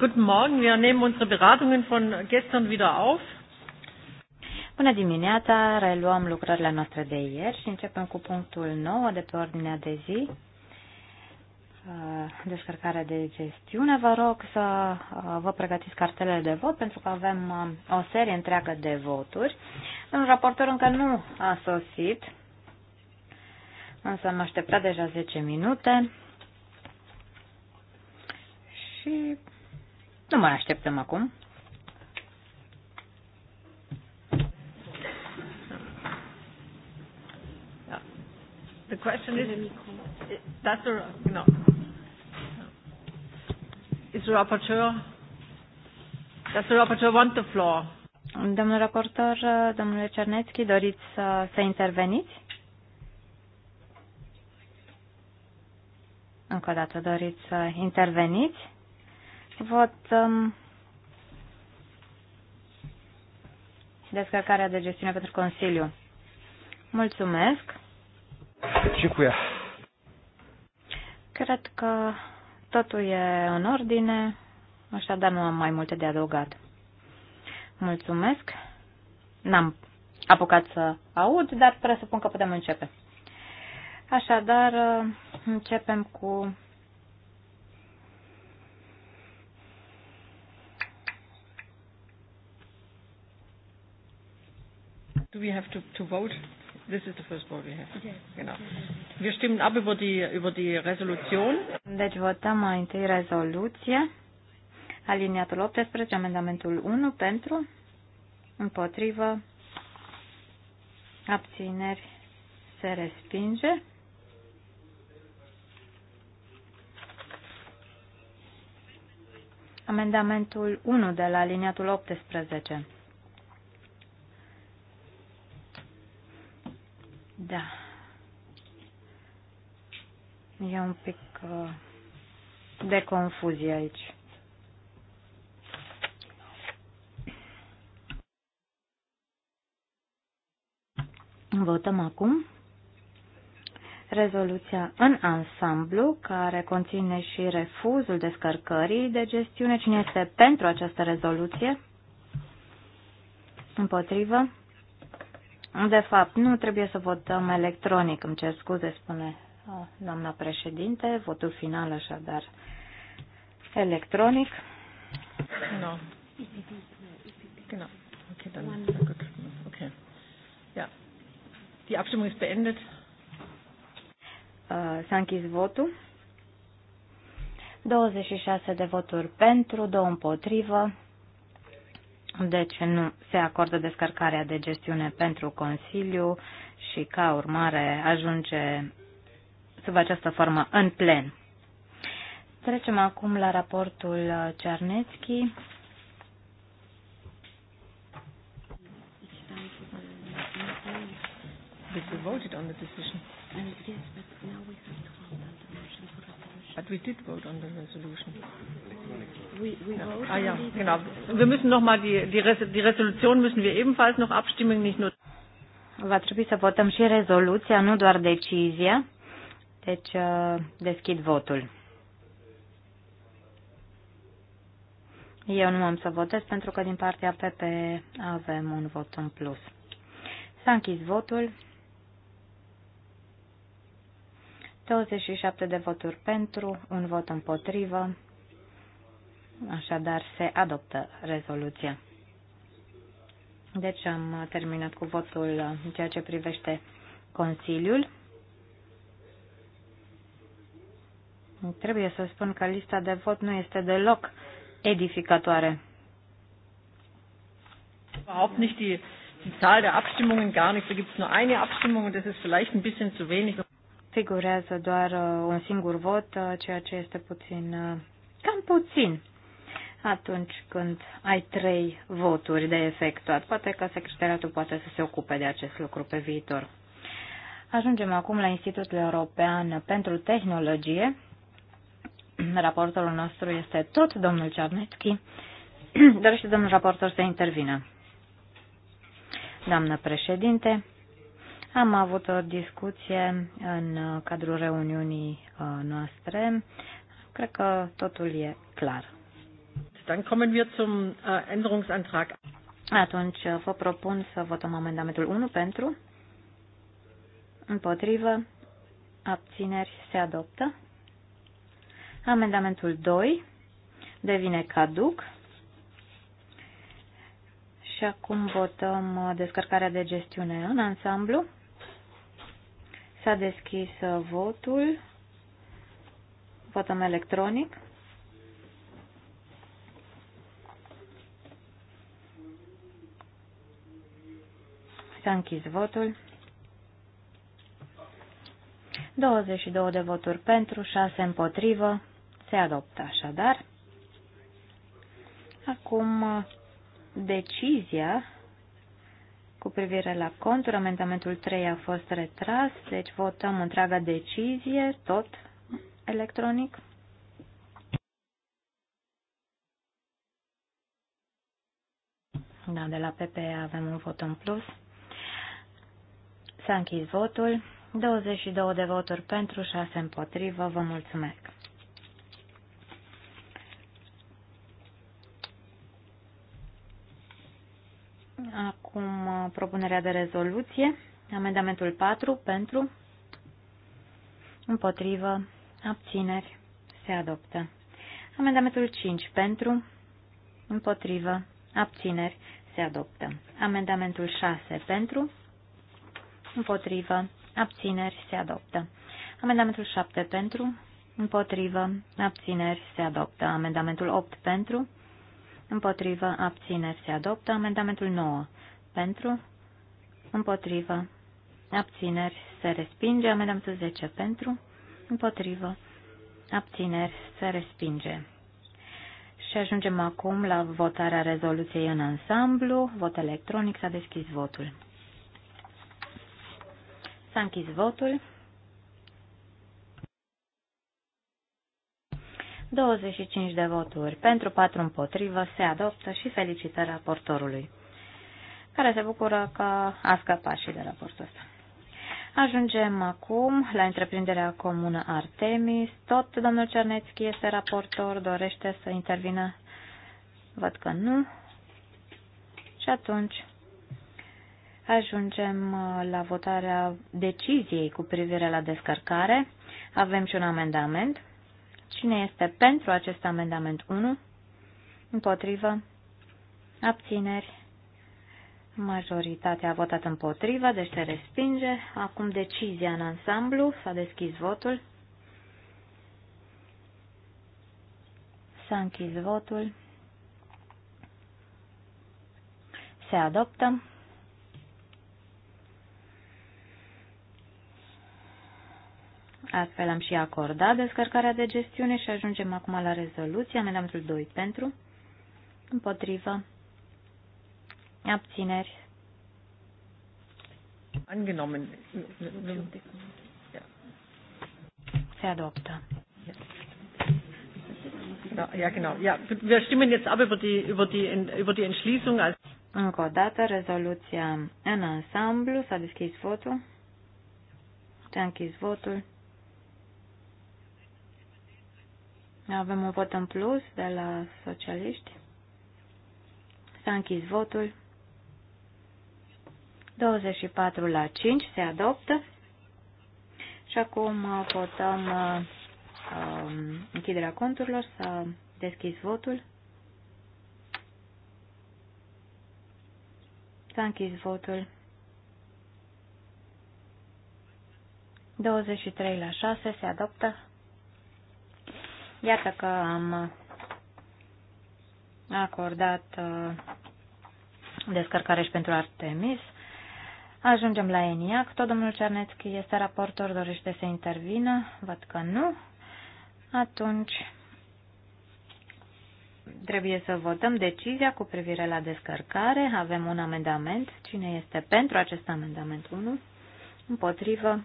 Guten Morgen, wir nehmen unsere Beratungen von gestern wieder auf. Bună dimineața, reluăm lucrările noastre de ieri și începem cu punctul 9 de pe ordinea de zi. Uh, Descărcarea de gestiune. Vă rog să uh, vă pregătiți cartelele de vot pentru că avem uh, o serie întreagă de voturi. Un raportor încă nu a sosit, însă am așteptat deja 10 minute și nu mai așteptăm acum. The question is, does the, no. Is the rapporteur, does the rapporteur want the floor? Domnul raportor, domnule Cernețchi, doriți să, să interveniți? Încă o dată doriți să interveniți? Votăm um, descărcarea de gestiune pentru Consiliu. Mulțumesc. Și cu ea. Cred că totul e în ordine, așadar nu am mai multe de adăugat. Mulțumesc. N-am apucat să aud, dar presupun că putem începe. Așadar, uh, începem cu Do we have to, to vote? This is the first vote we have. Yes. Genau. Wir stimmen ab über die, über die Resolution. Deci votăm mai întâi rezoluție. Aliniatul 18, amendamentul 1 pentru, împotrivă, abțineri, se respinge. Amendamentul 1 de la aliniatul 18. Da. E un pic uh, de confuzie aici. Votăm acum rezoluția în ansamblu, care conține și refuzul descărcării de gestiune. Cine este pentru această rezoluție? Împotrivă? De fapt, nu trebuie să votăm electronic, îmi cer scuze, spune doamna președinte, votul final așadar electronic. No. Genau. Okay, dann. Er okay. Ja. Die Abstimmung ist beendet. Uh, S-a închis votul. 26 de voturi pentru, 2 împotrivă, deci nu se acordă descărcarea de gestiune pentru Consiliu și ca urmare ajunge sub această formă în plen. Trecem acum la raportul Cernețchi. we voted on the decision. And yes, but now we have to vote. But we did vote on the resolution. Ah ja, genau. Wir müssen noch mal die, die, Res die Resolution müssen wir ebenfalls noch abstimmen, nicht nur. Va trebui să votăm și rezoluția, nu doar decizia. Deci uh, deschid votul. Eu nu am să votez pentru că din partea PP avem un vot în plus. S-a închis votul. 27 de voturi pentru, un vot împotrivă. Așadar, se adoptă rezoluția. Deci am terminat cu votul în ceea ce privește Consiliul. Trebuie să spun că lista de vot nu este deloc edificatoare. Überhaupt nicht die, die Zahl der Abstimmungen gar nicht. Da gibt es nur eine Abstimmung und das ist vielleicht ein bisschen zu wenig figurează doar uh, un singur vot, uh, ceea ce este puțin, uh, cam puțin atunci când ai trei voturi de efectuat. Poate că secretariatul poate să se ocupe de acest lucru pe viitor. Ajungem acum la Institutul European pentru Tehnologie. Raportorul nostru este tot domnul Cernetski. Dorește domnul raportor să intervină. Doamnă președinte, am avut o discuție în uh, cadrul reuniunii uh, noastre. Cred că totul e clar. Dann kommen wir zum uh, Änderungsantrag. Atunci vă propun să votăm amendamentul 1 pentru, împotrivă, abțineri se adoptă. Amendamentul 2 devine caduc. Și acum votăm descărcarea de gestiune în ansamblu. S-a deschis uh, votul. Votăm electronic. S-a închis votul. 22 de voturi pentru, 6 împotrivă. Se adoptă așadar. Acum uh, decizia cu privire la conturi. Amendamentul 3 a fost retras, deci votăm întreaga decizie, tot electronic. Da, de la PP avem un vot în plus. S-a închis votul. 22 de voturi pentru, 6 împotrivă. Vă mulțumesc! Acum uh, propunerea de rezoluție. Amendamentul 4 pentru, împotrivă, abțineri, se adoptă. Amendamentul 5 pentru, împotrivă, abțineri, se adoptă. Amendamentul 6 pentru, împotrivă, abțineri, se adoptă. Amendamentul 7 pentru, împotrivă, abțineri, se adoptă. Amendamentul 8 pentru, împotrivă, abțineri se adoptă. Amendamentul 9 pentru, împotrivă, abțineri se respinge. Amendamentul 10 pentru, împotrivă, abțineri se respinge. Și ajungem acum la votarea rezoluției în ansamblu. Vot electronic s-a deschis votul. S-a închis votul. 25 de voturi pentru, 4 împotrivă, se adoptă și felicită raportorului, care se bucură că a scăpat și de raportul ăsta. Ajungem acum la întreprinderea comună Artemis. Tot domnul Cernețchi este raportor, dorește să intervină? Văd că nu. Și atunci ajungem la votarea deciziei cu privire la descărcare. Avem și un amendament Cine este pentru acest amendament 1? Împotrivă? Abțineri? Majoritatea a votat împotrivă, deci se respinge. Acum decizia în ansamblu. S-a deschis votul. S-a închis votul. Se adoptă. Astfel am și acordat descărcarea de gestiune și ajungem acum la rezoluție. Amendamentul 2 pentru, împotrivă, abțineri. Angenommen. Se adoptă. Ja, da, ja, genau. Ja, wir stimmen jetzt ab über die, über die, über die Entschließung. Als Încă o dată, rezoluția în ansamblu. S-a deschis votul. S-a închis votul. Avem un vot în plus de la socialiști. S-a închis votul. 24 la 5 se adoptă. Și acum uh, votăm uh, um, închiderea conturilor. S-a deschis votul. S-a închis votul. 23 la 6 se adoptă. Iată că am acordat uh, descărcare și pentru Artemis. Ajungem la ENIAC. Tot domnul Cernețchi este raportor, dorește să intervină? Văd că nu. Atunci trebuie să votăm decizia cu privire la descărcare. Avem un amendament. Cine este pentru acest amendament 1? Împotrivă?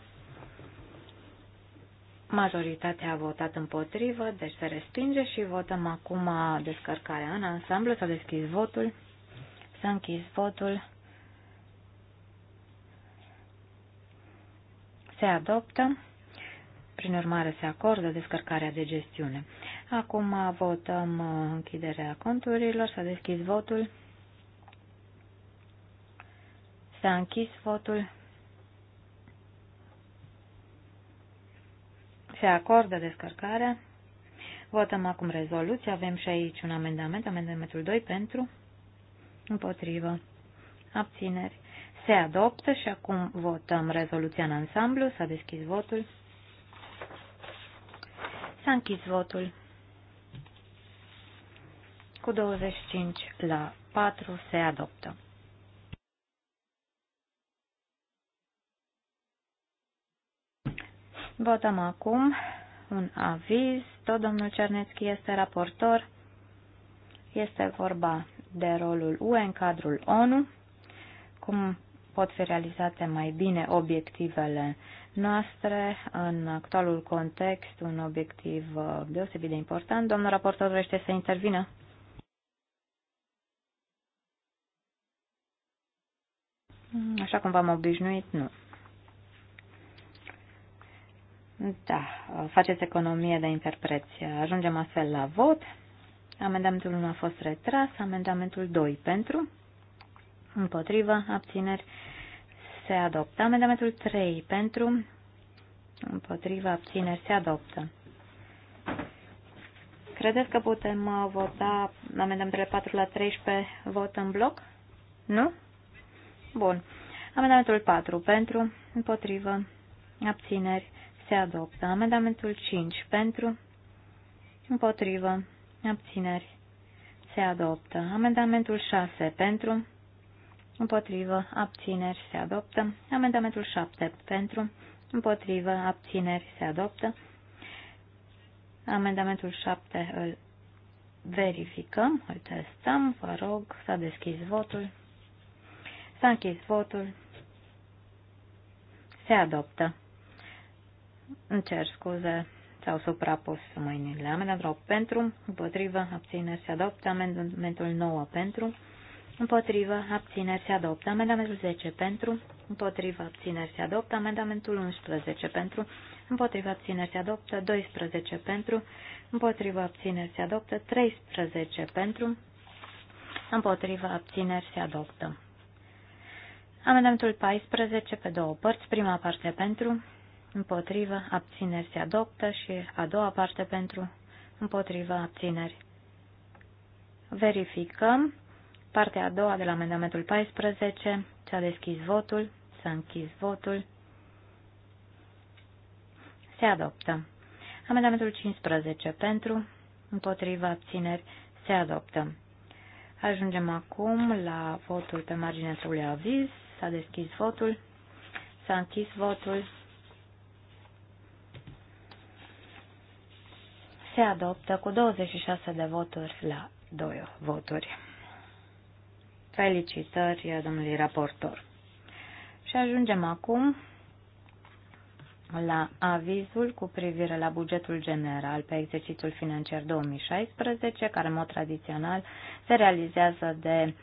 Majoritatea a votat împotrivă, deci se respinge și votăm acum descărcarea în ansamblu. S-a deschis votul. S-a închis votul. Se adoptă. Prin urmare, se acordă descărcarea de gestiune. Acum votăm închiderea conturilor. S-a deschis votul. S-a închis votul. Se acordă descărcarea. Votăm acum rezoluția. Avem și aici un amendament, amendamentul 2 pentru, împotrivă, abțineri. Se adoptă și acum votăm rezoluția în ansamblu. S-a deschis votul. S-a închis votul. Cu 25 la 4 se adoptă. Votăm acum un aviz. Tot domnul Cernețchi este raportor. Este vorba de rolul UE în cadrul ONU, cum pot fi realizate mai bine obiectivele noastre în actualul context, un obiectiv uh, deosebit de important. Domnul raportor vrește să intervină. Așa cum v-am obișnuit, nu. Da, faceți economie de interpreți. Ajungem astfel la vot. Amendamentul 1 a fost retras, amendamentul 2 pentru, împotrivă, abțineri, se adoptă. Amendamentul 3 pentru, împotrivă, abțineri, se adoptă. Credeți că putem uh, vota amendamentele 4 la 13 vot în bloc? Nu? Bun. Amendamentul 4 pentru, împotrivă, abțineri, se adoptă. Amendamentul 5 pentru, împotrivă, abțineri, se adoptă. Amendamentul 6 pentru, împotrivă, abțineri, se adoptă. Amendamentul 7 pentru, împotrivă, abțineri, se adoptă. Amendamentul 7 îl verificăm, îl testăm, vă rog, s-a deschis votul. S-a închis votul. Se adoptă. Îmi cer scuze, s-au suprapus mâinile. Amendamentul 8 pentru, împotrivă, abțineri se adoptă. Amendamentul 9 pentru, împotrivă, abțineri se adoptă. Amendamentul 10 pentru, împotrivă, abțineri se adoptă. Amendamentul 11 pentru, împotrivă, abțineri se adoptă. 12 pentru, împotrivă, abțineri se adoptă. 13 pentru, împotrivă, abțineri se adoptă. Amendamentul 14 pe două părți, prima parte pentru, împotrivă, abțineri se adoptă și a doua parte pentru, împotrivă, abțineri. Verificăm partea a doua de la amendamentul 14, s-a deschis votul, s-a închis votul, se adoptă. Amendamentul 15 pentru, împotriva abțineri, se adoptă. Ajungem acum la votul pe marginea propriului aviz. S-a deschis votul, s-a închis votul, se adoptă cu 26 de voturi la 2 voturi. Felicitări domnului raportor. Și ajungem acum la avizul cu privire la bugetul general pe exercițiul financiar 2016, care în mod tradițional se realizează de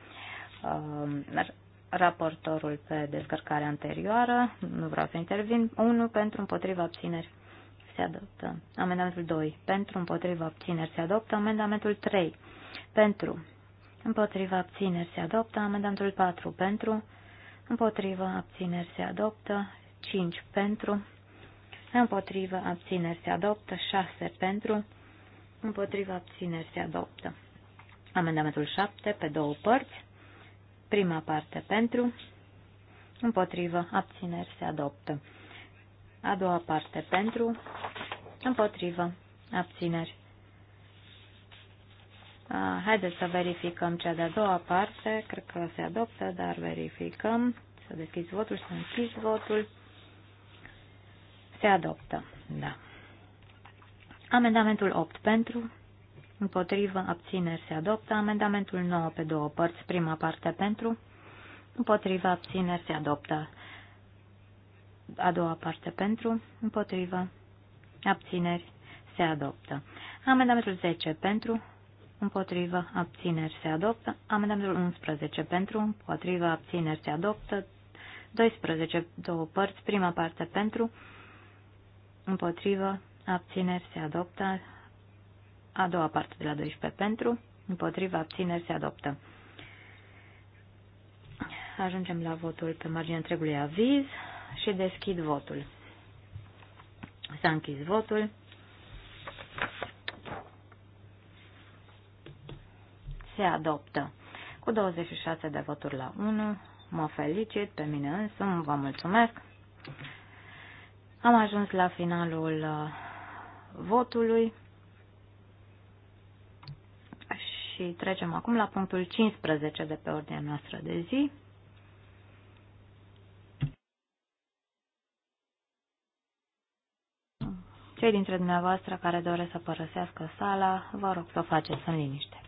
uh, raportorul pe descărcare anterioară, nu vreau să intervin, 1 pentru împotriva abțineri se adoptă. Amendamentul 2. Pentru, împotriva, abțineri se adoptă. Amendamentul 3. Pentru, împotriva, abțineri se adoptă. Amendamentul 4. Pentru, împotriva, abțineri se adoptă. 5. Pentru, împotriva, abțineri se adoptă. 6. Pentru, împotriva, abțineri se adoptă. Amendamentul 7. Pe două părți. Prima parte pentru, împotriva abțineri se adoptă. A doua parte pentru, împotrivă, abțineri. Haideți să verificăm cea de-a doua parte. Cred că se adoptă, dar verificăm. Să deschizi votul, să închizi votul. Se adoptă, da. Amendamentul 8 pentru, împotrivă, abțineri se adoptă. Amendamentul 9 pe două părți, prima parte pentru, împotrivă, abțineri se adoptă a doua parte pentru, împotrivă, abțineri, se adoptă. Amendamentul 10 pentru, împotrivă, abțineri, se adoptă. Amendamentul 11 pentru, împotrivă, abțineri, se adoptă. 12, două părți, prima parte pentru, împotrivă, abțineri, se adoptă. A doua parte de la 12 pentru, împotrivă, abțineri, se adoptă. Ajungem la votul pe marginea întregului aviz și deschid votul. S-a închis votul. Se adoptă cu 26 de voturi la 1. Mă felicit pe mine însumi, vă mulțumesc. Am ajuns la finalul uh, votului și trecem acum la punctul 15 de pe ordinea noastră de zi. Cei dintre dumneavoastră care doresc să părăsească sala, vă rog să o faceți în liniște.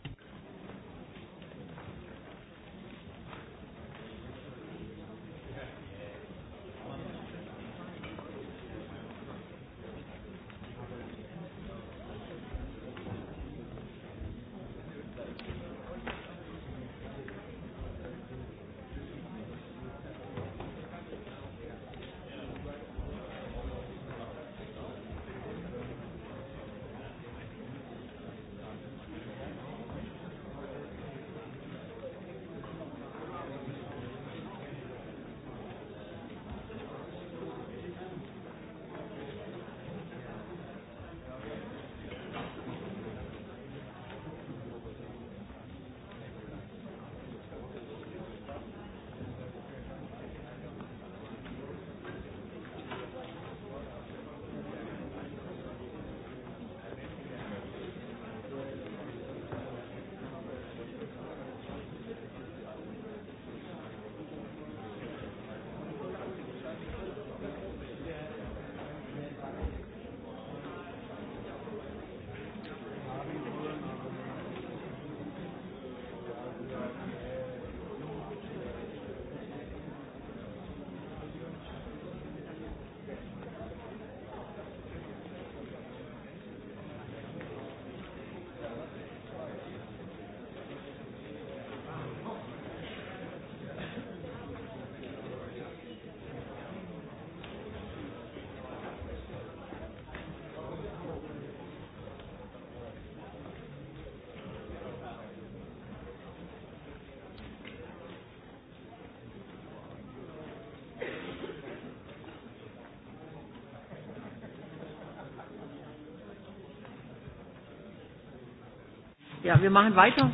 Ja, wir machen weiter.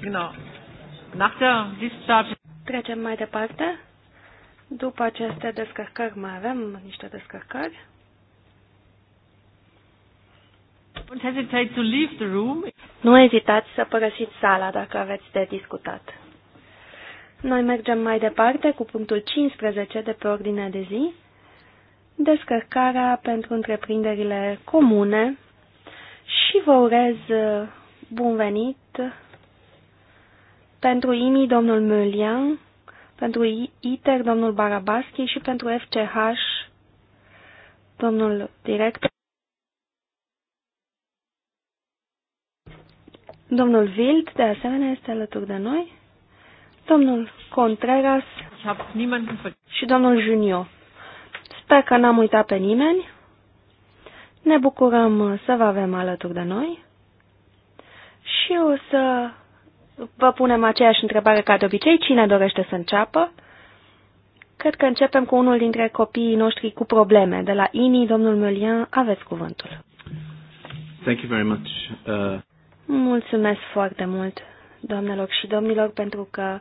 Genau. Nach der discharge. Trecem mai departe. După aceste descărcări mai avem niște descărcări. Don't hesitate to leave the room. Nu ezitați să părăsiți sala dacă aveți de discutat. Noi mergem mai departe cu punctul 15 de pe ordinea de zi, descărcarea pentru întreprinderile comune și vă urez bun venit pentru IMI domnul Mulian, pentru ITER domnul Barabaschi și pentru FCH domnul director Domnul Wild, de asemenea, este alături de noi. Domnul Contreras și domnul Junio. Sper că n-am uitat pe nimeni. Ne bucurăm să vă avem alături de noi. Și eu o să vă punem aceeași întrebare ca de obicei. Cine dorește să înceapă? Cred că începem cu unul dintre copiii noștri cu probleme. De la INI, domnul Melian, aveți cuvântul. Thank you very much. Uh... Mulțumesc foarte mult, doamnelor și domnilor, pentru că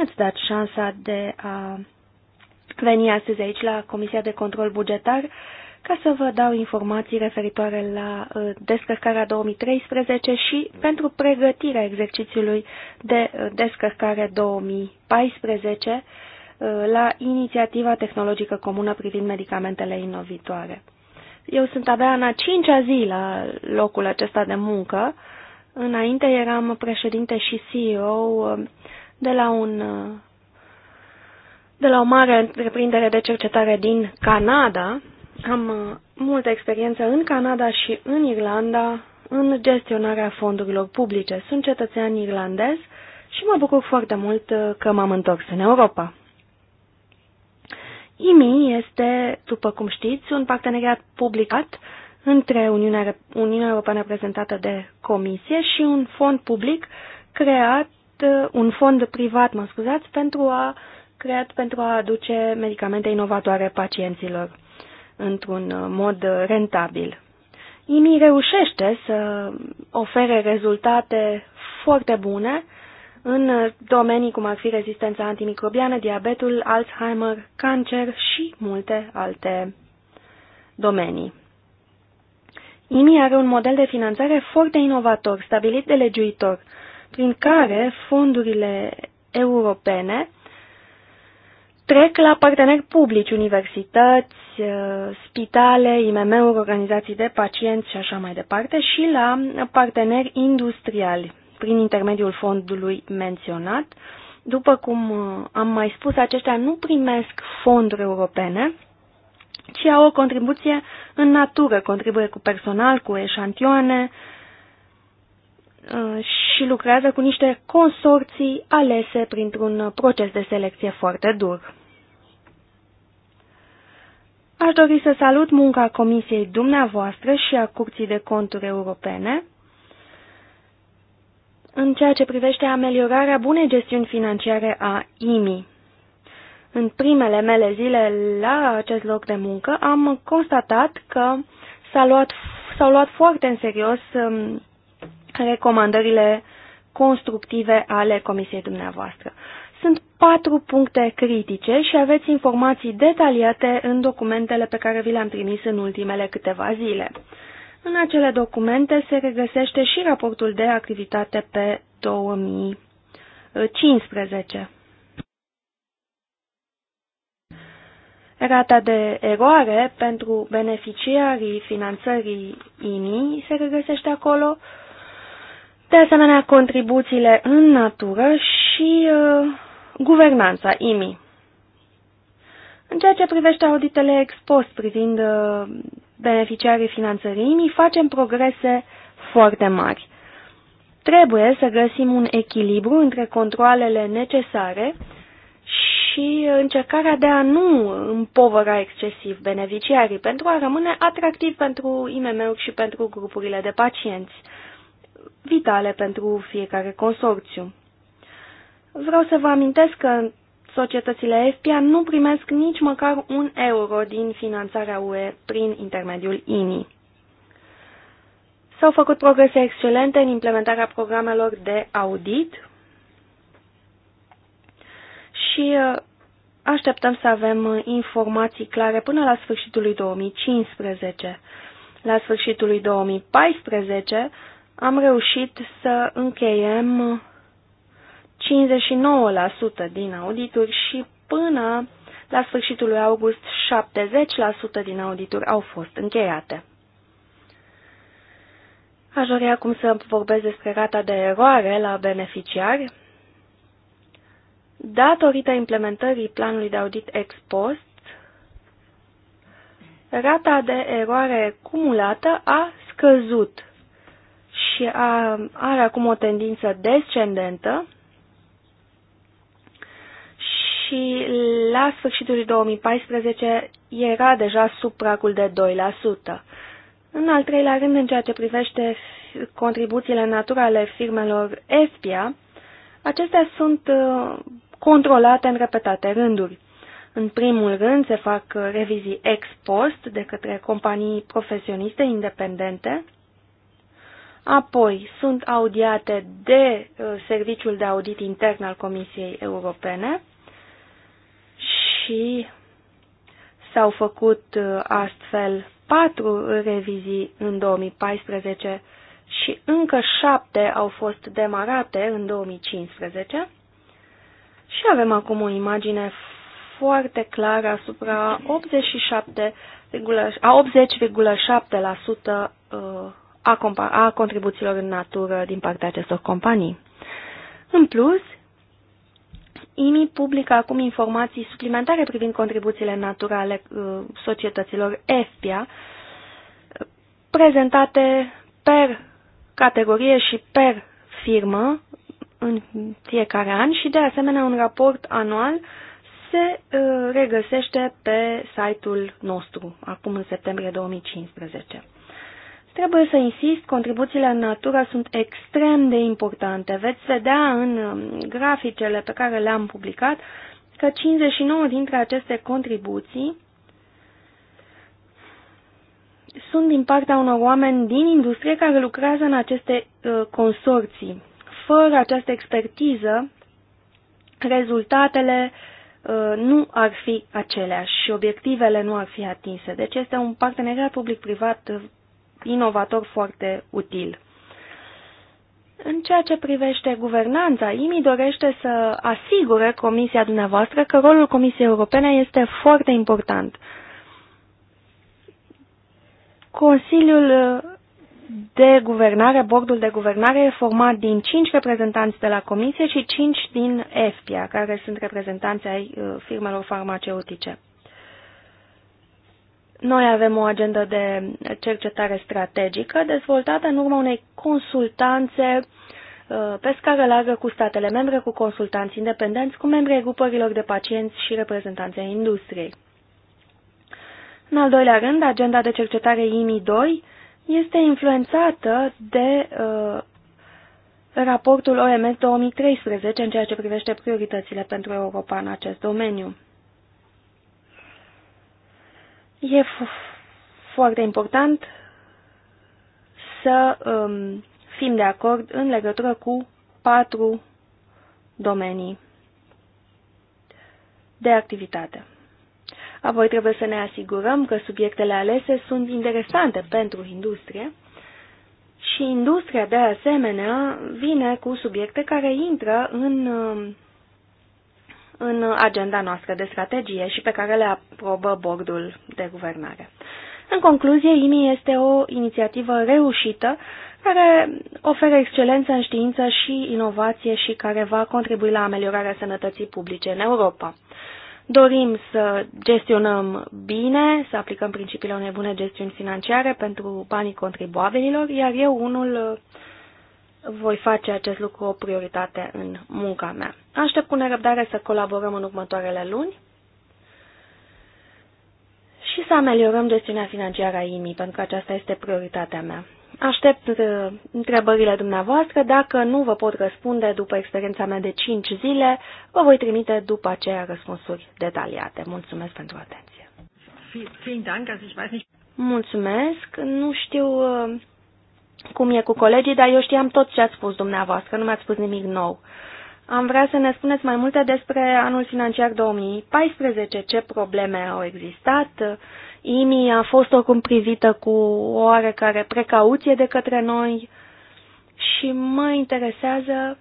ați dat șansa de a veni astăzi aici la Comisia de Control Bugetar ca să vă dau informații referitoare la uh, descărcarea 2013 și pentru pregătirea exercițiului de uh, descărcare 2014 uh, la inițiativa tehnologică comună privind medicamentele inovitoare. Eu sunt abia în a cincea zi la locul acesta de muncă. Înainte eram președinte și CEO de la un de la o mare întreprindere de cercetare din Canada, am uh, multă experiență în Canada și în Irlanda în gestionarea fondurilor publice. Sunt cetățean irlandez și mă bucur foarte mult uh, că m-am întors în Europa. IMI este, după cum știți, un parteneriat publicat între Uniunea, Uniunea Europeană reprezentată de Comisie și un fond public creat, uh, un fond privat, mă scuzați, pentru a creat pentru a aduce medicamente inovatoare pacienților într-un uh, mod uh, rentabil. IMI reușește să ofere rezultate foarte bune în uh, domenii cum ar fi rezistența antimicrobiană, diabetul, Alzheimer, cancer și multe alte domenii. IMI are un model de finanțare foarte inovator, stabilit de legiuitor, prin care fondurile europene trec la parteneri publici, universități, uh, spitale, IMM-uri, organizații de pacienți și așa mai departe, și la parteneri industriali prin intermediul fondului menționat. După cum uh, am mai spus, aceștia nu primesc fonduri europene, ci au o contribuție în natură, contribuie cu personal, cu eșantioane uh, și lucrează cu niște consorții alese printr-un proces de selecție foarte dur. Aș dori să salut munca Comisiei dumneavoastră și a Curții de Conturi Europene în ceea ce privește ameliorarea bunei gestiuni financiare a IMI. În primele mele zile la acest loc de muncă am constatat că s-au luat, luat foarte în serios um, recomandările constructive ale comisiei dumneavoastră. Sunt patru puncte critice și aveți informații detaliate în documentele pe care vi le-am trimis în ultimele câteva zile. În acele documente se regăsește și raportul de activitate pe 2015. Rata de eroare pentru beneficiarii finanțării INI se regăsește acolo, de asemenea contribuțiile în natură și uh, Guvernanța IMI. În ceea ce privește auditele post privind uh, beneficiarii finanțării IMI, facem progrese foarte mari. Trebuie să găsim un echilibru între controlele necesare și încercarea de a nu împovăra excesiv beneficiarii pentru a rămâne atractiv pentru IMM-uri și pentru grupurile de pacienți, vitale pentru fiecare consorțiu. Vreau să vă amintesc că societățile FPA nu primesc nici măcar un euro din finanțarea UE prin intermediul INI. S-au făcut progrese excelente în implementarea programelor de audit și uh, așteptăm să avem informații clare până la sfârșitul lui 2015. La sfârșitul lui 2014 am reușit să încheiem 59% din audituri și până la sfârșitul lui august 70% din audituri au fost încheiate. Aș dori acum să vorbesc despre rata de eroare la beneficiari. Datorită implementării planului de audit ex post, rata de eroare cumulată a scăzut și a, are acum o tendință descendentă și la sfârșitul 2014 era deja sub pragul de 2%. În al treilea rând, în ceea ce privește contribuțiile naturale firmelor ESPIA, acestea sunt uh, controlate în repetate rânduri. În primul rând, se fac uh, revizii ex post de către companii profesioniste independente, apoi sunt audiate de uh, Serviciul de Audit Intern al Comisiei Europene și s-au făcut uh, astfel patru revizii în 2014 și încă șapte au fost demarate în 2015 și avem acum o imagine foarte clară asupra 87, a 80,7% uh, a, a contribuțiilor în natură din partea acestor companii. În plus, IMI publică acum informații suplimentare privind contribuțiile naturale uh, societăților EFPIA, prezentate per categorie și per firmă în fiecare an și de asemenea un raport anual se uh, regăsește pe site-ul nostru acum în septembrie 2015. Trebuie să insist, contribuțiile în natură sunt extrem de importante. Veți vedea în um, graficele pe care le-am publicat că 59 dintre aceste contribuții sunt din partea unor oameni din industrie care lucrează în aceste uh, consorții. Fără această expertiză, rezultatele uh, nu ar fi aceleași și obiectivele nu ar fi atinse. Deci este un parteneriat public-privat inovator foarte util. În ceea ce privește guvernanța, IMI dorește să asigure Comisia dumneavoastră că rolul Comisiei Europene este foarte important. Consiliul de guvernare, bordul de guvernare e format din 5 reprezentanți de la Comisie și 5 din EFPIA, care sunt reprezentanții ai uh, firmelor farmaceutice. Noi avem o agendă de cercetare strategică dezvoltată în urma unei consultanțe uh, pe scară largă cu statele membre, cu consultanți independenți, cu membrii grupărilor de pacienți și reprezentanții industriei. În al doilea rând, agenda de cercetare IMI 2 este influențată de uh, raportul OMS 2013 în ceea ce privește prioritățile pentru Europa în acest domeniu. E foarte important să um, fim de acord în legătură cu patru domenii de activitate. Apoi trebuie să ne asigurăm că subiectele alese sunt interesante pentru industrie și industria, de asemenea, vine cu subiecte care intră în um, în agenda noastră de strategie și pe care le aprobă bordul de guvernare. În concluzie, IMI este o inițiativă reușită care oferă excelență în știință și inovație și care va contribui la ameliorarea sănătății publice în Europa. Dorim să gestionăm bine, să aplicăm principiile unei bune gestiuni financiare pentru banii contribuabililor, iar eu unul voi face acest lucru o prioritate în munca mea. Aștept cu nerăbdare să colaborăm în următoarele luni și să ameliorăm gestiunea financiară a IMI, pentru că aceasta este prioritatea mea. Aștept uh, întrebările dumneavoastră. Dacă nu vă pot răspunde după experiența mea de 5 zile, vă voi trimite după aceea răspunsuri detaliate. Mulțumesc pentru atenție. Mulțumesc. Nu știu uh, cum e cu colegii, dar eu știam tot ce ați spus dumneavoastră, nu mi-ați spus nimic nou. Am vrea să ne spuneți mai multe despre anul financiar 2014, ce probleme au existat. IMI a fost oricum privită cu o oarecare precauție de către noi și mă interesează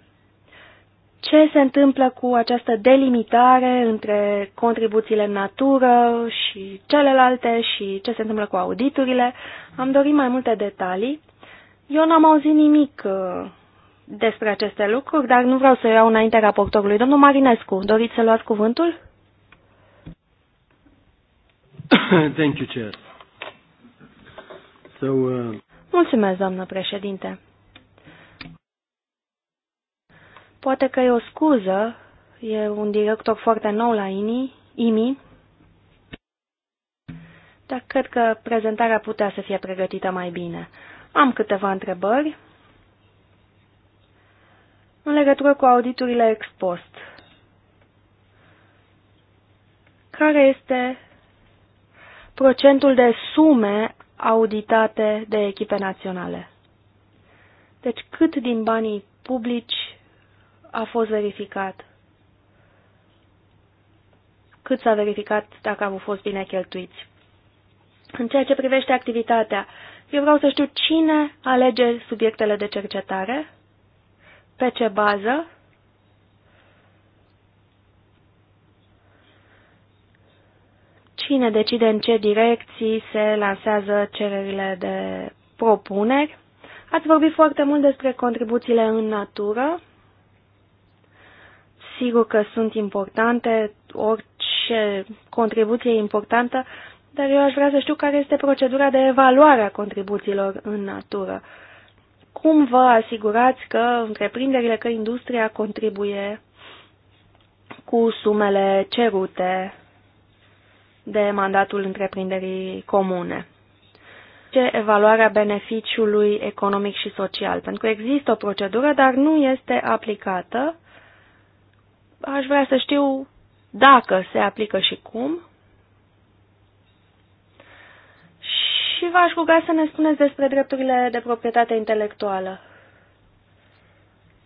ce se întâmplă cu această delimitare între contribuțiile în natură și celelalte și ce se întâmplă cu auditurile. Am dorit mai multe detalii eu n-am auzit nimic uh, despre aceste lucruri, dar nu vreau să iau înainte raportorului. Domnul Marinescu, doriți să luați cuvântul? Thank you, Chair. So, uh... Mulțumesc, doamnă președinte. Poate că e o scuză, e un director foarte nou la INI, IMI, dar cred că prezentarea putea să fie pregătită mai bine. Am câteva întrebări în legătură cu auditurile ex post. Care este procentul de sume auditate de echipe naționale? Deci cât din banii publici a fost verificat? Cât s-a verificat dacă au fost bine cheltuiți? În ceea ce privește activitatea, eu vreau să știu cine alege subiectele de cercetare, pe ce bază cine decide în ce direcții se lansează cererile de propuneri. Ați vorbit foarte mult despre contribuțiile în natură. Sigur că sunt importante, orice contribuție importantă, dar eu aș vrea să știu care este procedura de evaluare a contribuțiilor în natură. Cum vă asigurați că întreprinderile, că industria contribuie cu sumele cerute de mandatul întreprinderii comune? Ce evaluarea beneficiului economic și social? Pentru că există o procedură, dar nu este aplicată. Aș vrea să știu dacă se aplică și cum și v-aș ruga să ne spuneți despre drepturile de proprietate intelectuală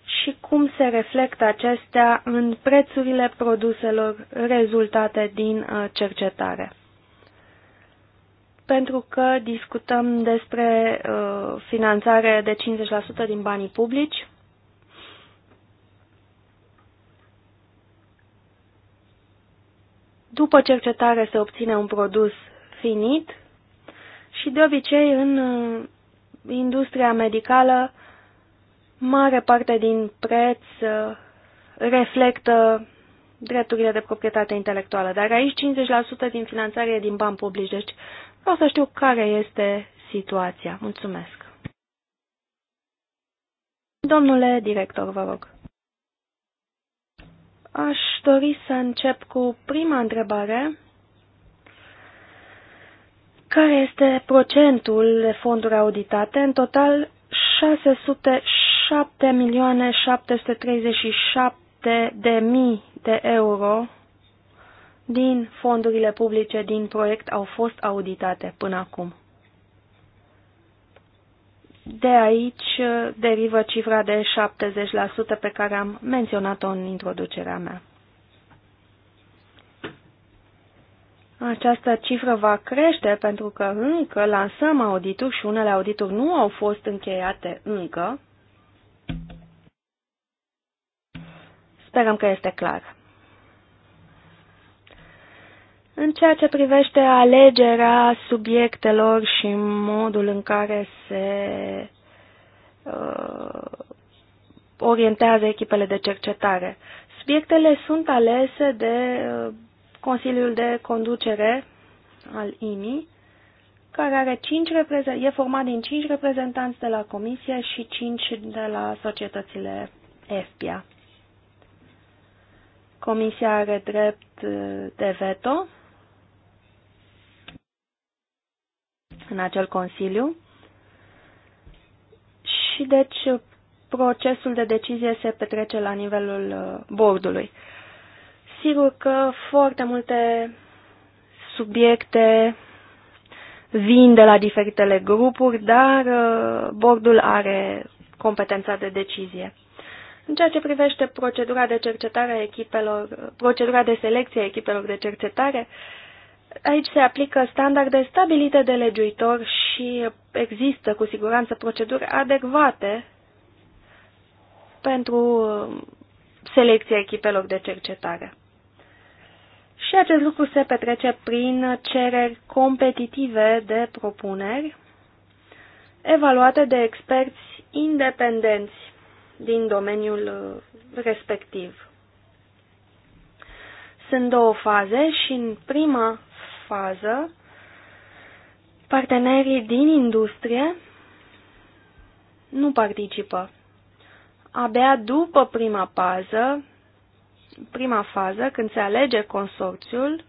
și cum se reflectă acestea în prețurile produselor rezultate din uh, cercetare. Pentru că discutăm despre uh, finanțare de 50% din banii publici, După cercetare se obține un produs finit și de obicei în uh, industria medicală mare parte din preț uh, reflectă drepturile de proprietate intelectuală, dar aici 50% din finanțare e din bani publici, deci vreau să știu care este situația. Mulțumesc. Domnule director, vă rog. Aș dori să încep cu prima întrebare care este procentul de fonduri auditate? În total 607.737.000 de mii de euro din fondurile publice din proiect au fost auditate până acum. De aici uh, derivă cifra de 70% pe care am menționat-o în introducerea mea. Această cifră va crește pentru că încă lansăm audituri și unele audituri nu au fost încheiate încă. Sperăm că este clar. În ceea ce privește alegerea subiectelor și modul în care se uh, orientează echipele de cercetare, subiectele sunt alese de uh, Consiliul de Conducere al IMI, care are 5 e format din 5 reprezentanți de la Comisie și 5 de la societățile EFPIA. Comisia are drept uh, de veto în acel Consiliu și deci procesul de decizie se petrece la nivelul uh, bordului. Sigur că foarte multe subiecte vin de la diferitele grupuri, dar uh, bordul are competența de decizie. În ceea ce privește procedura de cercetare a echipelor, procedura de selecție a echipelor de cercetare, aici se aplică standarde stabilite de legiuitor și există cu siguranță proceduri adecvate pentru uh, selecția echipelor de cercetare. Și acest lucru se petrece prin cereri competitive de propuneri evaluate de experți independenți din domeniul uh, respectiv. Sunt două faze și în prima fază partenerii din industrie nu participă. Abia după prima fază, prima fază, când se alege consorțiul,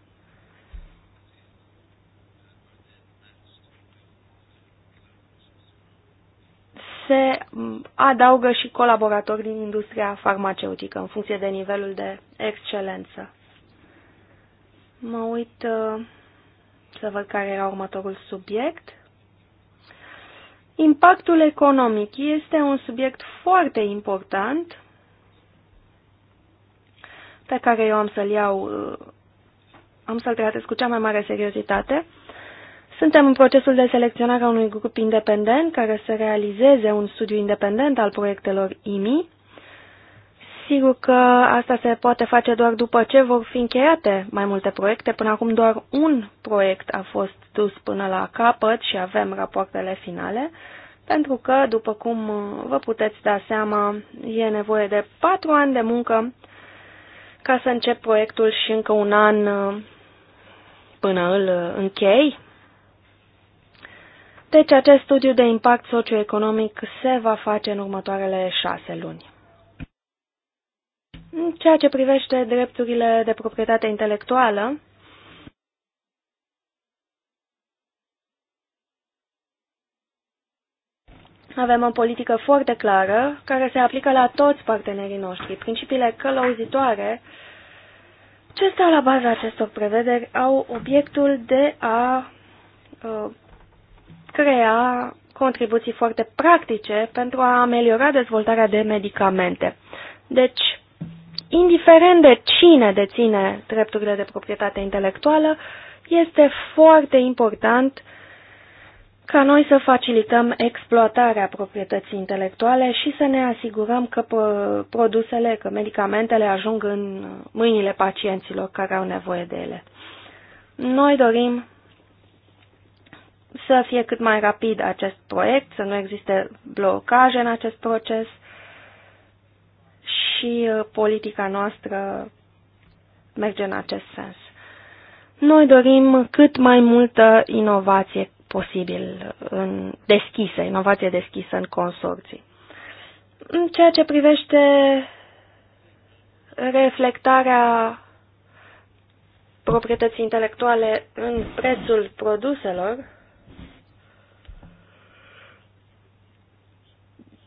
se adaugă și colaboratori din industria farmaceutică în funcție de nivelul de excelență. Mă uit uh, să văd care era următorul subiect. Impactul economic este un subiect foarte important pe care eu am să-l iau, am să-l tratez cu cea mai mare seriozitate. Suntem în procesul de selecționare a unui grup independent care să realizeze un studiu independent al proiectelor IMI. Sigur că asta se poate face doar după ce vor fi încheiate mai multe proiecte. Până acum doar un proiect a fost dus până la capăt și avem rapoartele finale, pentru că, după cum vă puteți da seama, e nevoie de patru ani de muncă ca să încep proiectul și încă un an uh, până îl uh, închei. Deci acest studiu de impact socioeconomic se va face în următoarele șase luni. În ceea ce privește drepturile de proprietate intelectuală, Avem o politică foarte clară care se aplică la toți partenerii noștri. Principiile călăuzitoare ce stau la baza acestor prevederi au obiectul de a uh, crea contribuții foarte practice pentru a ameliora dezvoltarea de medicamente. Deci, indiferent de cine deține drepturile de proprietate intelectuală, este foarte important uh, ca noi să facilităm exploatarea proprietății intelectuale și să ne asigurăm că produsele, că medicamentele ajung în mâinile pacienților care au nevoie de ele. Noi dorim să fie cât mai rapid acest proiect, să nu existe blocaje în acest proces și uh, politica noastră merge în acest sens. Noi dorim cât mai multă inovație, posibil în deschise, inovație deschisă în consorții. În ceea ce privește reflectarea proprietății intelectuale în prețul produselor,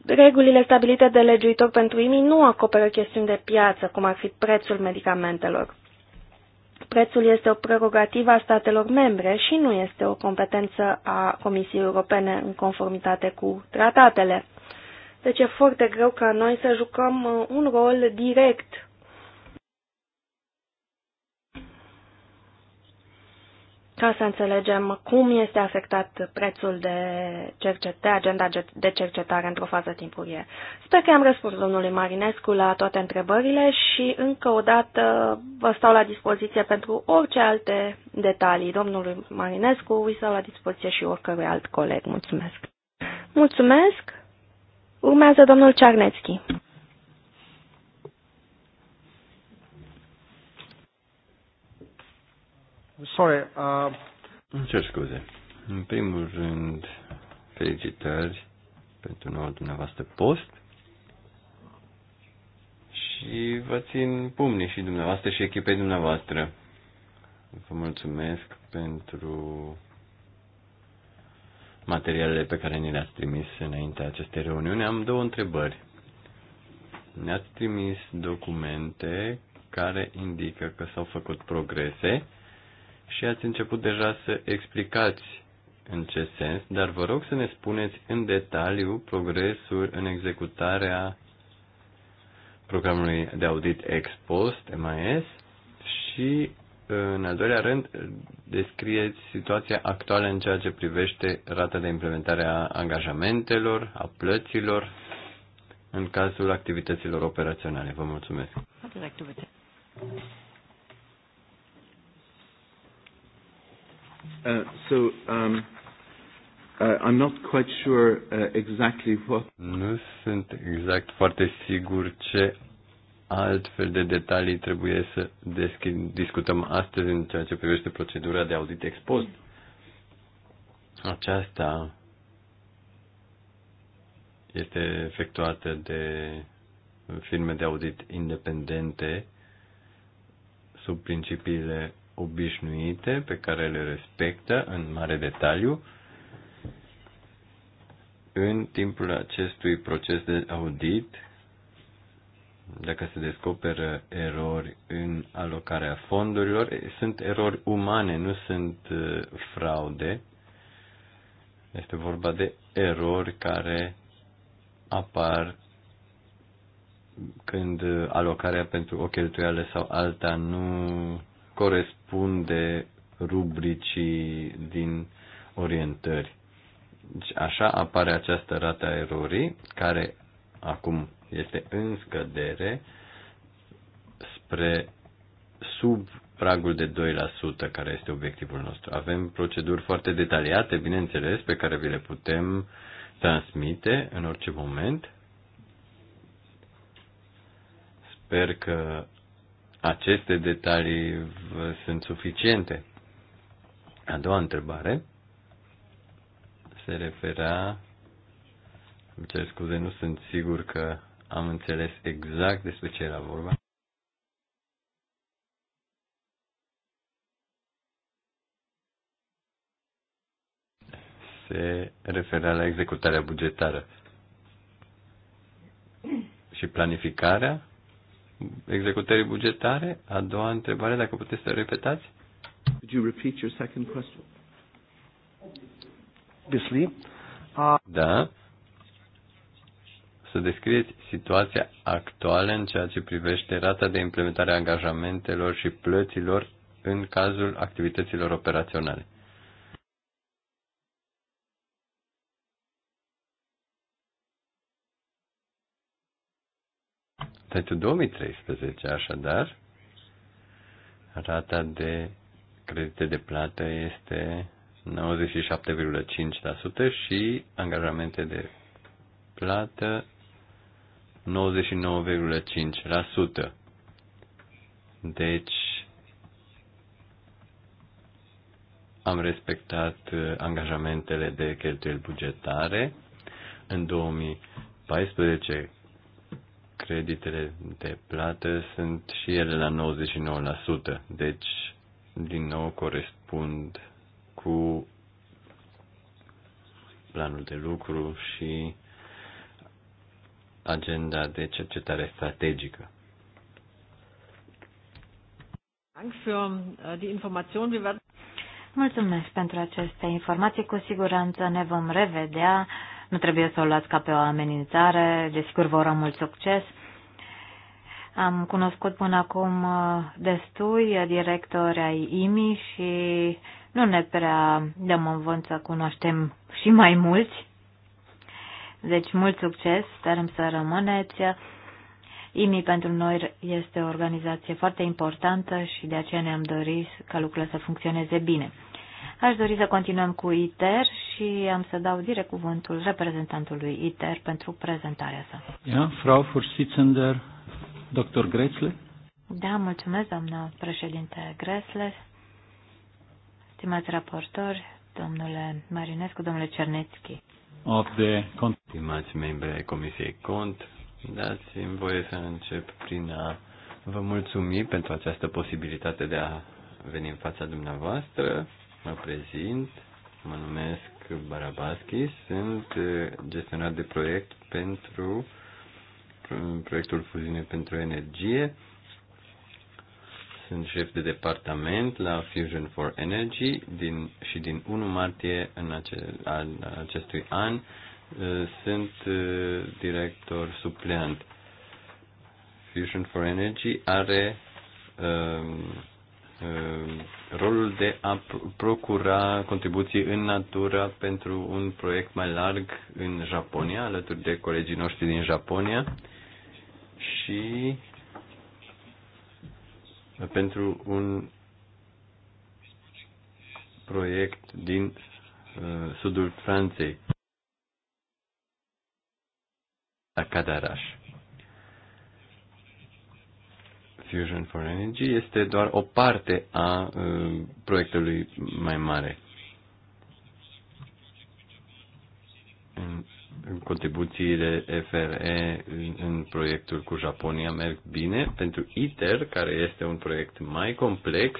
regulile stabilite de legiuitor pentru IMI nu acoperă chestiuni de piață, cum ar fi prețul medicamentelor. Prețul este o prerogativă a statelor membre și nu este o competență a Comisiei Europene în conformitate cu tratatele. Deci e foarte greu ca noi să jucăm uh, un rol direct ca să înțelegem cum este afectat prețul de, cercete, agenda de cercetare într-o fază timpurie. Sper că am răspuns domnului Marinescu la toate întrebările și încă o dată vă stau la dispoziție pentru orice alte detalii. Domnului Marinescu îi stau la dispoziție și oricărui alt coleg. Mulțumesc! Mulțumesc! Urmează domnul Cernețchi. Sorry. Uh... Îmi cer scuze. În primul rând, felicitări pentru noul dumneavoastră post și vă țin pumnii și dumneavoastră și echipei dumneavoastră. Vă mulțumesc pentru materialele pe care ni le-ați trimis înaintea acestei reuniuni. Am două întrebări. Ne-ați trimis documente care indică că s-au făcut progrese și ați început deja să explicați în ce sens, dar vă rog să ne spuneți în detaliu progresul în executarea programului de audit ex post, MAS, și, în al doilea rând, descrieți situația actuală în ceea ce privește rata de implementare a angajamentelor, a plăților, în cazul activităților operaționale. Vă mulțumesc. Uh, so, um, uh, I'm not quite sure uh, exactly what... Nu sunt exact foarte sigur ce altfel de detalii trebuie să deschid, discutăm astăzi în ceea ce privește procedura de audit expost. Aceasta este efectuată de firme de audit independente sub principiile obișnuite pe care le respectă în mare detaliu în timpul acestui proces de audit, dacă se descoperă erori în alocarea fondurilor, sunt erori umane, nu sunt uh, fraude. Este vorba de erori care apar când alocarea pentru o cheltuială sau alta nu corespunde răspunde rubricii din orientări. Deci așa apare această rată a erorii, care acum este în scădere spre sub pragul de 2%, care este obiectivul nostru. Avem proceduri foarte detaliate, bineînțeles, pe care vi le putem transmite în orice moment. Sper că aceste detalii sunt suficiente? A doua întrebare se referea, îmi cer scuze, nu sunt sigur că am înțeles exact despre ce era vorba. Se referea la executarea bugetară și planificarea executării bugetare. A doua întrebare, dacă puteți să repetați. Could you repeat your second question? Obviously. Uh... Da. Să descrieți situația actuală în ceea ce privește rata de implementare a angajamentelor și plăților în cazul activităților operaționale. pentru 2013. Așadar, rata de credite de plată este 97,5% și angajamente de plată 99,5%. Deci, am respectat uh, angajamentele de cheltuieli bugetare. În 2014, creditele de plată sunt și ele la 99%. Deci, din nou, corespund cu planul de lucru și agenda de cercetare strategică. Äh, Mulțumesc pentru aceste informații. Cu siguranță ne vom revedea nu trebuie să o luați ca pe o amenințare, desigur vă urăm mult succes. Am cunoscut până acum uh, destui uh, directori ai IMI și nu ne prea dăm în vânt să cunoaștem și mai mulți. Deci mult succes, sperăm să rămâneți. IMI pentru noi este o organizație foarte importantă și de aceea ne-am dorit ca lucrurile să funcționeze bine. Aș dori să continuăm cu ITER și am să dau direct cuvântul reprezentantului ITER pentru prezentarea sa. Ja, Frau Vorsitzender, Dr. Grețle. Da, mulțumesc, doamnă președinte Gresle, stimați raportori, domnule Marinescu, domnule Cernețchi. Of the... Stimați membri ai Comisiei Cont, dați-mi voie să încep prin a vă mulțumi pentru această posibilitate de a veni în fața dumneavoastră Mă prezint, mă numesc Barabaschi, sunt uh, gestionar de proiect pentru proiectul Fuziune pentru Energie. Sunt șef de departament la Fusion for Energy din, și din 1 martie în ace, al acestui an uh, sunt uh, director supleant. Fusion for Energy are um, Ehm, rolul de a procura contribuții în natură pentru un proiect mai larg în Japonia, alături de colegii noștri din Japonia și pentru un proiect din uh, sudul Franței, la Cadaraș. Fusion for Energy este doar o parte a uh, proiectului mai mare. Contribuțiile FRE în proiectul cu Japonia merg bine. Pentru ITER, care este un proiect mai complex,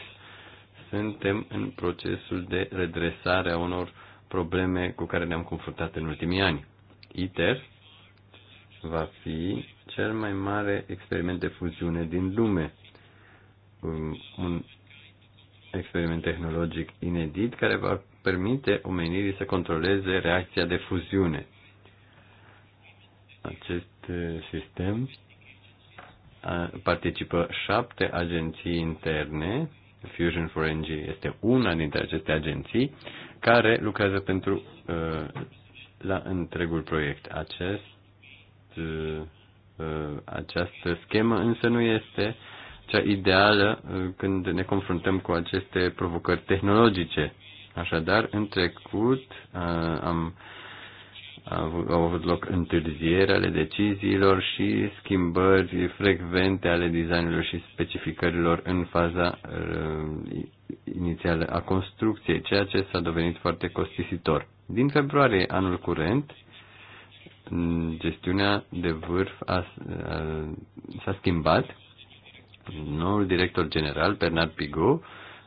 suntem în procesul de redresare a unor probleme cu care ne-am confruntat în ultimii ani. ITER va fi cel mai mare experiment de fuziune din lume. Un experiment tehnologic inedit care va permite omenirii să controleze reacția de fuziune. Acest uh, sistem participă șapte agenții interne, Fusion for Energy este una dintre aceste agenții, care lucrează pentru uh, la întregul proiect. Acest Uh, această schemă, însă nu este cea ideală uh, când ne confruntăm cu aceste provocări tehnologice. Așadar, în trecut uh, am, au avut loc întârzieri ale deciziilor și schimbări frecvente ale designului și specificărilor în faza inițială a construcției, ceea ce s-a dovedit foarte costisitor. Din februarie anul curent, Mm, gestiunea de vârf a, s-a schimbat. Noul director general, Bernard Pigot,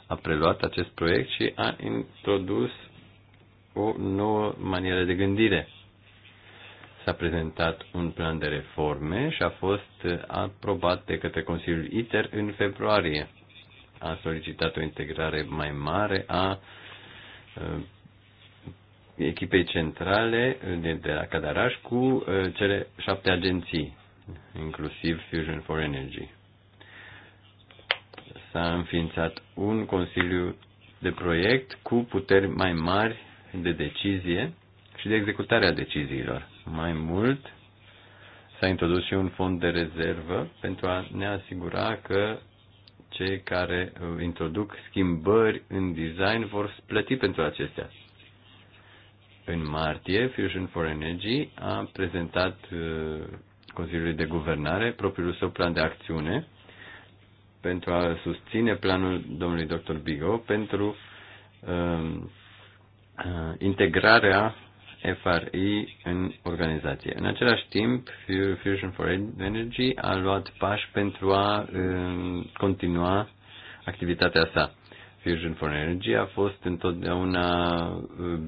a preluat acest proiect și a introdus o nouă manieră de gândire. S-a prezentat un plan de reforme și a fost aprobat de către Consiliul ITER în februarie. A solicitat o integrare mai mare a echipei centrale de la Cadaraș cu uh, cele șapte agenții, inclusiv Fusion for Energy. S-a înființat un consiliu de proiect cu puteri mai mari de decizie și de a deciziilor. Mai mult, s-a introdus și un fond de rezervă pentru a ne asigura că cei care uh, introduc schimbări în design vor plăti pentru acestea. În martie, Fusion for Energy a prezentat uh, Consiliului de Guvernare propriul său plan de acțiune pentru a susține planul domnului dr. Bigo pentru um, uh, integrarea FRI în organizație. În același timp, Fusion for Energy a luat pași pentru a uh, continua activitatea sa. Fusion for Energy a fost întotdeauna uh,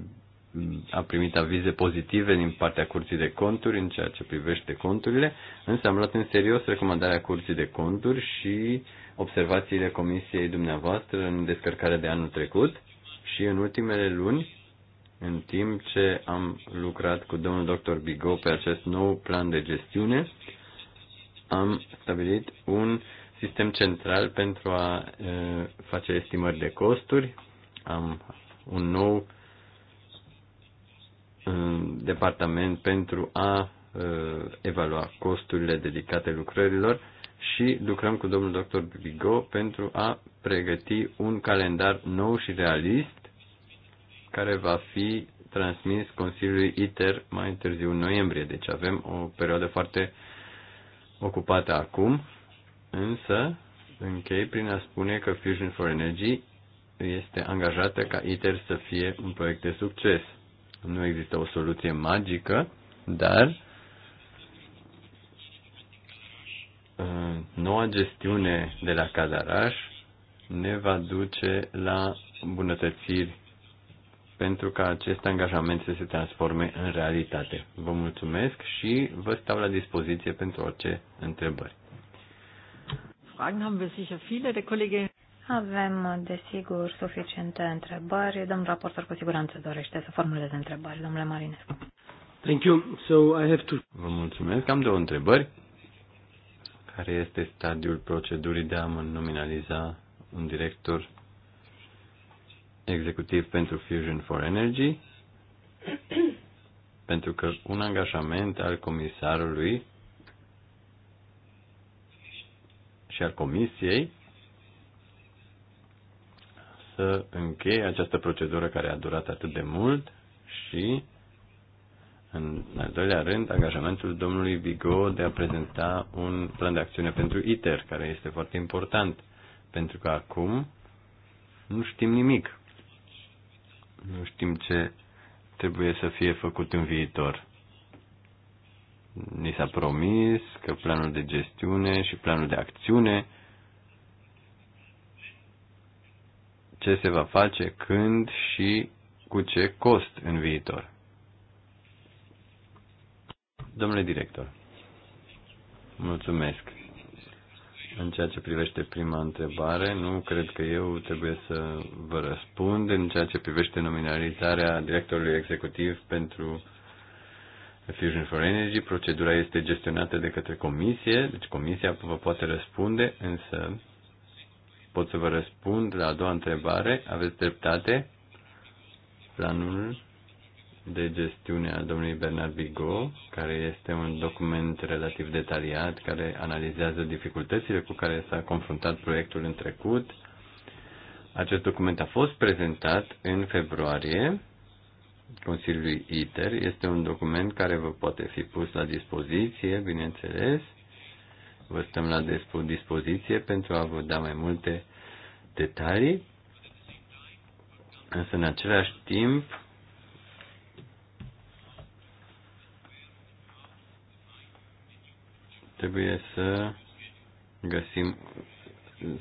a primit avize pozitive din partea Curții de Conturi în ceea ce privește conturile, însă am luat în serios recomandarea Curții de Conturi și observațiile Comisiei dumneavoastră în descărcarea de anul trecut și în ultimele luni, în timp ce am lucrat cu domnul dr. Bigot pe acest nou plan de gestiune, am stabilit un sistem central pentru a face estimări de costuri, am un nou departament pentru a uh, evalua costurile dedicate lucrărilor și lucrăm cu domnul doctor Bigo pentru a pregăti un calendar nou și realist care va fi transmis Consiliului ITER mai târziu în noiembrie. Deci avem o perioadă foarte ocupată acum, însă închei prin a spune că Fusion for Energy este angajată ca ITER să fie un proiect de succes. Nu există o soluție magică, dar uh, noua gestiune de la Cadaraș ne va duce la bunătățiri pentru ca acest angajament să se transforme în realitate. Vă mulțumesc și vă stau la dispoziție pentru orice întrebări. Avem, desigur, suficiente întrebări. Domnul raportor cu siguranță dorește să formuleze întrebări. Domnule Marinescu. Thank you. So I have to... Vă mulțumesc. Am două întrebări. Care este stadiul procedurii de a nominaliza un director executiv pentru Fusion for Energy? pentru că un angajament al comisarului și al comisiei să încheie această procedură care a durat atât de mult și, în al doilea rând, angajamentul domnului Vigo de a prezenta un plan de acțiune pentru ITER, care este foarte important, pentru că acum nu știm nimic. Nu știm ce trebuie să fie făcut în viitor. Ni s-a promis că planul de gestiune și planul de acțiune ce se va face, când și cu ce cost în viitor. Domnule director, mulțumesc. În ceea ce privește prima întrebare, nu cred că eu trebuie să vă răspund. În ceea ce privește nominalizarea directorului executiv pentru Fusion for Energy, procedura este gestionată de către comisie, deci comisia vă poate răspunde, însă Pot să vă răspund la a doua întrebare. Aveți dreptate. Planul de gestiune al domnului Bernard Bigot, care este un document relativ detaliat, care analizează dificultățile cu care s-a confruntat proiectul în trecut. Acest document a fost prezentat în februarie Consiliului ITER. Este un document care vă poate fi pus la dispoziție, bineînțeles, vă stăm la dispoziție pentru a vă da mai multe detalii. Însă, în același timp, trebuie să găsim,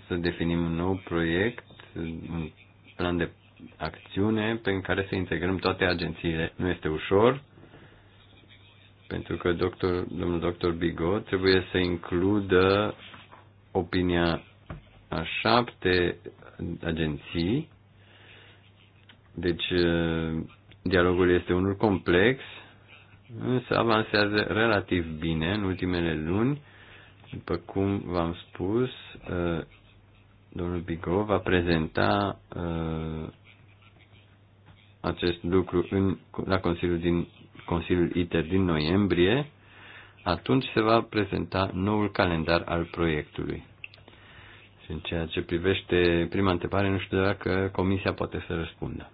să definim un nou proiect, un plan de acțiune pe care să integrăm toate agențiile. Nu este ușor, pentru că doctor, domnul doctor Bigot trebuie să includă opinia a șapte agenții. Deci, uh, dialogul este unul complex, însă avansează relativ bine în ultimele luni. După cum v-am spus, uh, domnul Bigot va prezenta uh, acest lucru în, la Consiliul din Consiliul ITER din noiembrie, atunci se va prezenta noul calendar al proiectului. Și în ceea ce privește prima întrebare, nu știu dacă Comisia poate să răspundă.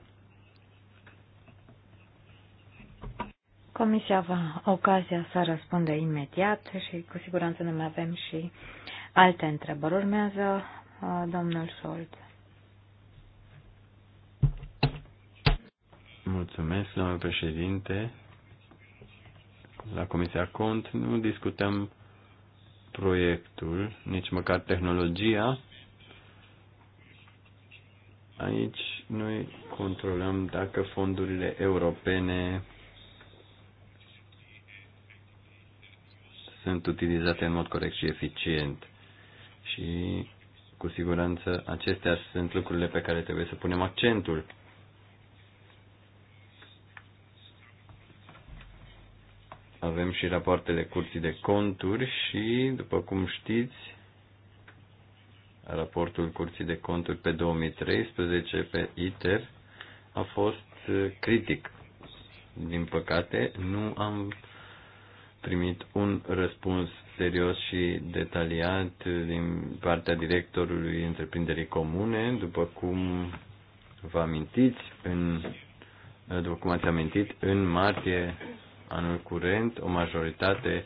Comisia va ocazia să răspundă imediat și cu siguranță ne mai avem și alte întrebări. Urmează uh, domnul Solt. Mulțumesc, domnule președinte la Comisia Cont nu discutăm proiectul, nici măcar tehnologia. Aici noi controlăm dacă fondurile europene sunt utilizate în mod corect și eficient. Și cu siguranță acestea sunt lucrurile pe care trebuie să punem accentul. Avem și rapoartele curții de conturi și, după cum știți, raportul curții de conturi pe 2013 pe ITER a fost uh, critic. Din păcate, nu am primit un răspuns serios și detaliat uh, din partea directorului întreprinderii comune, după cum vă amintiți, în, uh, după cum ați amintit, în martie anul curent, o majoritate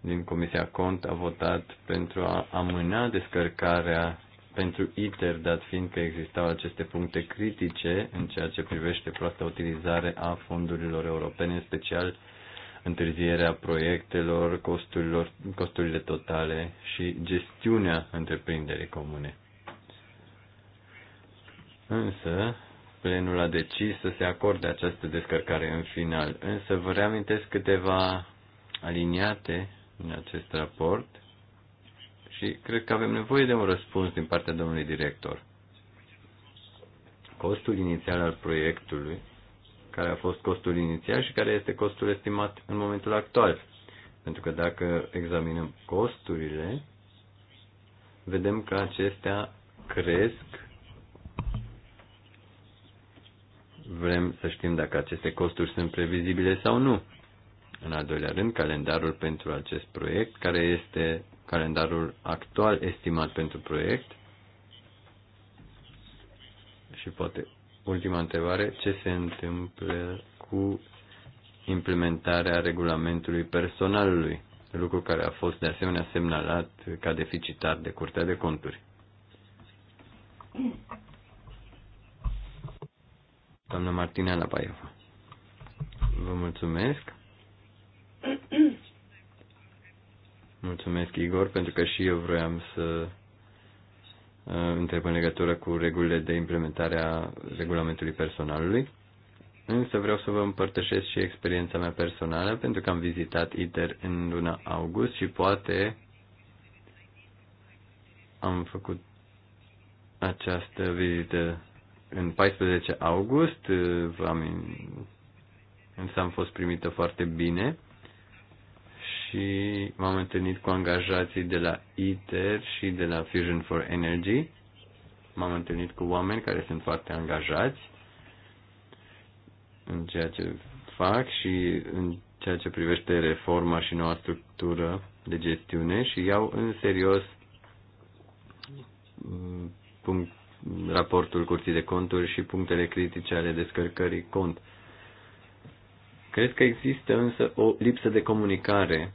din Comisia Cont a votat pentru a amâna descărcarea pentru ITER, dat fiind că existau aceste puncte critice în ceea ce privește proasta utilizare a fondurilor europene, în special întârzierea proiectelor, costurilor, costurile totale și gestiunea întreprinderii comune. Însă, plenul a decis să se acorde această descărcare în final. Însă vă reamintesc câteva aliniate în acest raport și cred că avem nevoie de un răspuns din partea domnului director. Costul inițial al proiectului, care a fost costul inițial și care este costul estimat în momentul actual. Pentru că dacă examinăm costurile, vedem că acestea cresc vrem să știm dacă aceste costuri sunt previzibile sau nu. În al doilea rând, calendarul pentru acest proiect, care este calendarul actual estimat pentru proiect. Și poate ultima întrebare, ce se întâmplă cu implementarea regulamentului personalului, lucru care a fost de asemenea semnalat ca deficitar de Curtea de Conturi. Doamna Martina Labaieva. Vă mulțumesc. Mulțumesc, Igor, pentru că și eu vroiam să uh, întreb în legătură cu regulile de implementare a regulamentului personalului. Însă vreau să vă împărtășesc și experiența mea personală, pentru că am vizitat ITER în luna august și poate am făcut această vizită în 14 august, uh, am, însă am fost primită foarte bine și m-am întâlnit cu angajații de la ITER și de la Fusion for Energy. M-am întâlnit cu oameni care sunt foarte angajați în ceea ce fac și în ceea ce privește reforma și noua structură de gestiune și iau în serios mm, punct, raportul Curții de Conturi și punctele critice ale descărcării cont. Cred că există însă o lipsă de comunicare.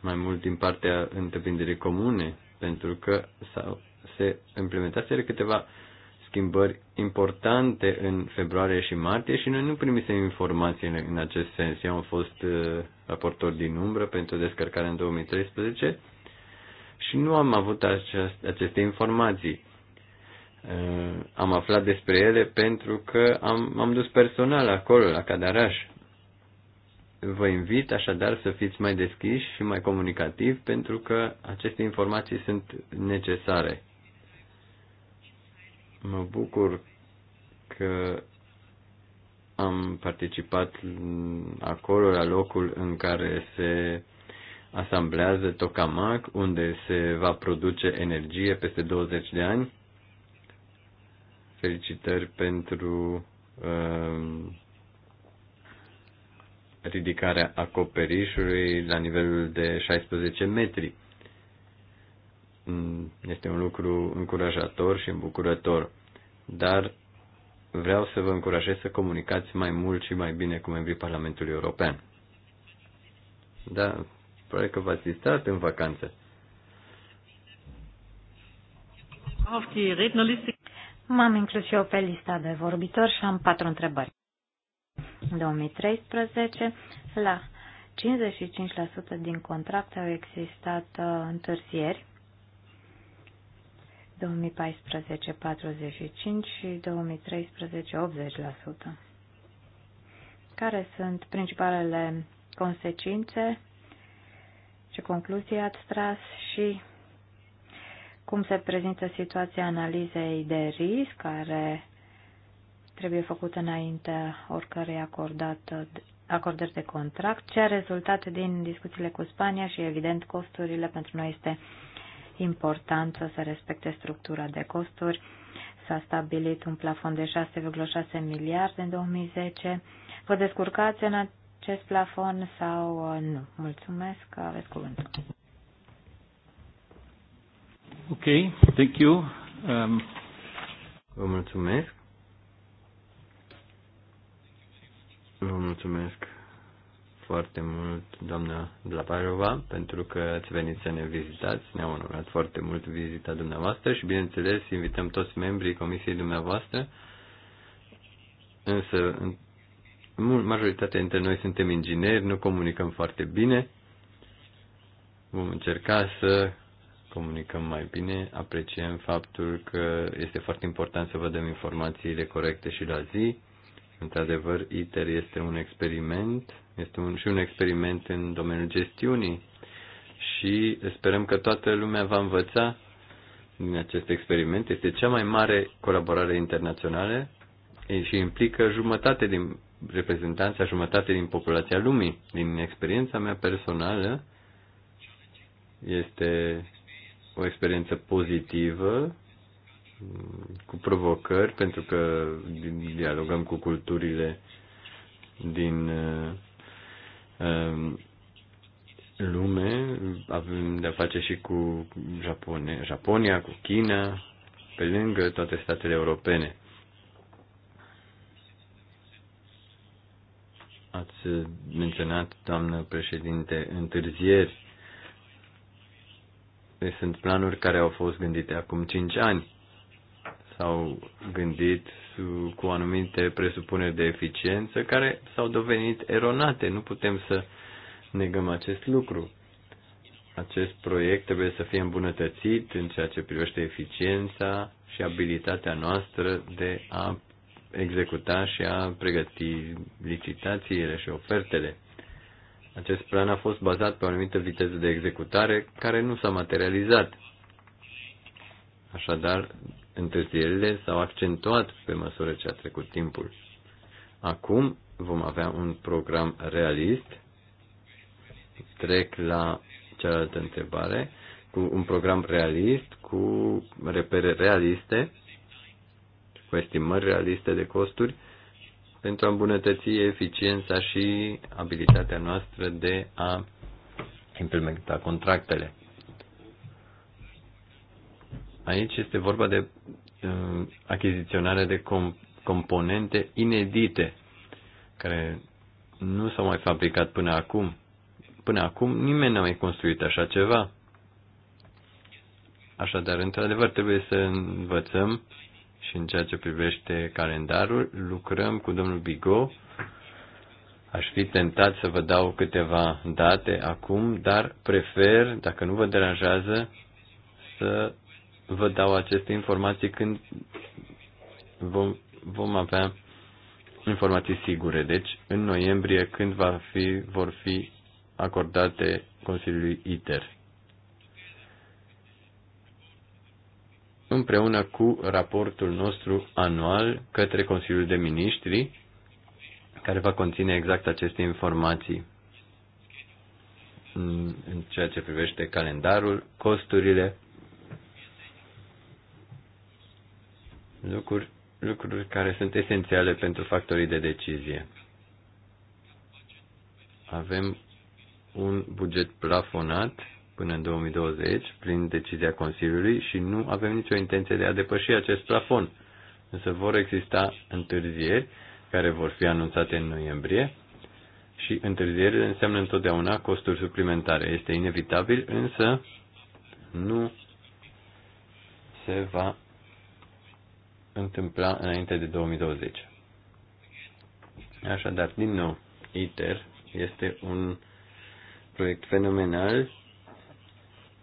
mai mult din partea întreprinderii comune, pentru că sau se implementaseră câteva schimbări importante în februarie și martie și noi nu primisem informații în, în acest sens. Eu am fost uh, raportor din umbră pentru descărcare în 2013 și nu am avut aceast, aceste informații. Uh, am aflat despre ele pentru că am, am dus personal acolo, la Cadaraș. Vă invit așadar să fiți mai deschiși și mai comunicativi pentru că aceste informații sunt necesare. Mă bucur că am participat acolo la locul în care se asamblează tokamak, unde se va produce energie peste 20 de ani. Felicitări pentru um, ridicarea acoperișului la nivelul de 16 metri. Este un lucru încurajator și îmbucurător, dar vreau să vă încurajez să comunicați mai mult și mai bine cu membrii Parlamentului European. Da, pare că v-ați distrat în vacanță. M-am inclus și eu pe lista de vorbitori și am patru întrebări. În 2013, la 55% din contracte au existat uh, întârzieri 2014 45 și 2013 80%. Care sunt principalele consecințe? Ce concluzii ați tras și cum se prezintă situația analizei de risc care trebuie făcută înainte oricărei acordată acordări de contract, ce rezultate din discuțiile cu Spania și, evident, costurile pentru noi este important să se respecte structura de costuri. S-a stabilit un plafon de 6,6 miliarde în 2010. Vă descurcați în acest plafon sau uh, nu? Mulțumesc că aveți cuvântul. Ok, thank you. Um... Vă mulțumesc. Vă mulțumesc foarte mult, doamna Blaparova, pentru că ați venit să ne vizitați. Ne-am onorat foarte mult vizita dumneavoastră și, bineînțeles, invităm toți membrii comisiei dumneavoastră. Însă, majoritatea dintre noi suntem ingineri, nu comunicăm foarte bine. Vom încerca să comunicăm mai bine. Apreciem faptul că este foarte important să vă dăm informațiile corecte și la zi. Într-adevăr, ITER este un experiment este un, și un experiment în domeniul gestiunii și sperăm că toată lumea va învăța din acest experiment. Este cea mai mare colaborare internațională și implică jumătate din reprezentanța, jumătate din populația lumii. Din experiența mea personală, este o experiență pozitivă, cu provocări, pentru că dialogăm cu culturile din uh, Ehm, lume, avem de-a face și cu Japone, Japonia, cu China, pe lângă toate statele europene. Ați menționat, doamnă președinte, întârzieri. Deci sunt planuri care au fost gândite acum 5 ani s-au gândit cu anumite presupuneri de eficiență care s-au devenit eronate. Nu putem să negăm acest lucru. Acest proiect trebuie să fie îmbunătățit în ceea ce privește eficiența și abilitatea noastră de a executa și a pregăti licitațiile și ofertele. Acest plan a fost bazat pe o anumită viteză de executare care nu s-a materializat. Așadar, întârzierile s-au accentuat pe măsură ce a trecut timpul. Acum vom avea un program realist. Trec la cealaltă întrebare. Cu un program realist, cu repere realiste, cu estimări realiste de costuri, pentru a îmbunătăți eficiența și abilitatea noastră de a implementa contractele. Aici este vorba de uh, achiziționare de com- componente inedite care nu s-au mai fabricat până acum. Până acum nimeni n-a mai construit așa ceva. Așadar, într-adevăr, trebuie să învățăm și în ceea ce privește calendarul, lucrăm cu domnul Bigot. Aș fi tentat să vă dau câteva date acum, dar prefer, dacă nu vă deranjează, să vă dau aceste informații când vom, vom avea informații sigure. Deci, în noiembrie, când va fi, vor fi acordate Consiliului ITER. Împreună cu raportul nostru anual către Consiliul de Ministri, care va conține exact aceste informații în ceea ce privește calendarul, costurile lucruri, lucruri care sunt esențiale pentru factorii de decizie. Avem un buget plafonat până în 2020 prin decizia Consiliului și nu avem nicio intenție de a depăși acest plafon. Însă vor exista întârzieri care vor fi anunțate în noiembrie și întârzierile înseamnă întotdeauna costuri suplimentare. Este inevitabil, însă nu se va întâmpla înainte de 2020. Așadar, din nou, ITER este un proiect fenomenal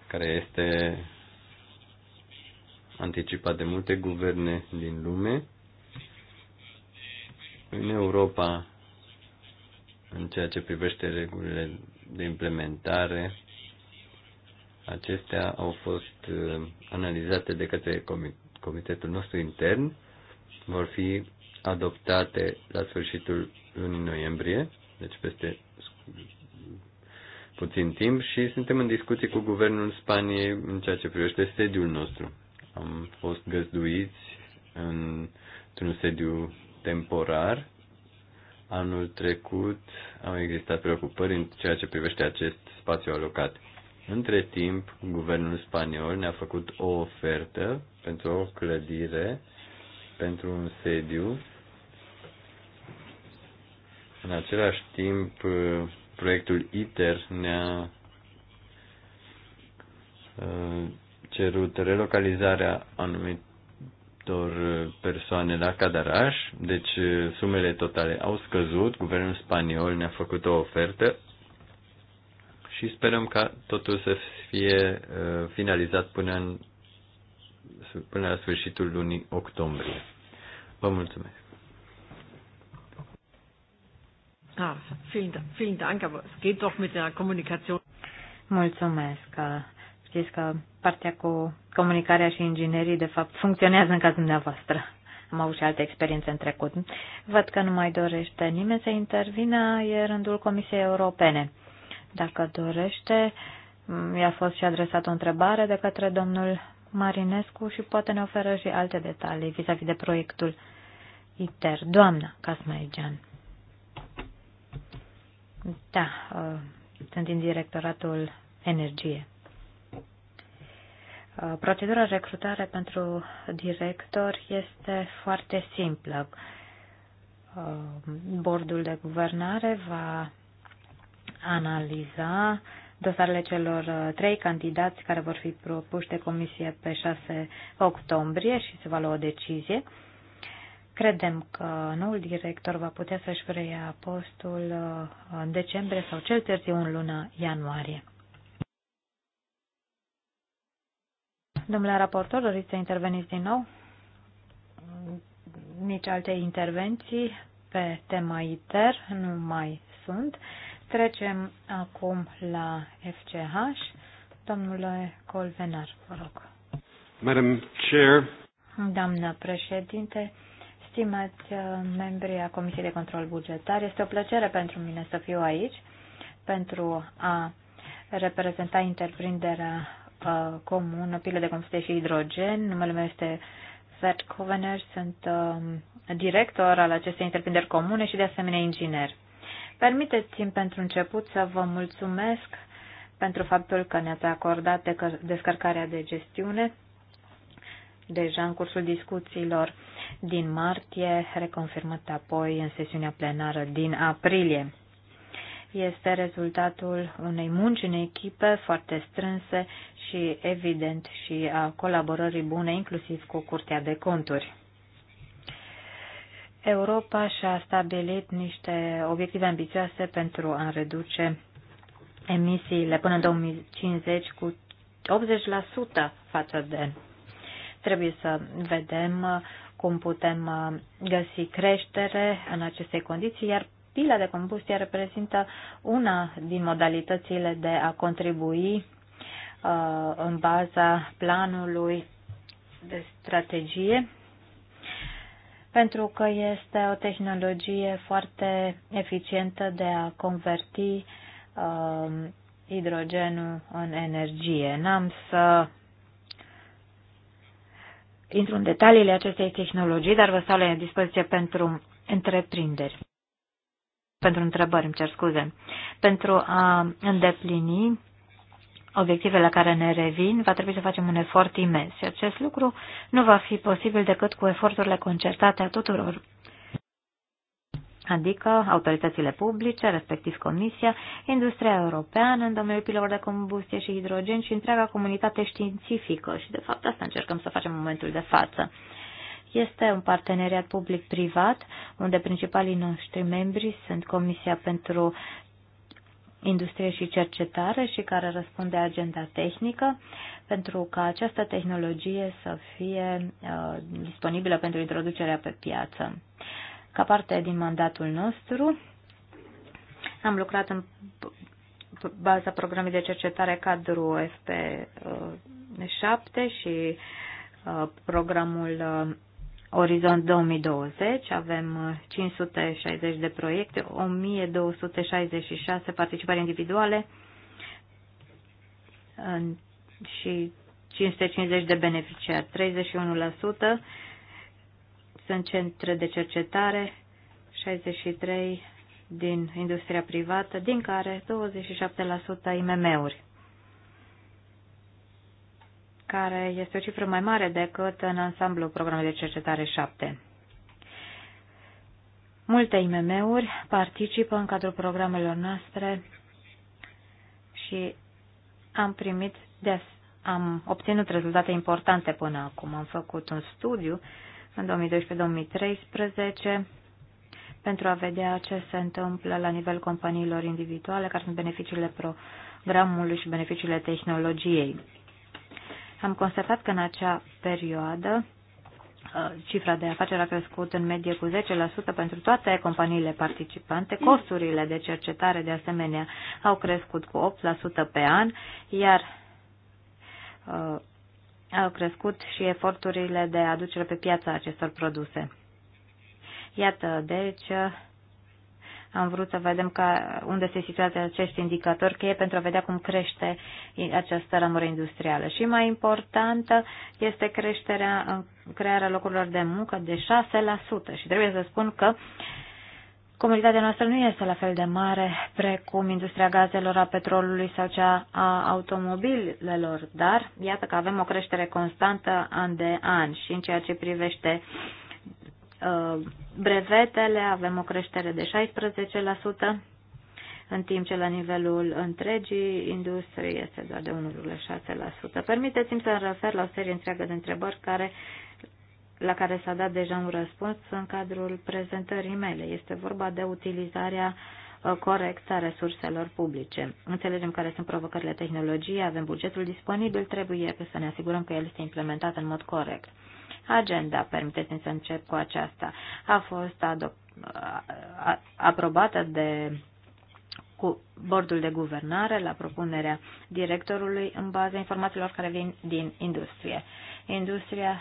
care este anticipat de multe guverne din lume. În Europa, în ceea ce privește regulile de implementare, acestea au fost uh, analizate de către comitetul nostru intern vor fi adoptate la sfârșitul lunii noiembrie, deci peste puțin timp și suntem în discuții cu guvernul Spaniei în ceea ce privește sediul nostru. Am fost găzduiți în, într-un sediu temporar. Anul trecut au existat preocupări în ceea ce privește acest spațiu alocat. Între timp, guvernul spaniol ne-a făcut o ofertă pentru o clădire, pentru un sediu. În același timp, proiectul ITER ne-a uh, cerut relocalizarea anumitor uh, persoane la Cadaraș, deci uh, sumele totale au scăzut, guvernul spaniol ne-a făcut o ofertă și sperăm ca totul să fie finalizat până în până la sfârșitul lunii octombrie. Vă mulțumesc. Ah, vielen, da, vielen Dank, aber es geht doch mit der Kommunikation. Mulțumesc. Știți că partea cu comunicarea și inginerii, de fapt, funcționează în cazul dumneavoastră. Am avut și alte experiențe în trecut. Văd că nu mai dorește nimeni să intervină, e rândul Comisiei Europene. Dacă dorește, i-a fost și adresată o întrebare de către domnul Marinescu și poate ne oferă și alte detalii vis-a-vis -vis de proiectul ITER. Doamna Casmaigean. Da, uh, sunt din directoratul Energie. Uh, procedura recrutare pentru director este foarte simplă. Uh, bordul de guvernare va analiza dosarele celor uh, trei candidați care vor fi propuși de comisie pe 6 octombrie și se va lua o decizie. Credem că noul director va putea să-și preia postul uh, în decembrie sau cel târziu în luna ianuarie. Domnule raportor, doriți să interveniți din nou? Nici alte intervenții pe tema ITER nu mai sunt. Trecem acum la FCH. Domnule Colvenar, vă rog. Madam Chair. Doamnă președinte, stimați uh, membri a Comisiei de Control Bugetar, este o plăcere pentru mine să fiu aici pentru a reprezenta întreprinderea uh, comună, pilă de combustie și hidrogen. Numele meu este Fert Covener, sunt uh, director al acestei întreprinderi comune și de asemenea inginer. Permiteți-mi pentru început să vă mulțumesc pentru faptul că ne-ați acordat descărcarea de gestiune. Deja în cursul discuțiilor din martie, reconfirmată apoi în sesiunea plenară din aprilie. Este rezultatul unei munci în echipe foarte strânse și, evident, și a colaborării bune, inclusiv cu Curtea de Conturi. Europa și-a stabilit niște obiective ambițioase pentru a reduce emisiile până în 2050 cu 80% față de. Trebuie să vedem uh, cum putem uh, găsi creștere în aceste condiții, iar pila de combustie reprezintă una din modalitățile de a contribui uh, în baza planului de strategie pentru că este o tehnologie foarte eficientă de a converti uh, hidrogenul în energie. N-am să intru în detaliile acestei tehnologii, dar vă stau la dispoziție pentru întreprinderi, pentru întrebări, îmi cer scuze, pentru a îndeplini obiectivele care ne revin, va trebui să facem un efort imens și acest lucru nu va fi posibil decât cu eforturile concertate a tuturor adică autoritățile publice, respectiv Comisia, industria europeană în domeniul pilor de combustie și hidrogen și întreaga comunitate științifică. Și, de fapt, asta încercăm să facem în momentul de față. Este un parteneriat public-privat, unde principalii noștri membri sunt Comisia pentru industrie și cercetare și care răspunde agenda tehnică pentru ca această tehnologie să fie uh, disponibilă pentru introducerea pe piață. Ca parte din mandatul nostru, am lucrat în baza programului de cercetare cadru FP7 uh, și uh, programul uh, Orizont 2020 avem 560 uh, de proiecte, 1266 participări individuale și 550 de beneficiari. 31% sunt centre de cercetare, 63 din industria privată, din care 27% IMM-uri care este o cifră mai mare decât în ansamblu programului de cercetare 7. Multe IMM-uri participă în cadrul programelor noastre și am primit des. am obținut rezultate importante până acum. Am făcut un studiu în 2012-2013 pentru a vedea ce se întâmplă la nivel companiilor individuale, care sunt beneficiile programului și beneficiile tehnologiei. Am constatat că în acea perioadă uh, cifra de afaceri a crescut în medie cu 10% pentru toate companiile participante, costurile de cercetare de asemenea au crescut cu 8% pe an, iar uh, au crescut și eforturile de aducere pe piața acestor produse. Iată, deci, am vrut să vedem ca, unde se situează acești indicatori cheie pentru a vedea cum crește această ramură industrială. Și mai importantă este creșterea, crearea locurilor de muncă de 6% și trebuie să spun că Comunitatea noastră nu este la fel de mare precum industria gazelor, a petrolului sau cea a automobilelor, dar iată că avem o creștere constantă an de an și în ceea ce privește uh, Uh, brevetele, avem o creștere de 16%, în timp ce la nivelul întregii industriei este doar de 1,6%. Permiteți-mi să refer la o serie întreagă de întrebări care, la care s-a dat deja un răspuns în cadrul prezentării mele. Este vorba de utilizarea uh, corectă a resurselor publice. Înțelegem care sunt provocările tehnologiei, avem bugetul disponibil, trebuie să ne asigurăm că el este implementat în mod corect agenda. Permiteți-mi să încep cu aceasta. A fost aprobată de cu bordul de guvernare la propunerea directorului în baza informațiilor care vin din industrie. Industria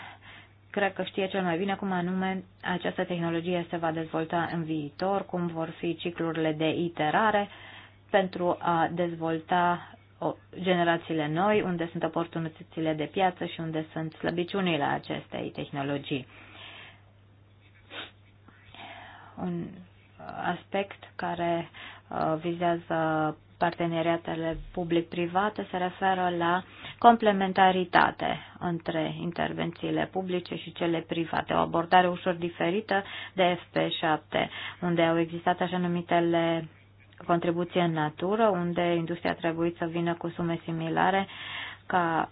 cred că știe cel mai bine cum anume această tehnologie se va dezvolta în viitor, cum vor fi ciclurile de iterare pentru a dezvolta generațiile noi, unde sunt oportunitățile de piață și unde sunt slăbiciunile acestei tehnologii. Un aspect care uh, vizează parteneriatele public-private se referă la complementaritate între intervențiile publice și cele private, o abordare ușor diferită de FP7, unde au existat așa numitele contribuție în natură, unde industria a trebuit să vină cu sume similare ca,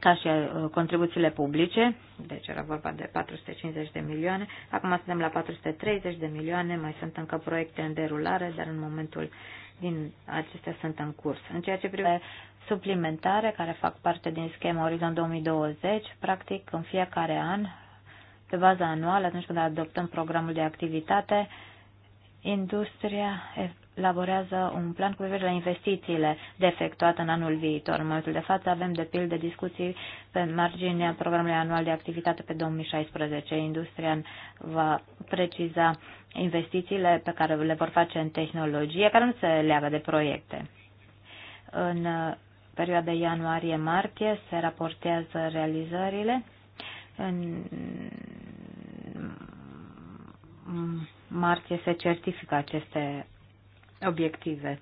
ca și uh, contribuțiile publice, deci era vorba de 450 de milioane, acum suntem la 430 de milioane, mai sunt încă proiecte în derulare, dar în momentul din acestea sunt în curs. În ceea ce privește suplimentare, care fac parte din schema Orizont 2020, practic în fiecare an pe bază anuală atunci când adoptăm programul de activitate, industria elaborează un plan cu privire la investițiile de efectuat în anul viitor. În momentul de față avem de pildă discuții pe marginea programului anual de activitate pe 2016. Industria va preciza investițiile pe care le vor face în tehnologie, care nu se leagă de proiecte. În uh, perioada ianuarie-martie se raportează realizările în Mm, martie se certifică aceste obiective.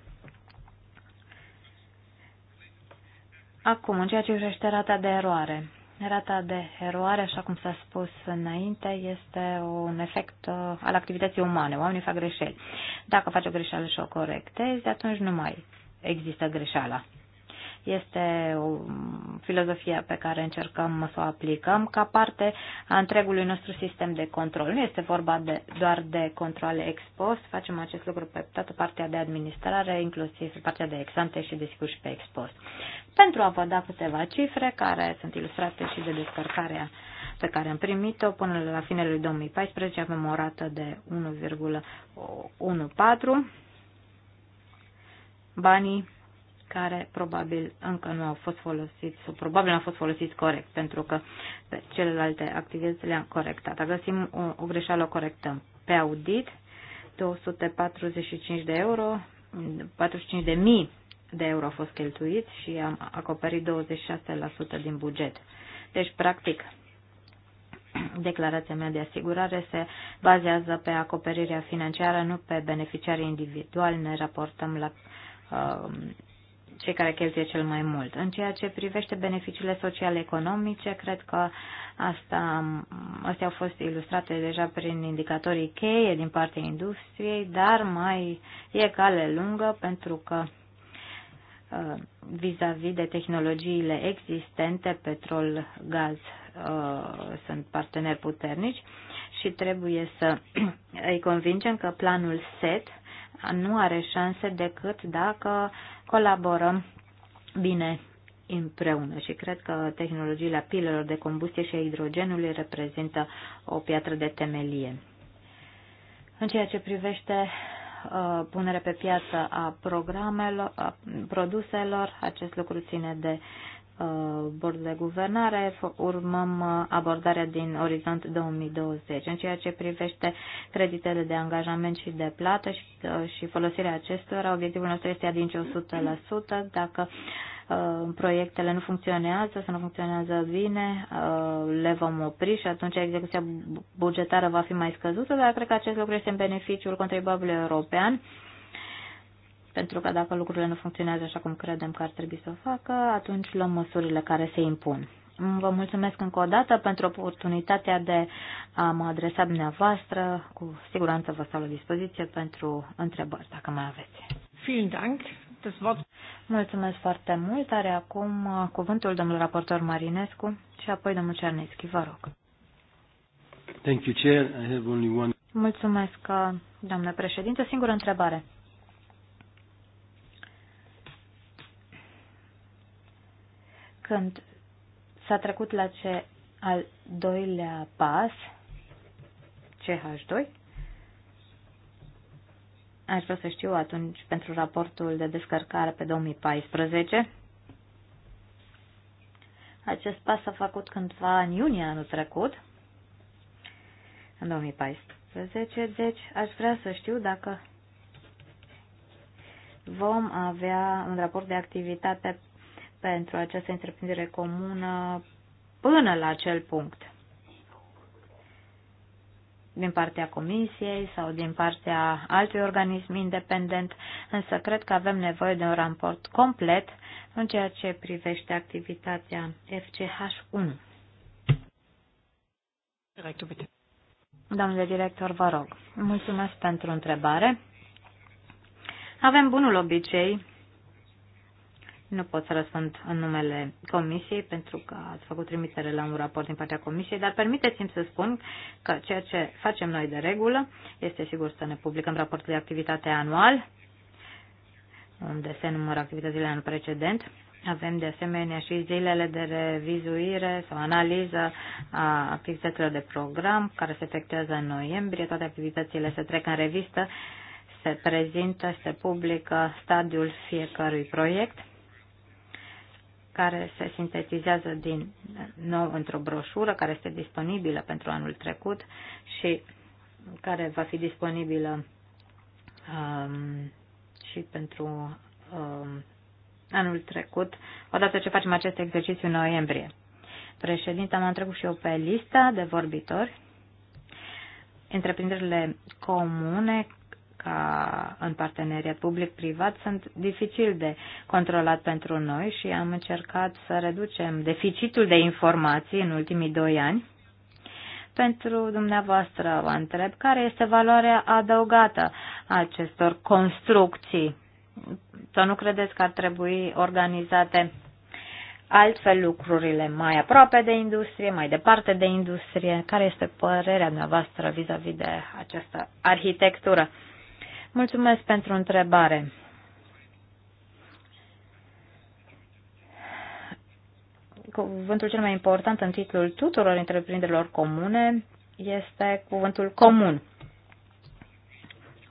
Acum, în ceea ce privește rata de eroare. Rata de eroare, așa cum s-a spus înainte, este un efect uh, al activității umane. Oamenii fac greșeli. Dacă faci o greșeală și o corectezi, atunci nu mai există greșeala. Este o filozofie pe care încercăm să o aplicăm ca parte a întregului nostru sistem de control. Nu este vorba de, doar de control ex post, facem acest lucru pe toată partea de administrare, inclusiv pe partea de exante și desigur și pe ex post. Pentru a vă da câteva cifre care sunt ilustrate și de descărcarea pe care am primit-o până la finele 2014 avem o rată de 1,14 banii care probabil încă nu au fost folosiți sau probabil nu au fost folosiți corect pentru că pe celelalte activități le-am corectat. Dacă găsim o, o greșeală, o corectăm. Pe audit, 245 de euro, 45 de mii de euro au fost cheltuiți și am acoperit 26% din buget. Deci, practic, declarația mea de asigurare se bazează pe acoperirea financiară, nu pe beneficiarii individuali. Ne raportăm la uh, cei care cheltuie cel mai mult. În ceea ce privește beneficiile sociale economice, cred că asta, astea au fost ilustrate deja prin indicatorii cheie din partea industriei, dar mai e cale lungă pentru că uh, vis-a-vis -vis de tehnologiile existente, petrol, gaz uh, sunt parteneri puternici și trebuie să îi convingem că planul SET nu are șanse decât dacă colaborăm bine împreună și cred că tehnologiile pilelor de combustie și a hidrogenului reprezintă o piatră de temelie. În ceea ce privește uh, punerea pe piață a programelor, a produselor, acest lucru ține de Uh, bord de guvernare, urmăm uh, abordarea din orizont 2020. În ceea ce privește creditele de angajament și de plată și, uh, și folosirea acestora, obiectivul nostru este atinge 100%. Dacă proiectele nu funcționează sau nu funcționează bine, le vom opri și atunci execuția bugetară va fi mai scăzută, dar cred că acest lucru este în beneficiul contribuabilului european pentru că dacă lucrurile nu funcționează așa cum credem că ar trebui să o facă, atunci luăm măsurile care se impun. Vă mulțumesc încă o dată pentru oportunitatea de a mă adresa dumneavoastră. Cu siguranță vă stau la dispoziție pentru întrebări, dacă mai aveți. Vielen Dank. Das Wort... Mulțumesc foarte mult. Are acum cuvântul domnul raportor Marinescu și apoi domnul Cernescu. Vă rog. Thank you, Chair. I have only one... Mulțumesc, doamnă președinte. Singură întrebare. când s-a trecut la ce al doilea pas, CH2, aș vrea să știu atunci pentru raportul de descărcare pe 2014. Acest pas s-a făcut cândva în iunie anul trecut, în 2014, deci aș vrea să știu dacă vom avea un raport de activitate pentru această întreprindere comună până la acel punct din partea Comisiei sau din partea altui organism independent, însă cred că avem nevoie de un raport complet în ceea ce privește activitatea FCH1. Domnule director, vă rog. Mulțumesc pentru întrebare. Avem bunul obicei nu pot să răspund în numele Comisiei pentru că ați făcut trimitere la un raport din partea Comisiei, dar permiteți-mi să spun că ceea ce facem noi de regulă este sigur să ne publicăm raportul de activitate anual, unde se numără activitățile anul precedent. Avem de asemenea și zilele de revizuire sau analiză a activităților de program care se efectuează în noiembrie. Toate activitățile se trec în revistă, se prezintă, se publică stadiul fiecărui proiect care se sintetizează din nou într-o broșură care este disponibilă pentru anul trecut și care va fi disponibilă um, și pentru um, anul trecut, odată ce facem acest exercițiu în noiembrie. Președinta m-a întrebat și eu pe lista de vorbitori întreprinderile comune ca în parteneriat public-privat sunt dificil de controlat pentru noi și am încercat să reducem deficitul de informații în ultimii doi ani. Pentru dumneavoastră vă întreb care este valoarea adăugată a acestor construcții. Să nu credeți că ar trebui organizate altfel lucrurile mai aproape de industrie, mai departe de industrie? Care este părerea dumneavoastră vis-a-vis -vis de această arhitectură? Mulțumesc pentru întrebare. Cuvântul cel mai important în titlul tuturor întreprinderilor comune este cuvântul comun.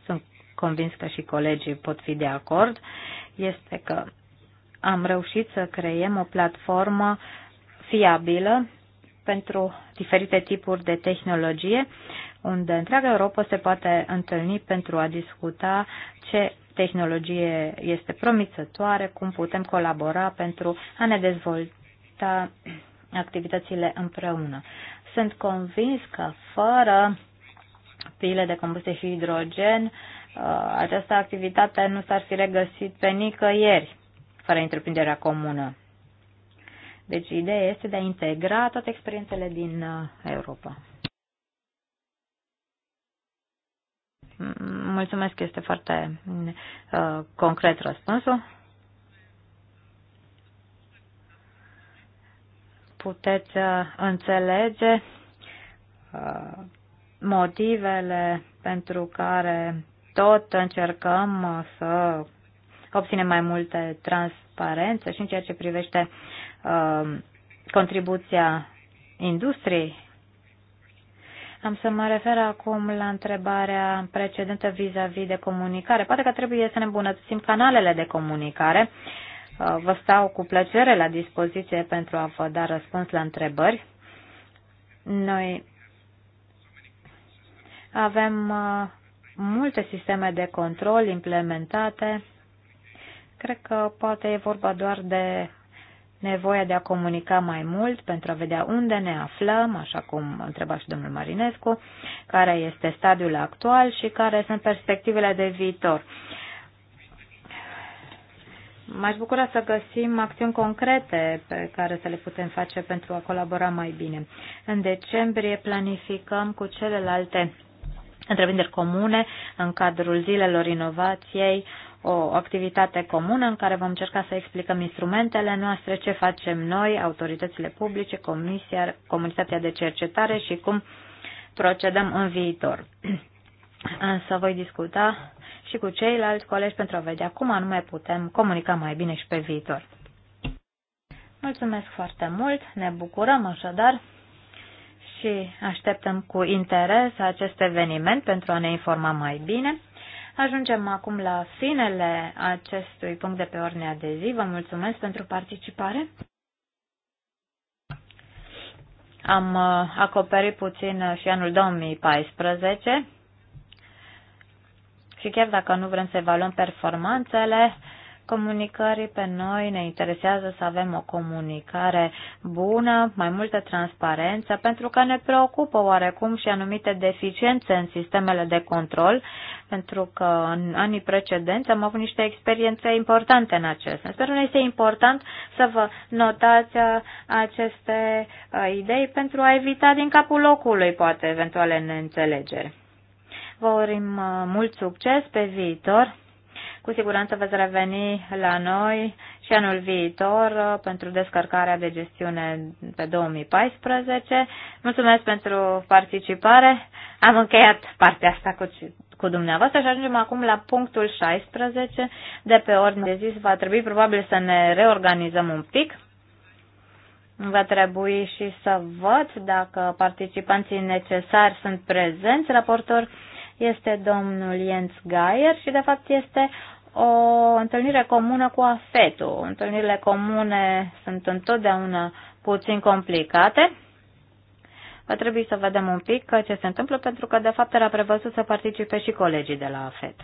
Sunt convins că și colegii pot fi de acord. Este că am reușit să creiem o platformă fiabilă pentru diferite tipuri de tehnologie unde întreaga Europa se poate întâlni pentru a discuta ce tehnologie este promițătoare, cum putem colabora pentru a ne dezvolta activitățile împreună. Sunt convins că fără pile de combustie și hidrogen, uh, această activitate nu s-ar fi regăsit pe nicăieri fără întreprinderea comună. Deci ideea este de a integra toate experiențele din uh, Europa. Mulțumesc, este foarte uh, concret răspunsul. Puteți uh, înțelege uh, motivele pentru care tot încercăm uh, să obținem mai multe transparență și în ceea ce privește uh, contribuția industriei am să mă refer acum la întrebarea precedentă vis-a-vis -vis de comunicare. Poate că trebuie să ne îmbunătățim canalele de comunicare. Uh, vă stau cu plăcere la dispoziție pentru a vă da răspuns la întrebări. Noi avem uh, multe sisteme de control implementate. Cred că poate e vorba doar de nevoia de a comunica mai mult pentru a vedea unde ne aflăm, așa cum întreba și domnul Marinescu, care este stadiul actual și care sunt perspectivele de viitor. M-aș bucura să găsim acțiuni concrete pe care să le putem face pentru a colabora mai bine. În decembrie planificăm cu celelalte întreprinderi comune, în cadrul zilelor inovației, o activitate comună în care vom încerca să explicăm instrumentele noastre, ce facem noi, autoritățile publice, comisia, comunitatea de cercetare și cum procedăm în viitor. Însă voi discuta și cu ceilalți colegi pentru a vedea cum anume putem comunica mai bine și pe viitor. Mulțumesc foarte mult, ne bucurăm așadar și așteptăm cu interes acest eveniment pentru a ne informa mai bine. Ajungem acum la finele acestui punct de pe ordinea de zi. Vă mulțumesc pentru participare. Am uh, acoperit puțin uh, și anul 2014 și chiar dacă nu vrem să evaluăm performanțele, comunicării. Pe noi ne interesează să avem o comunicare bună, mai multă transparență, pentru că ne preocupă oarecum și anumite deficiențe în sistemele de control, pentru că în anii precedenți am avut niște experiențe importante în acest sens. Pentru noi este important să vă notați uh, aceste uh, idei pentru a evita din capul locului poate eventuale neînțelegeri. Vă urim uh, mult succes pe viitor cu siguranță veți reveni la noi și anul viitor uh, pentru descărcarea de gestiune pe 2014. Mulțumesc pentru participare. Am încheiat partea asta cu, cu dumneavoastră și ajungem acum la punctul 16 de pe ordine de zi. Va trebui probabil să ne reorganizăm un pic. Va trebui și să văd dacă participanții necesari sunt prezenți, raportori este domnul Jens Geier și de fapt este o întâlnire comună cu afetul. Întâlnirile comune sunt întotdeauna puțin complicate. Va trebui să vedem un pic ce se întâmplă, pentru că de fapt era prevăzut să participe și colegii de la AFET.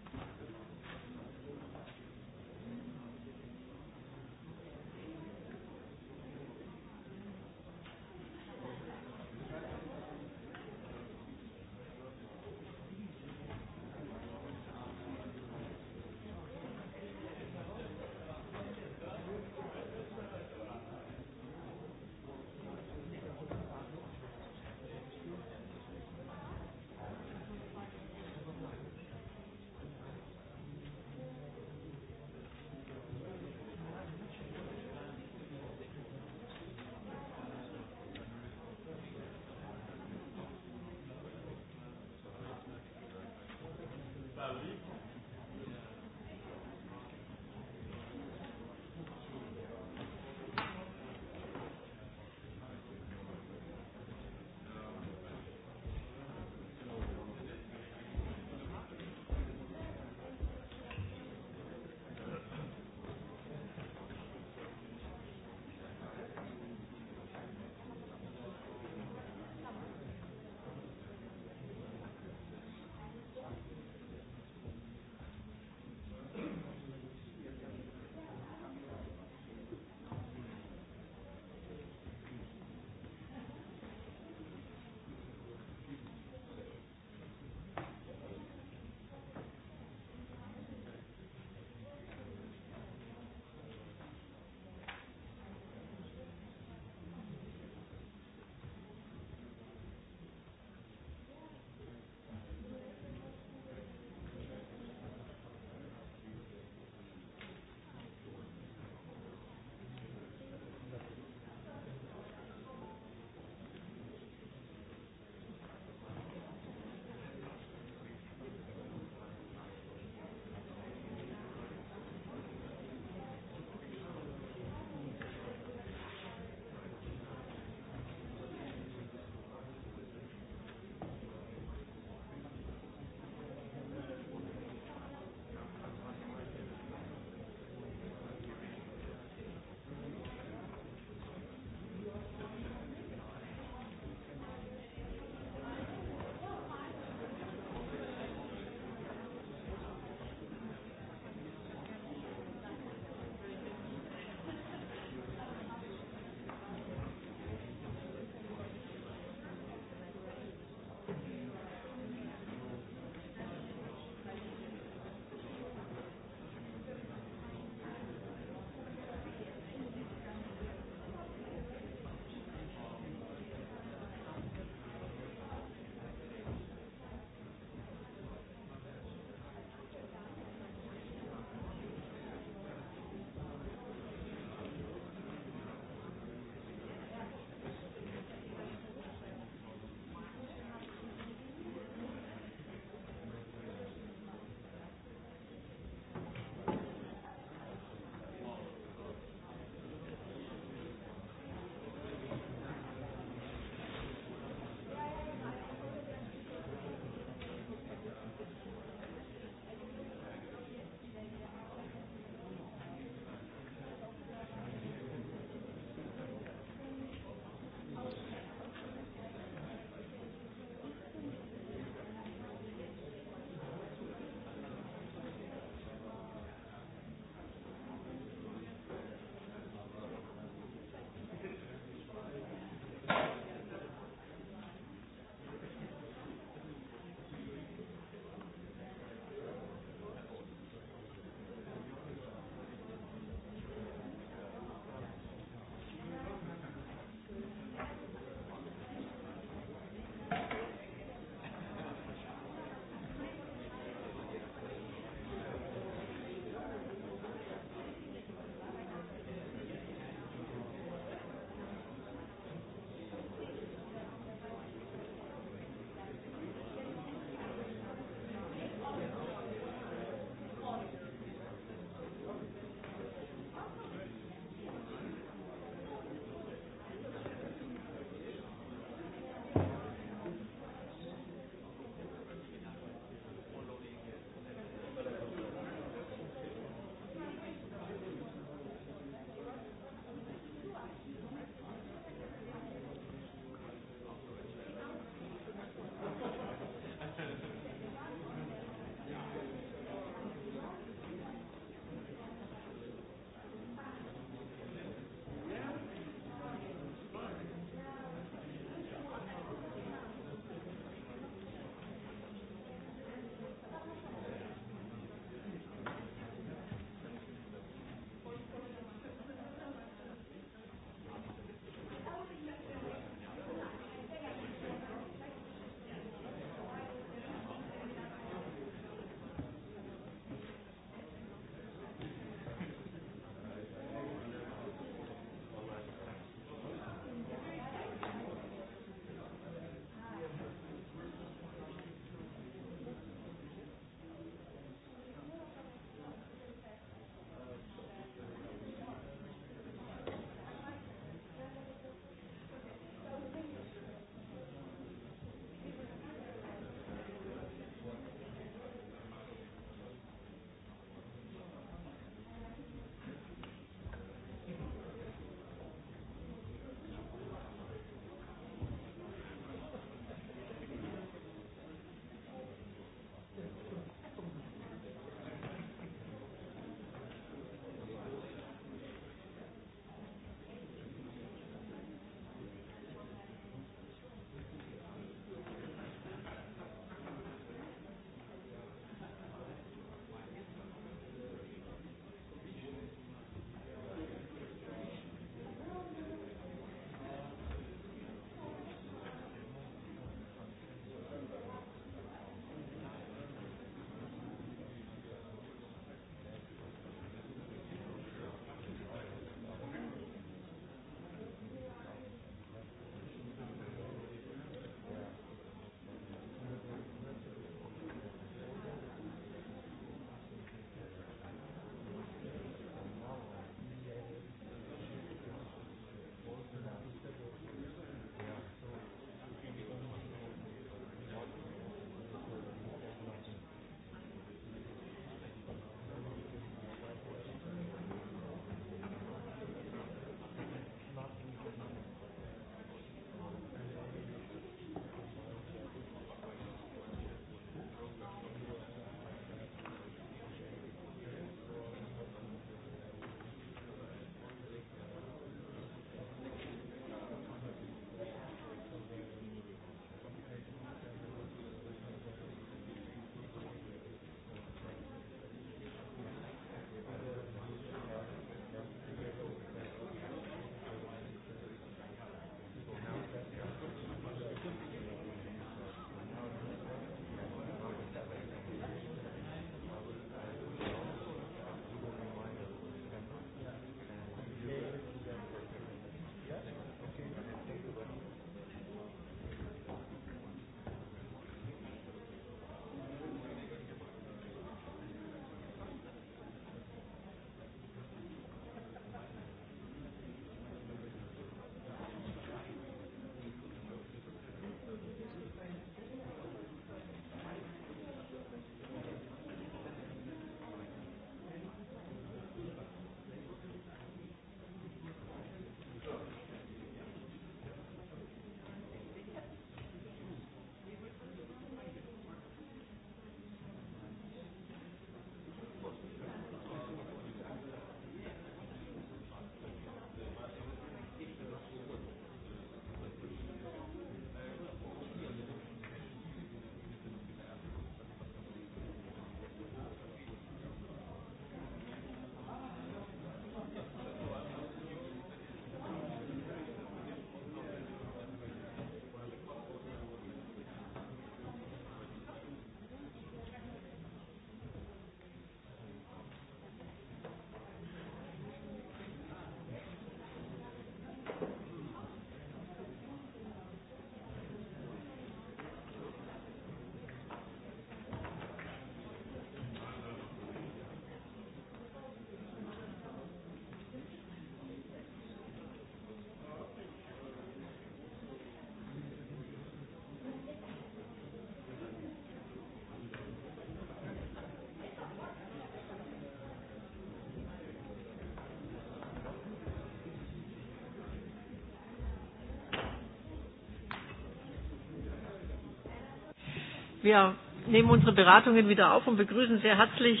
Wir nehmen unsere Beratungen wieder auf und begrüßen sehr herzlich.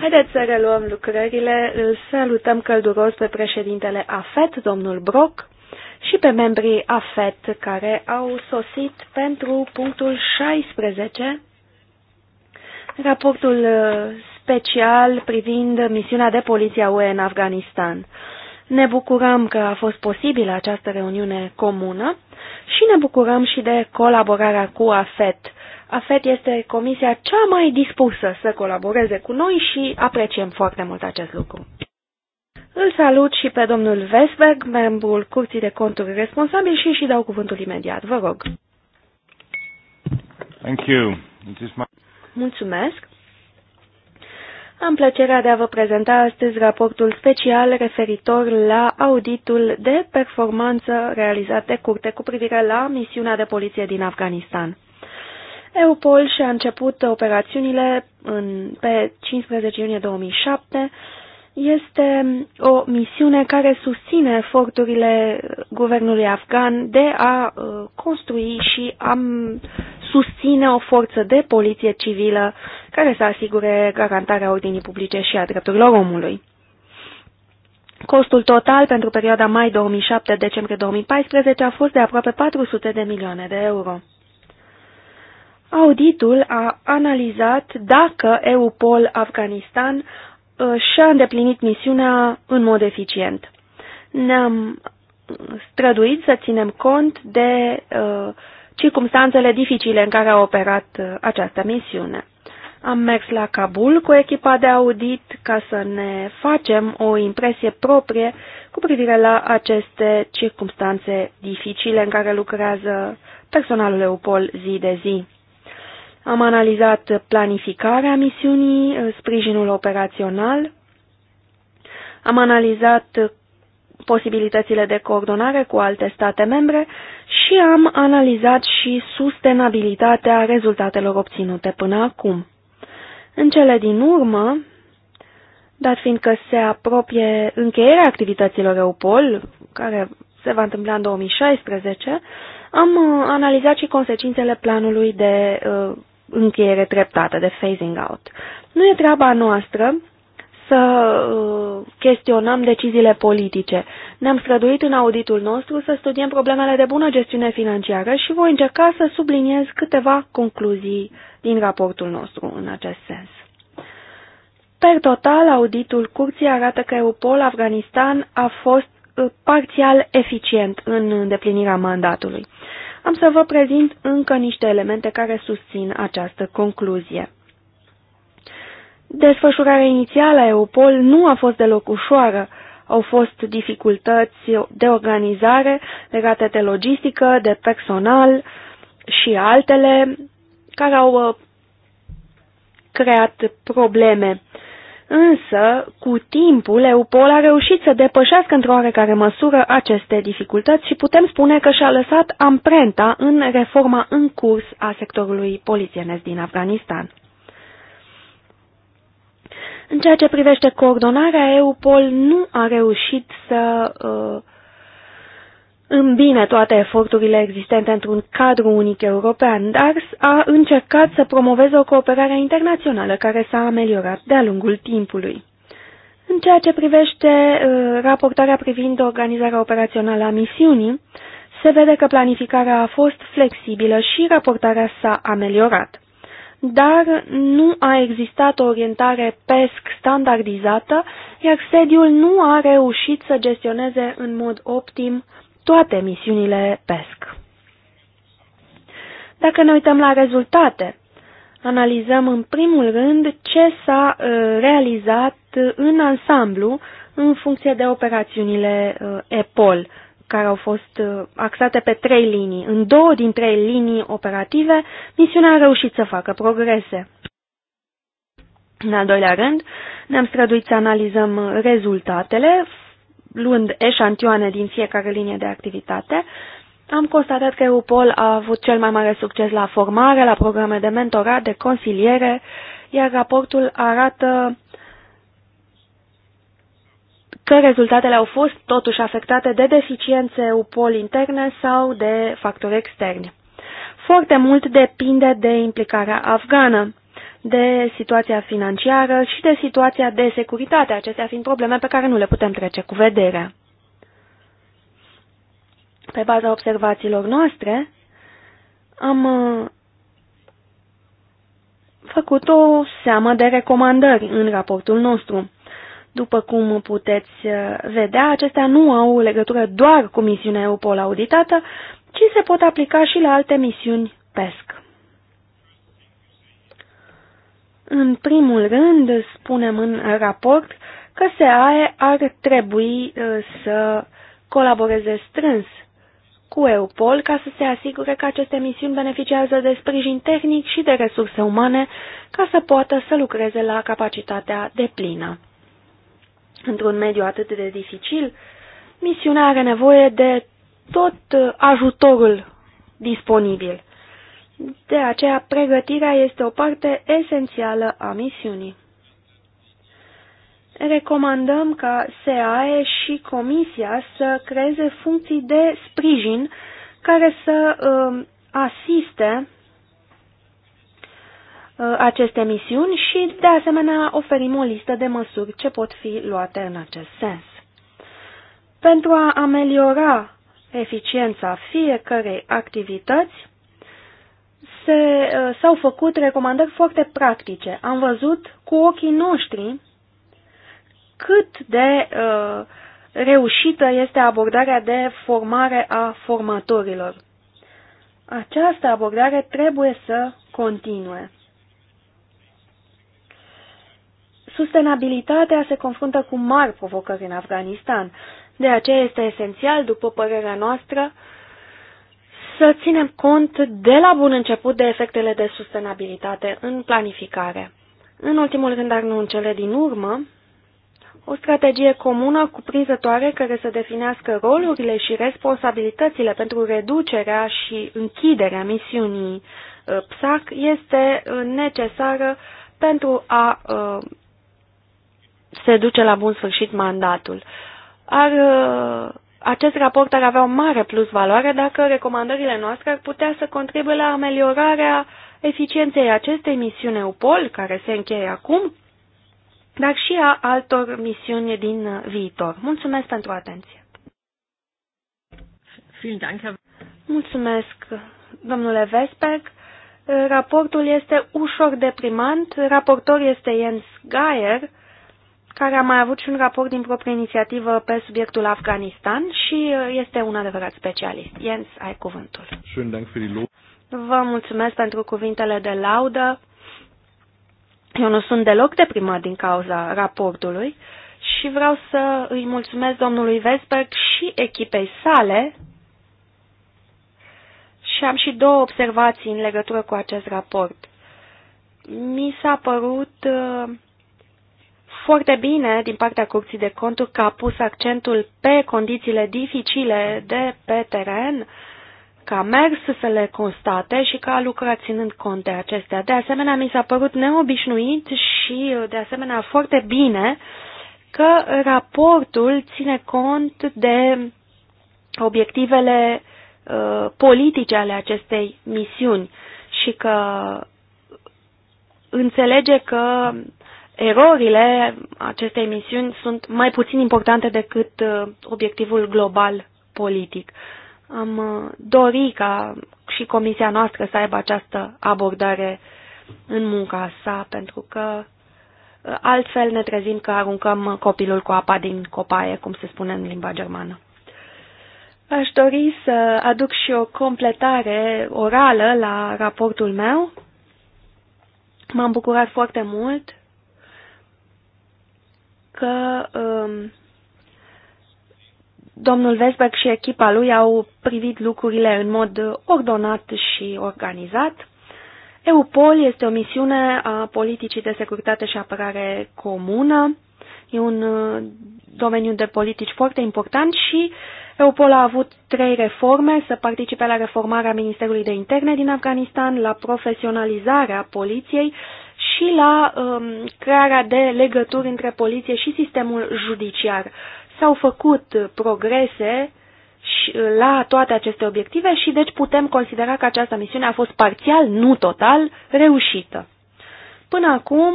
Haideți să reluăm lucrările. Îl salutăm călduros pe președintele AFET, domnul Brock, și pe membrii AFET care au sosit pentru punctul 16, raportul uh, special privind misiunea de poliție a UE în Afganistan. Ne bucurăm că a fost posibilă această reuniune comună și ne bucurăm și de colaborarea cu AFET AFET este comisia cea mai dispusă să colaboreze cu noi și apreciem foarte mult acest lucru. Îl salut și pe domnul Vesberg, membrul Curții de Conturi responsabil și și dau cuvântul imediat. Vă rog. Thank you. It is my... Mulțumesc. Am plăcerea de a vă prezenta astăzi raportul special referitor la auditul de performanță realizat de curte cu privire la misiunea de poliție din Afganistan. Europol și-a început operațiunile în, pe 15 iunie 2007. Este o misiune care susține eforturile guvernului afgan de a uh, construi și a susține o forță de poliție civilă care să asigure garantarea ordinii publice și a drepturilor omului. Costul total pentru perioada mai 2007-decembrie 2014 a fost de aproape 400 de milioane de euro. Auditul a analizat dacă EUPOL Afganistan uh, și-a îndeplinit misiunea în mod eficient. Ne-am uh, străduit să ținem cont de uh, circumstanțele dificile în care a operat uh, această misiune. Am mers la Kabul cu echipa de audit ca să ne facem o impresie proprie cu privire la aceste circumstanțe dificile în care lucrează personalul EUPOL zi de zi. Am analizat planificarea misiunii, sprijinul operațional, am analizat posibilitățile de coordonare cu alte state membre și am analizat și sustenabilitatea rezultatelor obținute până acum. În cele din urmă, dat fiindcă se apropie încheierea activităților EUPOL, care se va întâmpla în 2016, am uh, analizat și consecințele planului de uh, încheiere treptată, de phasing out. Nu e treaba noastră să uh, chestionăm deciziile politice. Ne-am străduit în auditul nostru să studiem problemele de bună gestiune financiară și voi încerca să subliniez câteva concluzii din raportul nostru în acest sens. Per total, auditul curții arată că EUPOL Afganistan a fost uh, parțial eficient în îndeplinirea mandatului. Am să vă prezint încă niște elemente care susțin această concluzie. Desfășurarea inițială a EUPOL nu a fost deloc ușoară. Au fost dificultăți de organizare legate de logistică, de personal și altele care au uh, creat probleme Însă, cu timpul, EUPOL a reușit să depășească într-o oarecare măsură aceste dificultăți și putem spune că și-a lăsat amprenta în reforma în curs a sectorului polițienesc din Afganistan. În ceea ce privește coordonarea, EUPOL nu a reușit să uh, îmbine toate eforturile existente într-un cadru unic european, dar a încercat să promoveze o cooperare internațională care s-a ameliorat de-a lungul timpului. În ceea ce privește uh, raportarea privind organizarea operațională a misiunii, se vede că planificarea a fost flexibilă și raportarea s-a ameliorat. Dar nu a existat o orientare PESC standardizată, iar sediul nu a reușit să gestioneze în mod optim toate misiunile PESC. Dacă ne uităm la rezultate, analizăm în primul rând ce s-a uh, realizat în ansamblu în funcție de operațiunile uh, EPOL, care au fost uh, axate pe trei linii. În două din trei linii operative, misiunea a reușit să facă progrese. În al doilea rând, ne-am străduit să analizăm rezultatele luând eșantioane din fiecare linie de activitate, am constatat că EUPOL a avut cel mai mare succes la formare, la programe de mentorat, de consiliere, iar raportul arată că rezultatele au fost totuși afectate de deficiențe EUPOL interne sau de factori externi. Foarte mult depinde de implicarea afgană de situația financiară și de situația de securitate, acestea fiind probleme pe care nu le putem trece cu vederea. Pe baza observațiilor noastre, am uh, făcut o seamă de recomandări în raportul nostru. După cum puteți uh, vedea, acestea nu au legătură doar cu misiunea EUPOL auditată, ci se pot aplica și la alte misiuni PESC. În primul rând, spunem în raport că SEAE ar trebui uh, să colaboreze strâns cu EUPOL ca să se asigure că aceste misiuni beneficiază de sprijin tehnic și de resurse umane ca să poată să lucreze la capacitatea deplină. Într-un mediu atât de dificil, misiunea are nevoie de tot uh, ajutorul disponibil. De aceea, pregătirea este o parte esențială a misiunii. Recomandăm ca SEAE și Comisia să creeze funcții de sprijin care să um, uh, asiste aceste misiuni și, de asemenea, oferim o listă de măsuri ce pot fi luate în acest sens. Pentru a ameliora eficiența fiecărei activități, Uh, s-au făcut recomandări foarte practice. Am văzut cu ochii noștri cât de uh, reușită este abordarea de formare a formatorilor. Această abordare trebuie să continue. Sustenabilitatea se confruntă cu mari provocări în Afganistan. De aceea este esențial, după părerea noastră, să ținem cont de la bun început de efectele de sustenabilitate în planificare. În ultimul rând, dar nu în cele din urmă, o strategie comună cuprinzătoare care să definească rolurile și responsabilitățile pentru reducerea și închiderea misiunii uh, PSAC este uh, necesară pentru a uh, se duce la bun sfârșit mandatul. Ar acest raport ar avea o mare plus valoare dacă recomandările noastre ar putea să contribuie la ameliorarea eficienței acestei misiuni UPOL, care se încheie acum, dar și a altor misiuni din viitor. Mulțumesc pentru atenție! Mulțumesc, domnule Vesperc. Raportul este ușor deprimant, raportor este Jens Geier, care a mai avut și un raport din proprie inițiativă pe subiectul Afganistan și uh, este un adevărat specialist. Jens, ai cuvântul. Vă mulțumesc pentru cuvintele de laudă. Eu nu sunt deloc deprimat din cauza raportului și vreau să îi mulțumesc domnului Vesberg și echipei sale și am și două observații în legătură cu acest raport. Mi s-a părut uh, foarte bine din partea Curții de Conturi că a pus accentul pe condițiile dificile de pe teren, că a mers să le constate și că a lucrat ținând cont de acestea. De asemenea, mi s-a părut neobișnuit și, de asemenea, foarte bine că raportul ține cont de obiectivele uh, politice ale acestei misiuni și că înțelege că erorile acestei misiuni sunt mai puțin importante decât uh, obiectivul global politic. Am uh, dori ca și comisia noastră să aibă această abordare în munca sa, pentru că uh, altfel ne trezim că aruncăm copilul cu apa din copaie, cum se spune în limba germană. Aș dori să aduc și o completare orală la raportul meu. M-am bucurat foarte mult că um, domnul Vesberg și echipa lui au privit lucrurile în mod ordonat și organizat. EUPOL este o misiune a politicii de securitate și apărare comună. E un uh, domeniu de politici foarte important și EUPOL a avut trei reforme, să participe la reformarea Ministerului de Interne din Afganistan, la profesionalizarea poliției și la um, crearea de legături între poliție și sistemul judiciar. S-au făcut progrese și, uh, la toate aceste obiective și deci putem considera că această misiune a fost parțial, nu total, reușită. Până acum,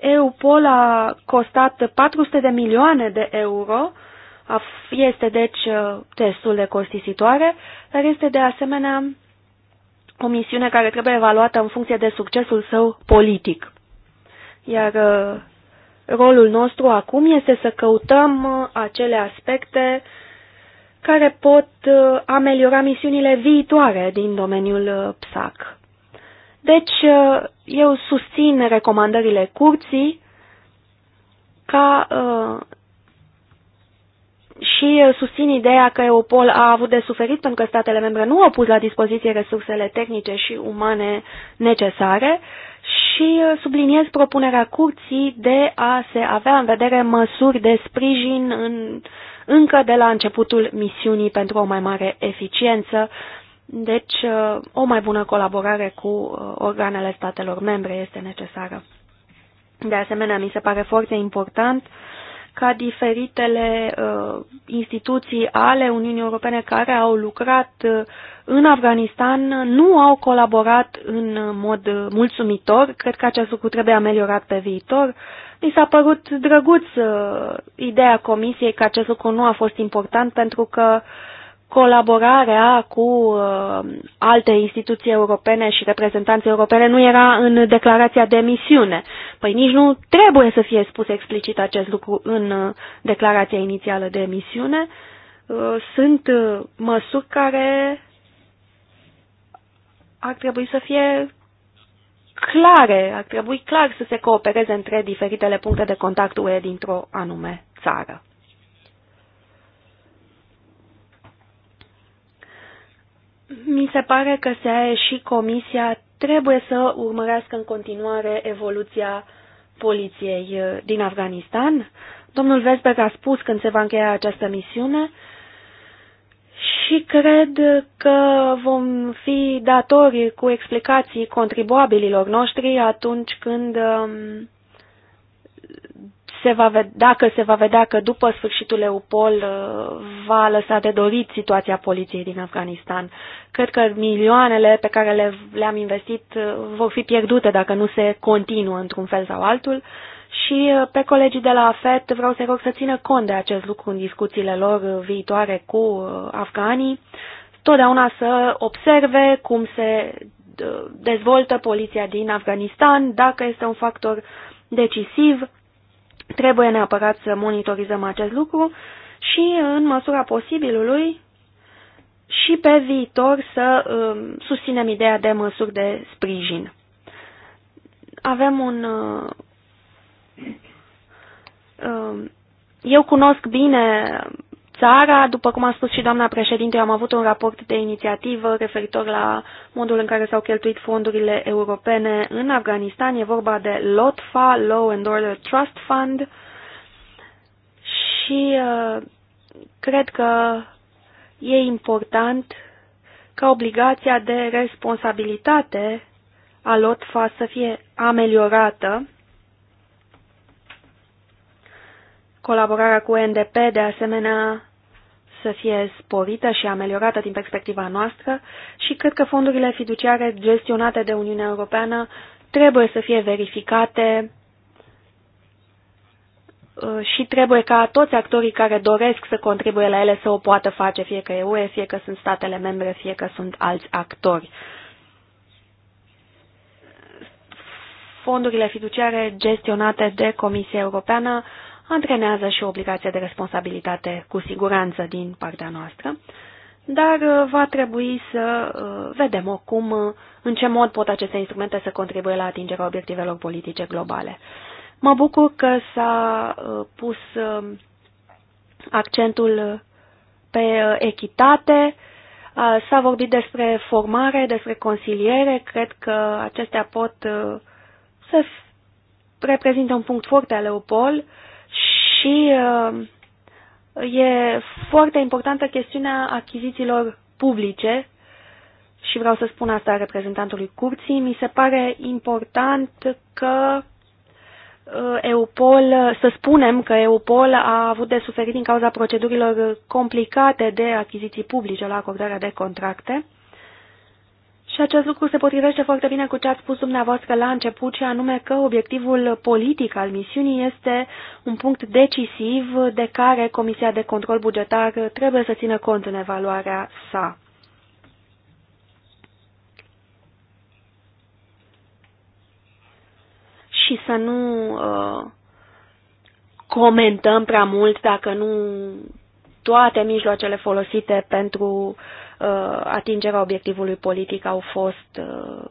EUPOL a costat 400 de milioane de euro, este deci destul uh, de costisitoare, dar este de asemenea o misiune care trebuie evaluată în funcție de succesul său politic. Iar uh, rolul nostru acum este să căutăm uh, acele aspecte care pot uh, ameliora misiunile viitoare din domeniul PSAC. Deci, eu susțin recomandările curții ca și uh, susțin ideea că Europol a avut de suferit pentru că statele membre nu au pus la dispoziție resursele tehnice și umane necesare și uh, subliniez propunerea curții de a se avea în vedere măsuri de sprijin în, încă de la începutul misiunii pentru o mai mare eficiență, deci uh, o mai bună colaborare cu organele statelor membre este necesară. De asemenea, mi se pare foarte important uh, ca diferitele uh, instituții ale Uniunii Europene care au lucrat uh, în Afganistan nu au colaborat în mod mulțumitor. Cred că acest lucru trebuie ameliorat pe viitor. Mi s-a părut drăguț uh, ideea Comisiei că acest lucru nu a fost important pentru că uh, colaborarea cu uh, alte instituții europene și reprezentanții europene nu era în declarația de misiune. Păi nici nu trebuie să fie spus explicit acest lucru în uh, declarația inițială de misiune. Uh, sunt măsuri care ar trebui să fie clare, ar trebui clar să se coopereze între diferitele puncte de contact UE dintr-o anume țară. Mi se pare că SEAE și Comisia trebuie să urmărească în continuare evoluția poliției uh, din Afganistan. Domnul Vesberg a spus când se va încheia această misiune și cred că vom fi datori cu explicații contribuabililor noștri atunci când um, se va vedea, dacă se va vedea că după sfârșitul EUPOL uh, va lăsa de dorit situația poliției din Afganistan. Cred că milioanele pe care le, le-am investit uh, vor fi pierdute dacă nu se continuă într-un fel sau altul și uh, pe colegii de la AFET vreau să rog să țină cont de acest lucru în discuțiile lor viitoare cu afganii, totdeauna să observe cum se dezvoltă poliția din Afganistan, dacă este un factor decisiv Trebuie neapărat să monitorizăm acest lucru și, în măsura posibilului, și pe viitor să uh, susținem ideea de măsuri de sprijin. Avem un... Uh, uh, eu cunosc bine țara. după cum a spus și doamna președinte, eu am avut un raport de inițiativă referitor la modul în care s-au cheltuit fondurile europene în Afganistan. E vorba de LOTFA, Law and Order Trust Fund, și uh, cred că e important ca obligația de responsabilitate a LOTFA să fie ameliorată. Colaborarea cu NDP, de asemenea, să fie sporită și ameliorată din perspectiva noastră și cred că fondurile fiduciare gestionate de Uniunea Europeană trebuie să fie verificate uh, și trebuie ca toți actorii care doresc să contribuie la ele să o poată face, fie că e UE, fie că sunt statele membre, fie că sunt alți actori. Fondurile fiduciare gestionate de Comisia Europeană uh, antrenează și o obligație de responsabilitate cu siguranță din partea noastră, dar uh, va trebui să uh, vedem cum, uh, în ce mod pot aceste instrumente să contribuie la atingerea obiectivelor politice globale. Mă bucur că s-a pus accentul pe echitate, s-a vorbit despre formare, despre consiliere, cred că acestea pot să reprezintă un punct foarte ale Leopold și uh, e foarte importantă chestiunea achizițiilor publice și vreau să spun asta reprezentantului curții. Mi se pare important că uh, Eupol, să spunem că Eupol a avut de suferit din cauza procedurilor complicate de achiziții publice la acordarea de contracte și acest lucru se potrivește foarte bine cu ce ați spus dumneavoastră la început, și anume că obiectivul politic al misiunii este un punct decisiv de care Comisia de Control Bugetar trebuie să țină cont în evaluarea sa. Și să nu uh, comentăm prea mult dacă nu toate mijloacele folosite pentru uh, Uh, atingerea obiectivului politic au fost uh,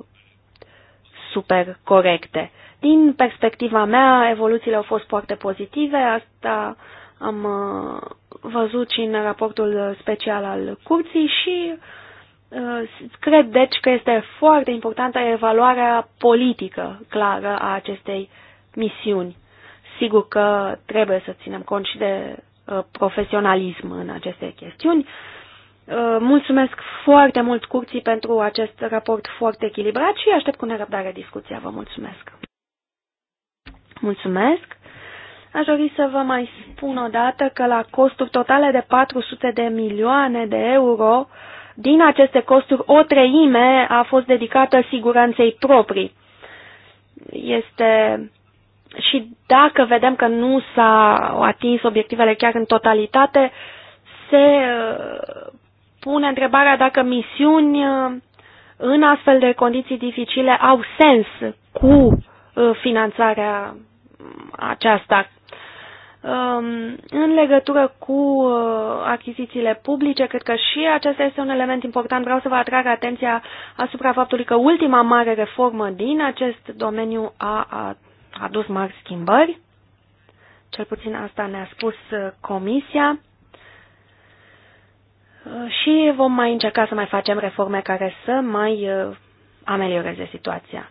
super corecte. Din perspectiva mea, evoluțiile au fost foarte pozitive, asta am uh, văzut și în raportul special al curții și cred deci că este foarte importantă evaluarea politică clară a acestei misiuni. Sigur că trebuie să ținem cont și de profesionalism în aceste chestiuni, Uh, mulțumesc foarte mult curții pentru acest raport foarte echilibrat și aștept cu nerăbdare discuția. Vă mulțumesc! Mulțumesc! Aș dori să vă mai spun o dată că la costuri totale de 400 de milioane de euro, din aceste costuri, o treime a fost dedicată siguranței proprii. Este și dacă vedem că nu s-a atins obiectivele chiar în totalitate, se uh, pune întrebarea dacă misiuni uh, în astfel de condiții dificile au sens cu uh, finanțarea mm, aceasta. Um, în legătură cu uh, achizițiile publice, cred că și acesta este un element important. Vreau să vă atrag atenția asupra faptului că ultima mare reformă din acest domeniu a, adus mari schimbări. Cel puțin asta ne-a spus Comisia și vom mai încerca să mai facem reforme care să mai uh, amelioreze situația.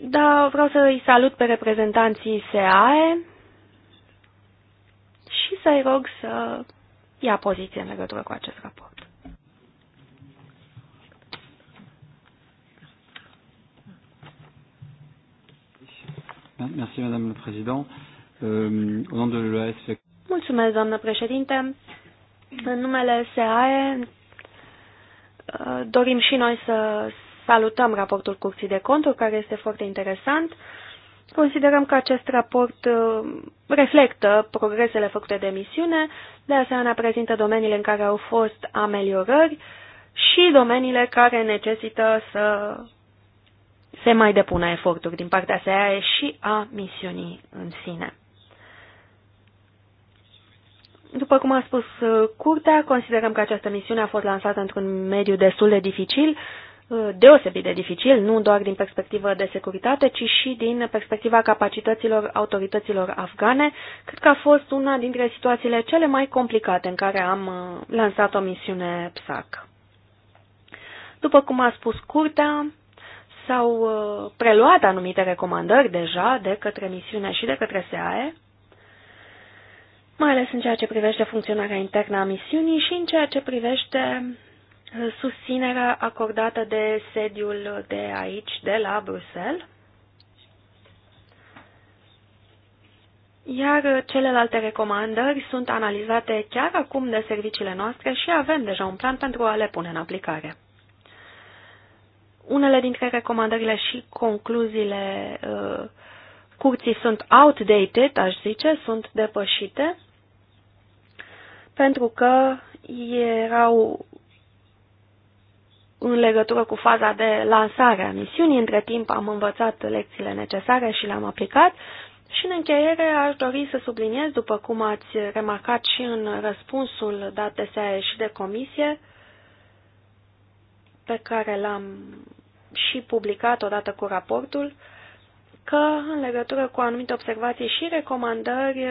Dar vreau să îi salut pe reprezentanții SAE și să-i rog să ia poziție în legătură cu acest raport. Euh, Mulțumesc, doamnă președinte. În numele SAE uh, dorim și noi să salutăm raportul Curții de Conturi, care este foarte interesant. Considerăm că acest raport uh, reflectă progresele făcute de misiune, de asemenea prezintă domeniile în care au fost ameliorări și domeniile care necesită să se mai depună eforturi din partea SAE și a misiunii în sine. După cum a spus uh, curtea, considerăm că această misiune a fost lansată într-un mediu destul de dificil, uh, deosebit de dificil, nu doar din perspectivă de securitate, ci și din perspectiva capacităților autorităților afgane. Cred că a fost una dintre situațiile cele mai complicate în care am uh, lansat o misiune PSAC. După cum a spus curtea, s-au preluat anumite recomandări deja de către misiune și de către SAE, mai ales în ceea ce privește funcționarea internă a misiunii și în ceea ce privește uh, susținerea acordată de sediul de aici, de la Bruxelles. Iar uh, celelalte recomandări sunt analizate chiar acum de serviciile noastre și avem deja un plan pentru a le pune în aplicare. Unele dintre recomandările și concluziile uh, curții sunt outdated, aș zice, sunt depășite pentru că erau în legătură cu faza de lansare a misiunii. Între timp am învățat lecțiile necesare și le-am aplicat. Și în încheiere aș dori să subliniez, după cum ați remarcat și în răspunsul dat de SAE și de comisie, pe care l-am și publicat odată cu raportul, că în legătură cu anumite observații și recomandări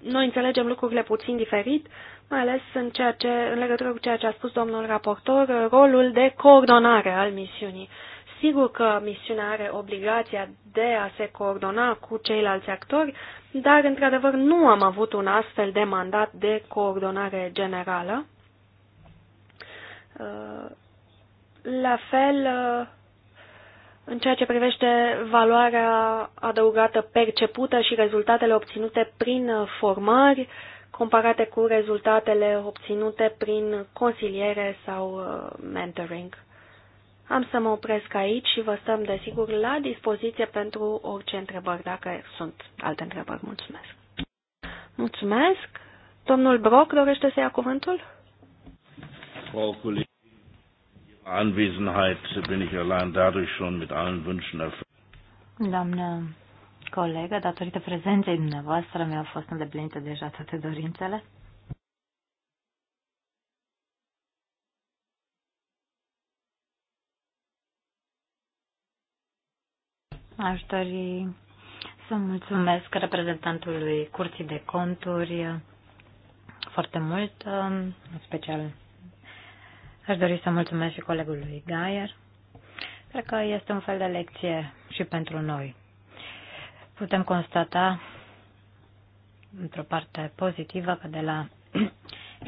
noi înțelegem lucrurile puțin diferit, mai ales în, ceea ce, în legătură cu ceea ce a spus domnul raportor, rolul de coordonare al misiunii. Sigur că misiunea are obligația de a se coordona cu ceilalți actori, dar, într-adevăr, nu am avut un astfel de mandat de coordonare generală. Uh, la fel, uh, în ceea ce privește valoarea adăugată percepută și rezultatele obținute prin formări, comparate cu rezultatele obținute prin consiliere sau uh, mentoring. Am să mă opresc aici și vă stăm, desigur, la dispoziție pentru orice întrebări, dacă sunt alte întrebări. Mulțumesc! Mulțumesc! Domnul Broc dorește să ia cuvântul? Anwesenheit bin ich allein dadurch schon mit allen Wünschen erfüllt. Doamnă colegă, datorită prezenței dumneavoastră mi-au fost îndeplinite deja toate dorințele. Aș dori să mulțumesc reprezentantului Curții de Conturi foarte mult, în special Aș dori să mulțumesc și colegului Gaier. Cred că este un fel de lecție și pentru noi. Putem constata, într-o parte pozitivă, că de la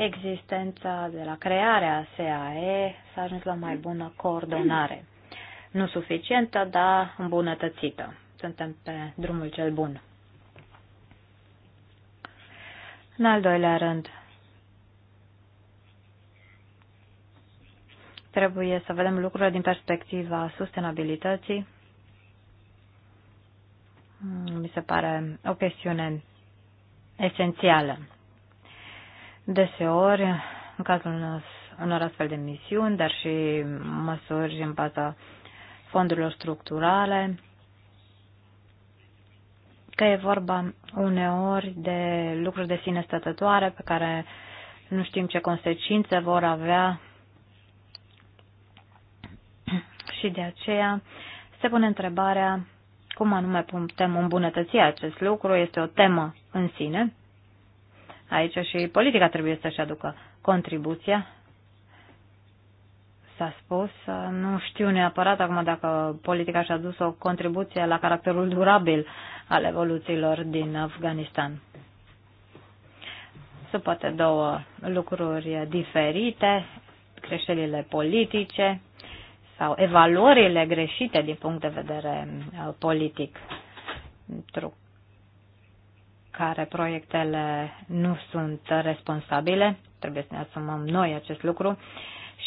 existența, de la crearea SAE s-a ajuns la mai bună coordonare. Nu suficientă, dar îmbunătățită. Suntem pe drumul cel bun. În al doilea rând, Trebuie să vedem lucrurile din perspectiva sustenabilității. Mi se pare o chestiune esențială. Deseori, în cazul unor astfel de misiuni, dar și măsuri în baza fondurilor structurale, că e vorba uneori de lucruri de sine stătătoare pe care nu știm ce consecințe vor avea și de aceea se pune întrebarea cum anume putem îmbunătăți acest lucru. Este o temă în sine. Aici și politica trebuie să-și aducă contribuția. S-a spus, nu știu neapărat acum dacă politica și-a dus o contribuție la caracterul durabil al evoluțiilor din Afganistan. Sunt poate două lucruri diferite, creșelile politice sau evaluările greșite din punct de vedere uh, politic, pentru care proiectele nu sunt responsabile, trebuie să ne asumăm noi acest lucru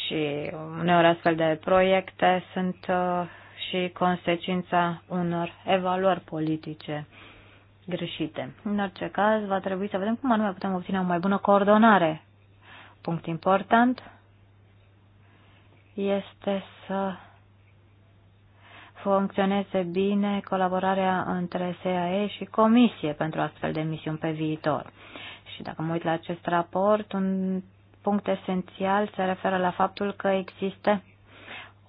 și uneori astfel de proiecte sunt uh, și consecința unor evaluări politice greșite. În orice caz, va trebui să vedem cum anume putem obține o mai bună coordonare. Punct important, este să funcționeze bine colaborarea între SAE și Comisie pentru astfel de misiuni pe viitor. Și dacă mă uit la acest raport, un punct esențial se referă la faptul că există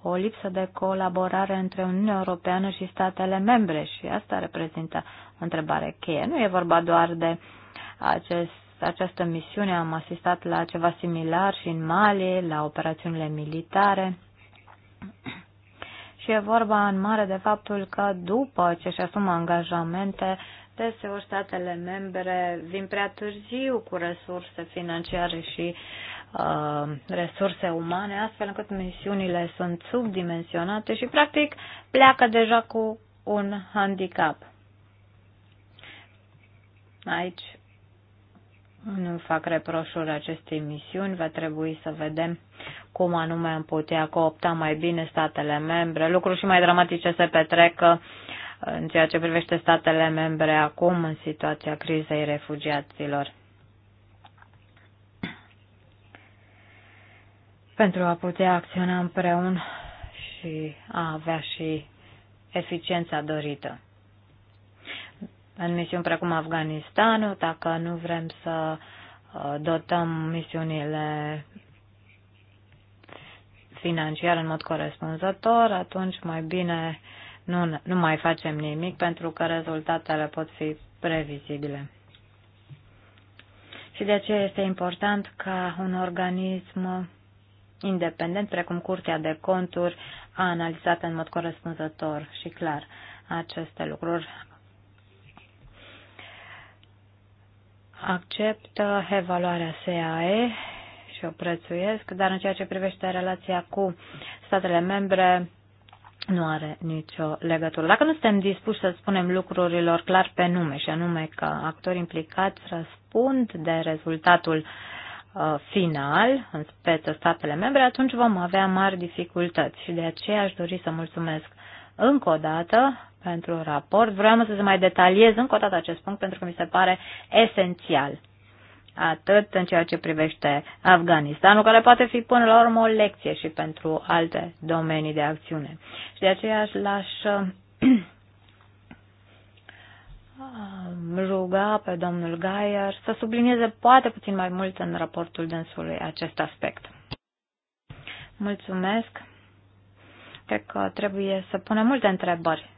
o lipsă de colaborare între Uniunea Europeană și statele membre și asta reprezintă întrebare cheie. Nu e vorba doar de acest această misiune am asistat la ceva similar și în Mali, la operațiunile militare. Și e vorba în mare de faptul că după ce își asumă angajamente, deseori statele membre vin prea târziu cu resurse financiare și uh, resurse umane, astfel încât misiunile sunt subdimensionate și practic pleacă deja cu un handicap. Aici nu fac reproșuri acestei misiuni, va trebui să vedem cum anume am putea coopta mai bine statele membre. Lucruri și mai dramatice se petrec uh, în ceea ce privește statele membre acum în situația crizei refugiaților. Pentru a putea acționa împreună și a avea și eficiența dorită în misiuni precum Afganistanul, dacă nu vrem să uh, dotăm misiunile financiar în mod corespunzător, atunci mai bine nu, nu mai facem nimic pentru că rezultatele pot fi previzibile. Și de aceea este important ca un organism independent, precum Curtea de Conturi, a analizat în mod corespunzător și clar aceste lucruri accept evaluarea SAE și o prețuiesc, dar în ceea ce privește relația cu statele membre, nu are nicio legătură. Dacă nu suntem dispuși să spunem lucrurilor clar pe nume, și anume că actorii implicați răspund de rezultatul uh, final, în speță statele membre, atunci vom avea mari dificultăți și de aceea aș dori să mulțumesc încă o dată pentru raport. Vreau să se mai detaliez încă o dată acest punct pentru că mi se pare esențial atât în ceea ce privește Afganistanul, care poate fi până la urmă o lecție și pentru alte domenii de acțiune. Și de aceea l-aș ruga pe domnul Gaier să sublinieze poate puțin mai mult în raportul dânsului acest aspect. Mulțumesc! Cred că trebuie să punem multe întrebări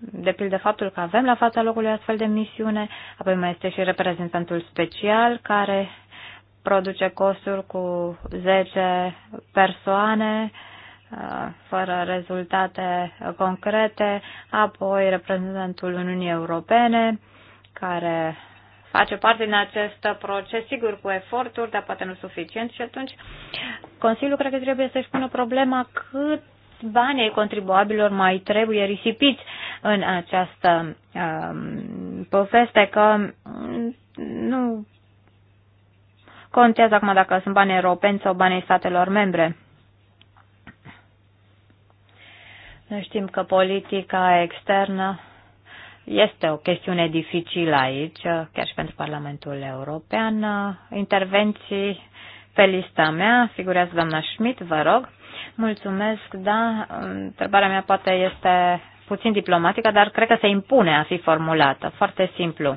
de pildă faptul că avem la fața locului astfel de misiune, apoi mai este și reprezentantul special care produce costuri cu 10 persoane uh, fără rezultate concrete, apoi reprezentantul Uniunii Europene care face parte din acest proces, sigur cu eforturi, dar poate nu suficient și atunci Consiliul cred că trebuie să-și pună problema cât banii ai contribuabilor mai trebuie risipiți în această uh, poveste că mm, nu contează acum dacă sunt bani europeni sau banii statelor membre. Noi știm că politica externă este o chestiune dificilă aici, chiar și pentru Parlamentul European. Intervenții pe lista mea, figurează doamna Schmidt, vă rog. Mulțumesc, da. Întrebarea mea poate este puțin diplomatică, dar cred că se impune a fi formulată. Foarte simplu.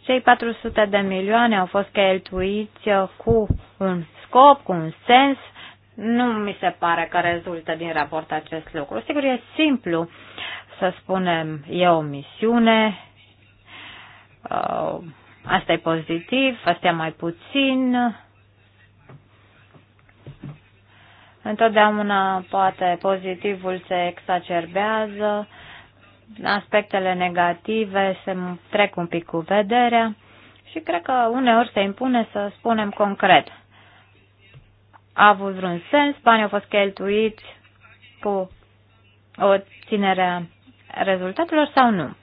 Cei 400 de milioane au fost cheltuiți cu un scop, cu un sens. Nu mi se pare că rezultă din raport acest lucru. Sigur, e simplu să spunem, e o misiune, uh, asta e pozitiv, asta e mai puțin, Întotdeauna poate pozitivul se exacerbează, aspectele negative se trec un pic cu vederea și cred că uneori se impune să spunem concret. A avut vreun sens, banii au fost cheltuiți cu o ținere rezultatelor sau nu?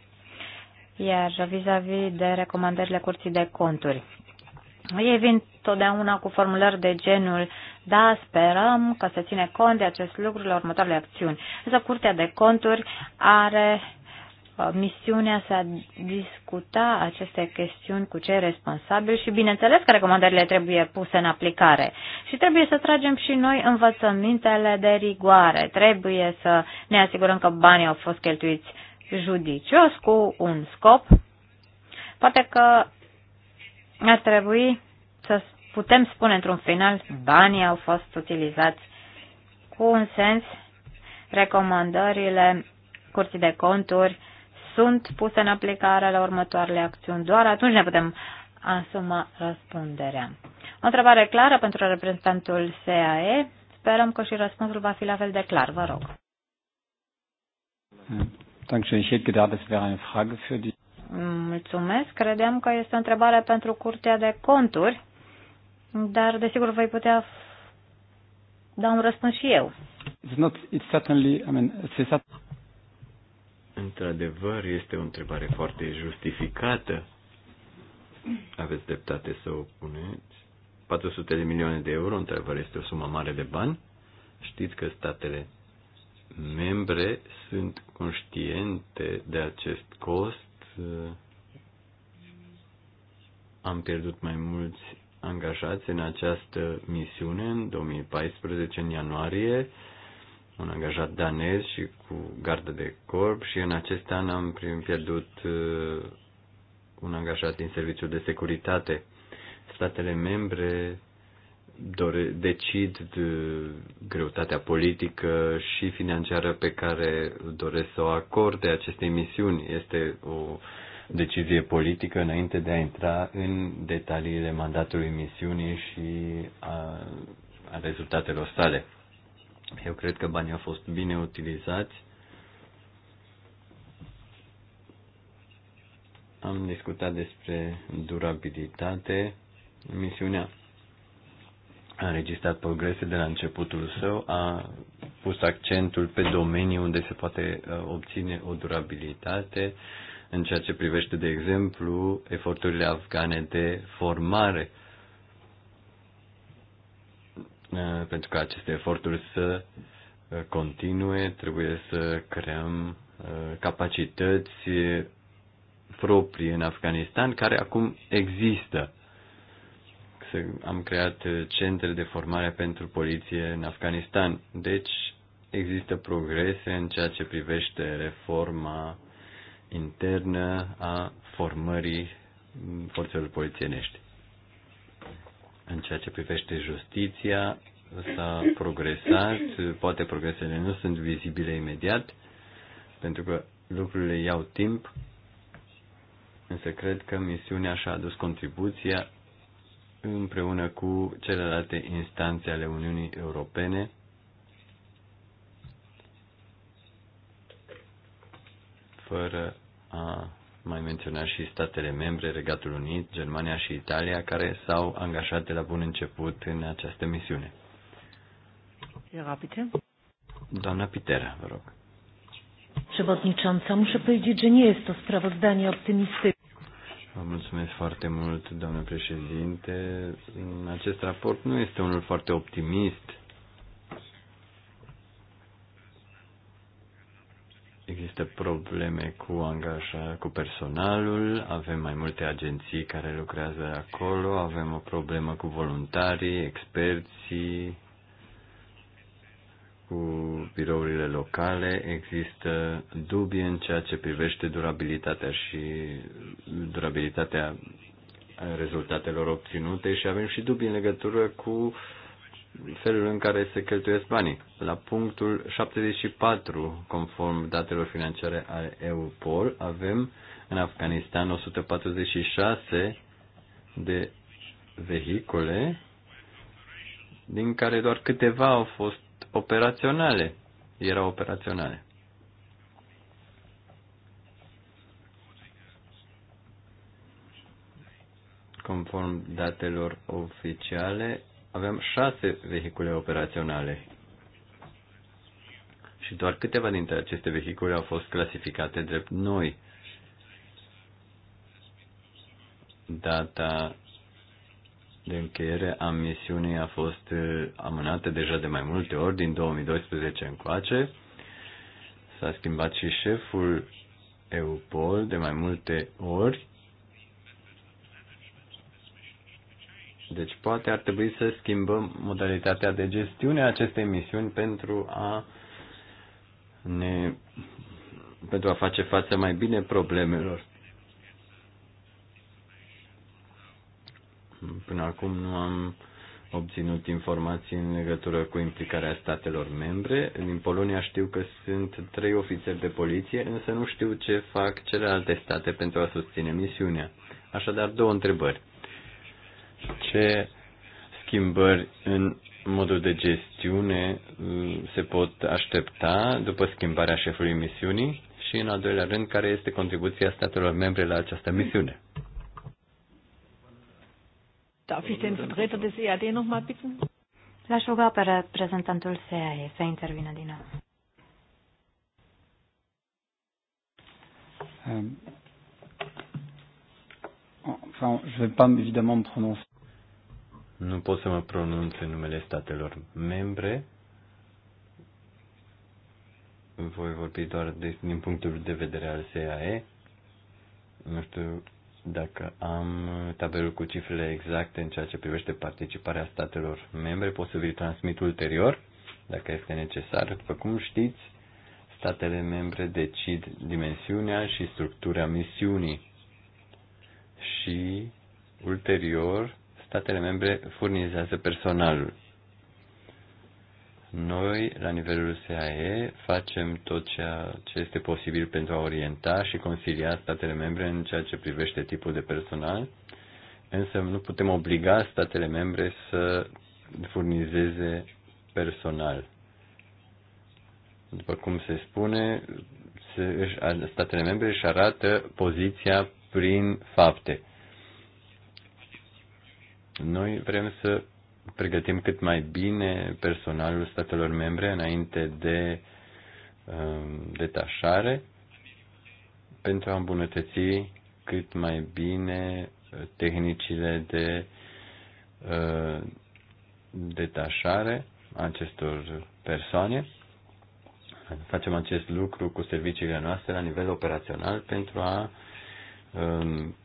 Iar vis-a-vis -vis de recomandările curții de conturi. Ei vin totdeauna cu formulări de genul, da, sperăm că se ține cont de acest lucru la următoarele acțiuni. Însă Curtea de Conturi are uh, misiunea să discuta aceste chestiuni cu cei responsabili și bineînțeles că recomandările trebuie puse în aplicare și trebuie să tragem și noi învățămintele de rigoare. Trebuie să ne asigurăm că banii au fost cheltuiți judicios cu un scop. Poate că ar trebui să putem spune într-un final, banii au fost utilizați cu un sens, recomandările curții de conturi sunt puse în aplicare la următoarele acțiuni. Doar atunci ne putem asuma răspunderea. O întrebare clară pentru reprezentantul SAE. Sperăm că și răspunsul va fi la fel de clar. Vă rog. Dankeschön. Ich hätte gedacht, wäre eine Frage für Mulțumesc. Credeam că este o întrebare pentru Curtea de Conturi, dar desigur voi putea da un răspuns și eu. It's not, it's certainly, I mean, it's a... Într-adevăr, este o întrebare foarte justificată. Aveți dreptate să o puneți. 400 de milioane de euro, într-adevăr, este o sumă mare de bani. Știți că statele membre sunt conștiente de acest cost am pierdut mai mulți angajați în această misiune în 2014, în ianuarie, un angajat danez și cu gardă de corp și în acest an am pierdut uh, un angajat din serviciul de securitate. Statele membre dore, decid de greutatea politică și financiară pe care doresc să o acorde acestei misiuni. Este o decizie politică înainte de a intra în detaliile mandatului misiunii și a, a rezultatelor sale. Eu cred că banii au fost bine utilizați. Am discutat despre durabilitate. Misiunea a înregistrat progrese de la începutul său, a pus accentul pe domenii unde se poate uh, obține o durabilitate în ceea ce privește, de exemplu, eforturile afgane de formare, uh, pentru că aceste eforturi să uh, continue, trebuie să creăm capacități proprii în Afganistan, care acum există am creat uh, centre de formare pentru poliție în Afganistan. Deci există progrese în ceea ce privește reforma internă a formării forțelor polițienești. În ceea ce privește justiția, s-a progresat, poate progresele nu sunt vizibile imediat, pentru că lucrurile iau timp, însă cred că misiunea și-a adus contribuția împreună cu celelalte instanțe ale Uniunii Europene fără a mai menționa și statele membre, Regatul Unit, Germania și Italia, care s-au angajat de la bun început în această misiune. Doamna Pitera, vă rog. Przewodnicząca, muszę powiedzieć, że nie jest to sprawozdanie optymistyczne. Vă mulțumesc foarte mult, doamnă președinte. Acest raport nu este unul foarte optimist. Există probleme cu angaja, cu personalul, avem mai multe agenții care lucrează acolo, avem o problemă cu voluntarii, experții, cu birourile locale există dubii în ceea ce privește durabilitatea și durabilitatea rezultatelor obținute și avem și dubii în legătură cu felul în care se cheltuiesc banii. La punctul 74, conform datelor financiare ale EUPOL, avem în Afganistan 146 de vehicule din care doar câteva au fost operaționale. Erau operaționale. Conform datelor oficiale, aveam șase vehicule operaționale. Și doar câteva dintre aceste vehicule au fost clasificate drept noi. Data de încheiere a misiunii a fost uh, amânată deja de mai multe ori din 2012 încoace. S-a schimbat și șeful EUPOL de mai multe ori. Deci poate ar trebui să schimbăm modalitatea de gestiune a acestei misiuni pentru a ne pentru a face față mai bine problemelor. Până acum nu am obținut informații în legătură cu implicarea statelor membre. Din Polonia știu că sunt trei ofițeri de poliție, însă nu știu ce fac celelalte state pentru a susține misiunea. Așadar, două întrebări. Ce schimbări în modul de gestiune uh, se pot aștepta după schimbarea șefului misiunii și, în al doilea rând, care este contribuția statelor membre la această misiune. Darf ich den Vertreter des EAD noch mal bitten? L-aș ruga pe reprezentantul SEAE să intervină din nou. Um, enfin, je vais pas évidemment me prononcer. Nu pot să mă pronunț în numele statelor membre. Voi vorbi doar de, din punctul de vedere al SAE. Nu știu dacă am tabelul cu cifrele exacte în ceea ce privește participarea statelor membre, pot să vi-l transmit ulterior, dacă este necesar. După cum știți, statele membre decid dimensiunea și structura misiunii și ulterior statele membre furnizează personalul. Noi, la nivelul SAE, facem tot ceea ce este posibil pentru a orienta și concilia statele membre în ceea ce privește tipul de personal, însă nu putem obliga statele membre să furnizeze personal. După cum se spune, statele membre își arată poziția prin fapte. Noi vrem să pregătim cât mai bine personalul statelor membre înainte de um, detașare pentru a îmbunătăți cât mai bine uh, tehnicile de uh, detașare a acestor persoane. Facem acest lucru cu serviciile noastre la nivel operațional pentru a um,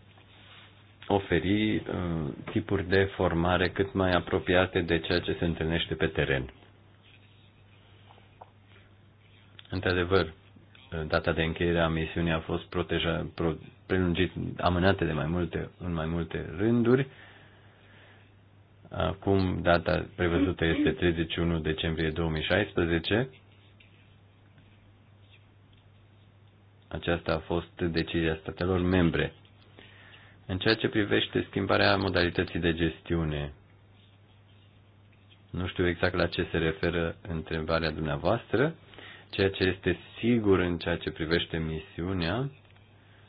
oferi uh, tipuri de formare cât mai apropiate de ceea ce se întâlnește pe teren. Într-adevăr, data de încheiere a misiunii a fost proteja, pro, prelungit, amânată de mai multe, în mai multe rânduri. Acum data prevăzută este 31 decembrie 2016. Aceasta a fost decizia statelor membre în ceea ce privește schimbarea modalității de gestiune, nu știu exact la ce se referă întrebarea dumneavoastră, ceea ce este sigur în ceea ce privește misiunea,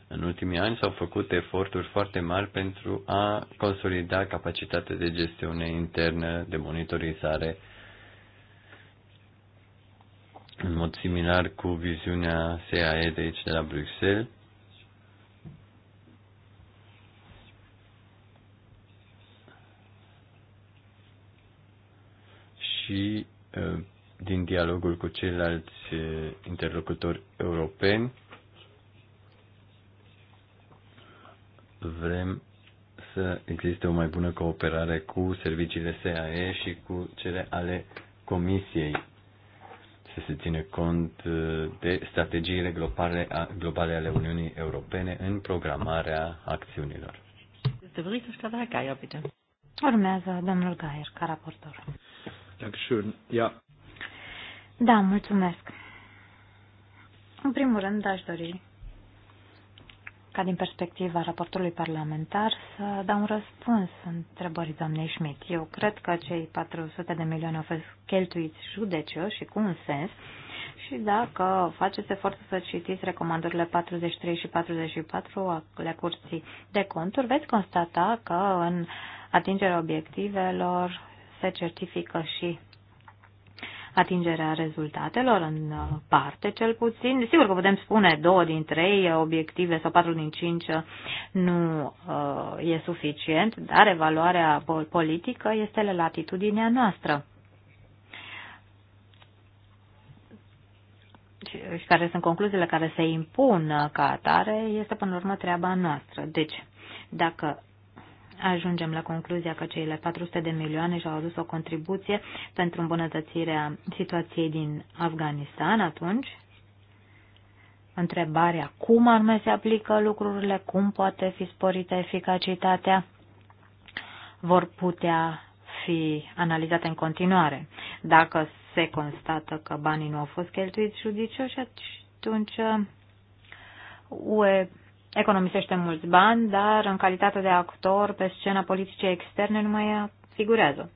în ultimii ani s-au făcut eforturi foarte mari pentru a consolida capacitatea de gestiune internă, de monitorizare, în mod similar cu viziunea CAE de aici, de la Bruxelles. și ă, din dialogul cu ceilalți ă, interlocutori europeni. Vrem să existe o mai bună cooperare cu serviciile SAE și cu cele ale Comisiei, să se ține cont ă, de strategiile globale, globale ale Uniunii Europene în programarea acțiunilor. Urmează domnul Gaier, ca raportor. Dankeschön. Ja. Da, mulțumesc. În primul rând, aș dori ca din perspectiva raportului parlamentar să dau un răspuns întrebării doamnei Schmidt. Eu cred că cei 400 de milioane au fost cheltuiți judecioși și cu un sens și dacă faceți efortul să citiți recomandările 43 și 44 ale Curții de Conturi, veți constata că în atingerea obiectivelor se certifică și atingerea rezultatelor, în uh, parte cel puțin. Sigur că putem spune două din trei obiective sau patru din cinci uh, nu uh, e suficient, dar evaluarea politică este la latitudinea noastră. și care sunt concluziile care se impun ca atare, este până la urmă treaba noastră. Deci, dacă ajungem la concluzia că cele 400 de milioane și-au adus o contribuție pentru îmbunătățirea situației din Afganistan, atunci întrebarea cum anume se aplică lucrurile, cum poate fi sporită eficacitatea, vor putea fi analizate în continuare. Dacă se constată că banii nu au fost cheltuiți judicioși, atunci uh, UE economisește mulți bani, dar în calitate de actor pe scena politicii externe nu mai figurează.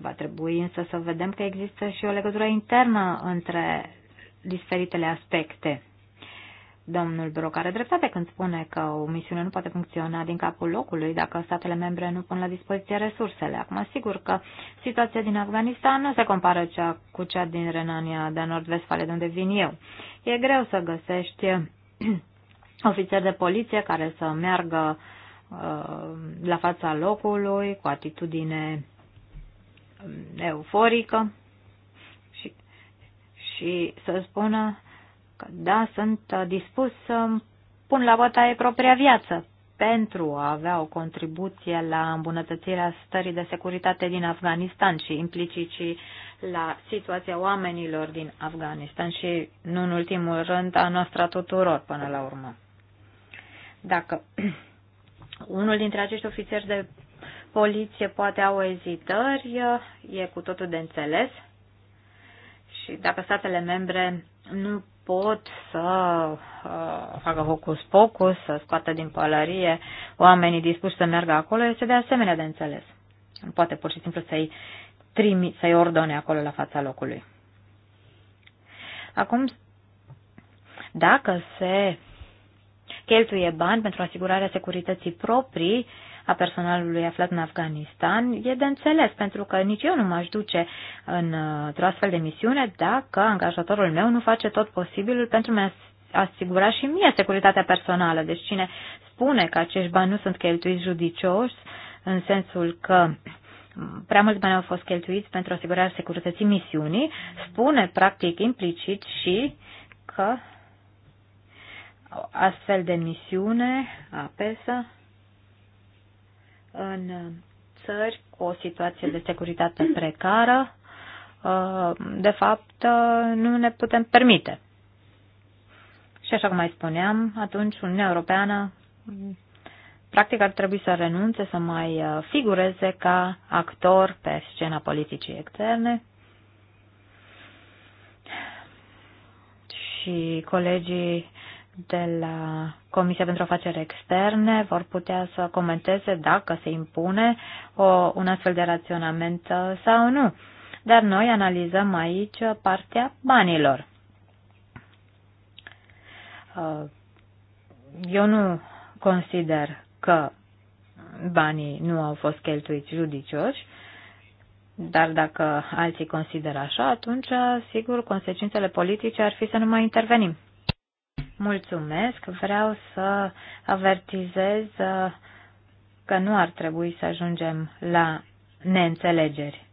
Va trebui însă să vedem că există și o legătură internă între diferitele aspecte. Domnul Broc are dreptate când spune că o misiune nu poate funcționa din capul locului dacă statele membre nu pun la dispoziție resursele. Acum, sigur că situația din Afganistan nu se compară cea cu cea din Renania de Nord-Vestfale, de unde vin eu. E greu să găsești ofițeri de poliție care să meargă uh, la fața locului cu atitudine um, euforică și, și să spună că da, sunt uh, dispus să pun la bătaie propria viață pentru a avea o contribuție la îmbunătățirea stării de securitate din Afganistan și implicit și la situația oamenilor din Afganistan și, nu în ultimul rând, a noastră tuturor până la urmă. Dacă unul dintre acești ofițeri de poliție poate au ezitări, e cu totul de înțeles. Și dacă statele membre nu pot să uh, facă focus pocus, să scoată din pălărie oamenii dispuși să meargă acolo, este de asemenea de înțeles. Nu poate pur și simplu să-i trimi, să-i ordone acolo la fața locului. Acum, dacă se cheltuie bani pentru asigurarea securității proprii a personalului aflat în Afganistan, e de înțeles, pentru că nici eu nu m-aș duce în, uh, într-o astfel de misiune dacă angajatorul meu nu face tot posibilul pentru a asigura și mie securitatea personală. Deci cine spune că acești bani nu sunt cheltuiți judicioși, în sensul că prea mulți bani au fost cheltuiți pentru asigurarea securității misiunii, spune practic implicit și că astfel de misiune a PESA în țări cu o situație de securitate precară, uh, de fapt, uh, nu ne putem permite. Și așa cum mai spuneam, atunci Uniunea Europeană practic ar trebui să renunțe să mai uh, figureze ca actor pe scena politicii externe. Și colegii de la Comisia pentru Afaceri Externe vor putea să comenteze dacă se impune o, un astfel de raționament uh, sau nu. Dar noi analizăm aici partea banilor. Uh, eu nu consider că banii nu au fost cheltuiți judicioși, dar dacă alții consideră așa, atunci, uh, sigur, consecințele politice ar fi să nu mai intervenim. Mulțumesc. Vreau să avertizez uh, că nu ar trebui să ajungem la neînțelegeri.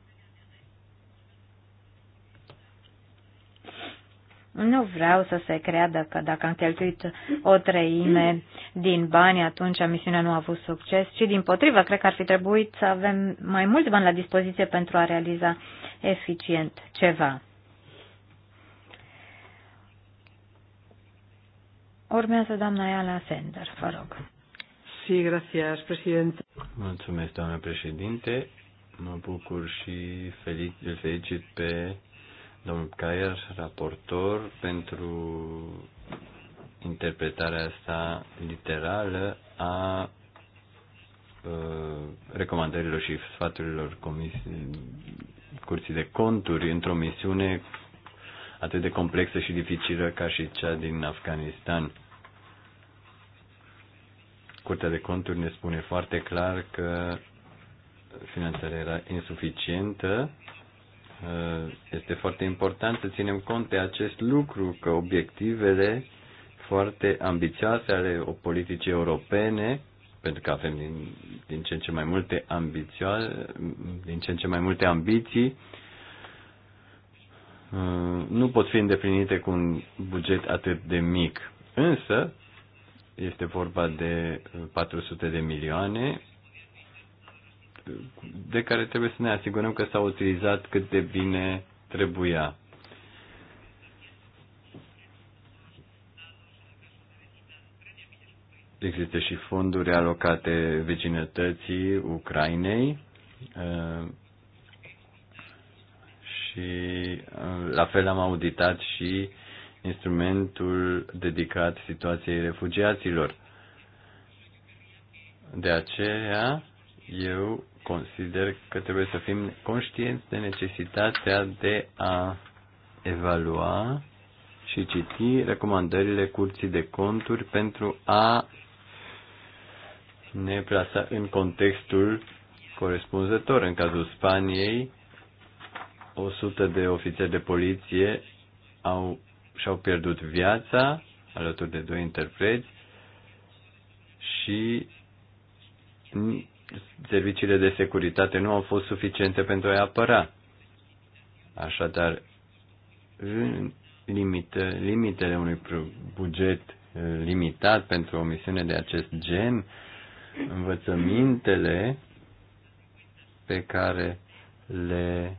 Nu vreau să se creadă că dacă am cheltuit o treime din bani, atunci misiunea nu a avut succes, ci din potrivă, cred că ar fi trebuit să avem mai mulți bani la dispoziție pentru a realiza eficient ceva. Urmează doamna Iala Sender, vă rog. Sí, gracias, presidente. Mulțumesc, doamna președinte. Mă bucur și felic, îl felicit pe domnul Caier, raportor, pentru interpretarea asta literală a ă, recomandărilor și sfaturilor comisii, curții de conturi într-o misiune atât de complexă și dificilă ca și cea din Afganistan. Curtea de conturi ne spune foarte clar că finanțarea era insuficientă. Uh, este foarte important să ținem cont de acest lucru, că obiectivele foarte ambițioase ale o politicii europene, pentru că avem din, din ce în ce mai multe ambițioase, din ce în ce mai multe ambiții, nu pot fi îndeplinite cu un buget atât de mic. Însă, este vorba de 400 uh, de milioane de care trebuie să ne asigurăm că s-au utilizat cât de bine trebuia. Există și fonduri alocate vecinătății Ucrainei uh, și uh, la fel am auditat și instrumentul dedicat situației refugiaților. De aceea, eu consider că trebuie să fim conștienți de necesitatea de a evalua și citi recomandările curții de conturi pentru a ne plasa în contextul corespunzător. În cazul Spaniei, 100 de ofițeri de poliție au, și-au pierdut viața alături de doi interpreți și serviciile de securitate nu au fost suficiente pentru a-i apăra. Așadar, limite, limitele unui buget eh, limitat pentru o misiune de acest gen, învățămintele pe care le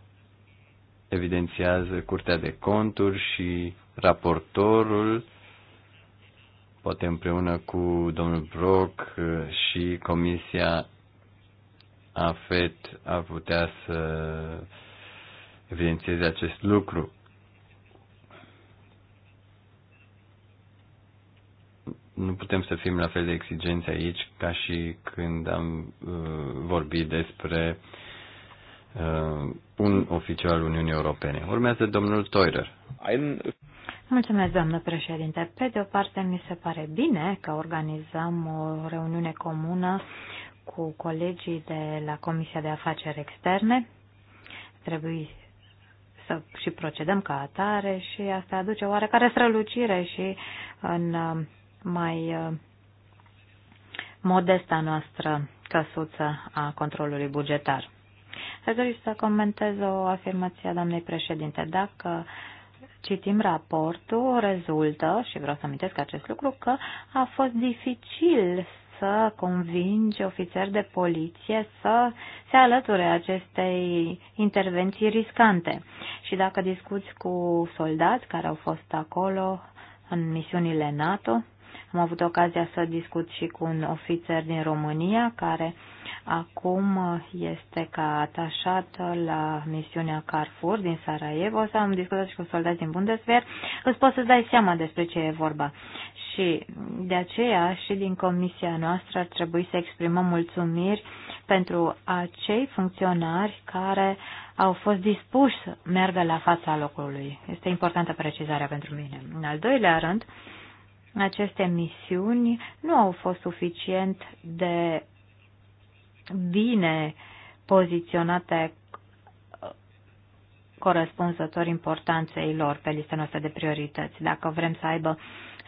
evidențiază Curtea de Conturi și raportorul, poate împreună cu domnul Brock uh, și Comisia AFET a putea să evidențieze acest lucru. Nu putem să fim la fel de exigenți aici ca și când am uh, vorbit despre uh, uh, un oficial al Uniunii Europene. Urmează domnul Toirer. Mulțumesc, doamnă președinte. Pe de o parte, mi se pare bine că organizăm o reuniune comună cu colegii de la Comisia de Afaceri Externe. Trebuie să și procedăm ca atare și asta aduce oarecare strălucire și în uh, mai uh, modesta noastră căsuță a controlului bugetar. Aș dori să comentez o afirmație a doamnei președinte. Dacă citim raportul, rezultă, și vreau să amintesc acest lucru, că a fost dificil să convingi ofițeri de poliție să se alăture acestei intervenții riscante. Și dacă discuți cu soldați care au fost acolo în misiunile NATO, am avut ocazia să discut și cu un ofițer din România care acum uh, este ca atașat la misiunea Carrefour din Sarajevo. Să am discutat și cu soldați din Bundeswehr. Îți poți să dai seama despre ce e vorba. Și de aceea și din comisia noastră ar trebui să exprimăm mulțumiri pentru acei funcționari care au fost dispuși să meargă la fața locului. Este importantă precizarea pentru mine. În al doilea rând, aceste misiuni nu au fost suficient de bine poziționate corespunzător importanței lor pe lista noastră de priorități. Dacă vrem să aibă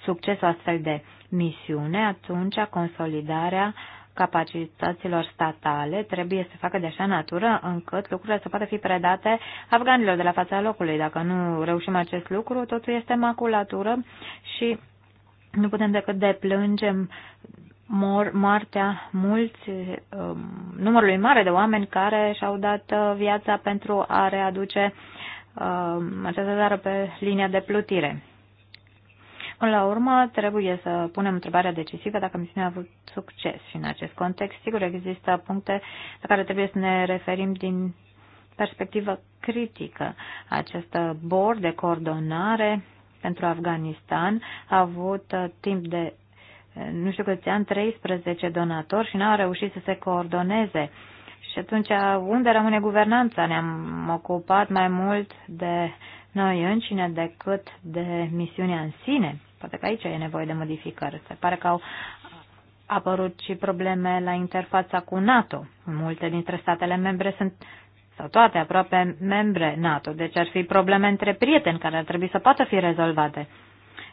succes o astfel de misiune, atunci consolidarea capacităților statale trebuie să facă de așa natură încât lucrurile să poată fi predate afganilor de la fața locului. Dacă nu reușim acest lucru, totul este maculatură și nu putem decât deplângem mor moartea mulți, um, numărului mare de oameni care și-au dat uh, viața pentru a readuce um, această țară pe linia de plutire. Până la urmă, trebuie să punem întrebarea decisivă dacă misiunea a avut succes și în acest context. Sigur, există puncte la care trebuie să ne referim din perspectivă critică. Acest bord de coordonare pentru Afganistan a avut uh, timp de nu știu câți ani, 13 donatori și n-au reușit să se coordoneze. Și atunci, unde rămâne guvernanța? Ne-am ocupat mai mult de noi încine decât de misiunea în sine. Poate că aici e nevoie de modificări. Se pare că au apărut și probleme la interfața cu NATO. Multe dintre statele membre sunt sau toate aproape membre NATO, deci ar fi probleme între prieteni care ar trebui să poată fi rezolvate.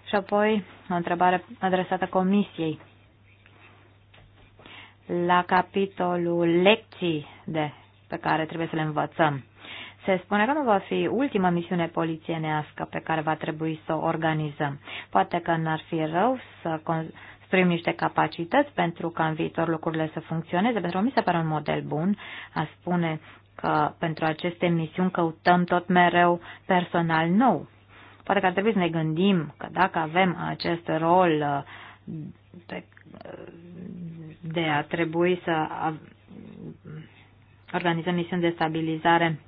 Și apoi o întrebare adresată Comisiei. La capitolul lecții de, pe care trebuie să le învățăm, se spune că nu va fi ultima misiune polițienească pe care va trebui să o organizăm. Poate că n-ar fi rău să construim niște capacități pentru ca în viitor lucrurile să funcționeze. Pentru că mi se pare un model bun a spune că pentru aceste misiuni căutăm tot mereu personal nou. Poate că ar trebui să ne gândim că dacă avem acest rol de, uh, uh, de a trebui să organizăm misiuni de stabilizare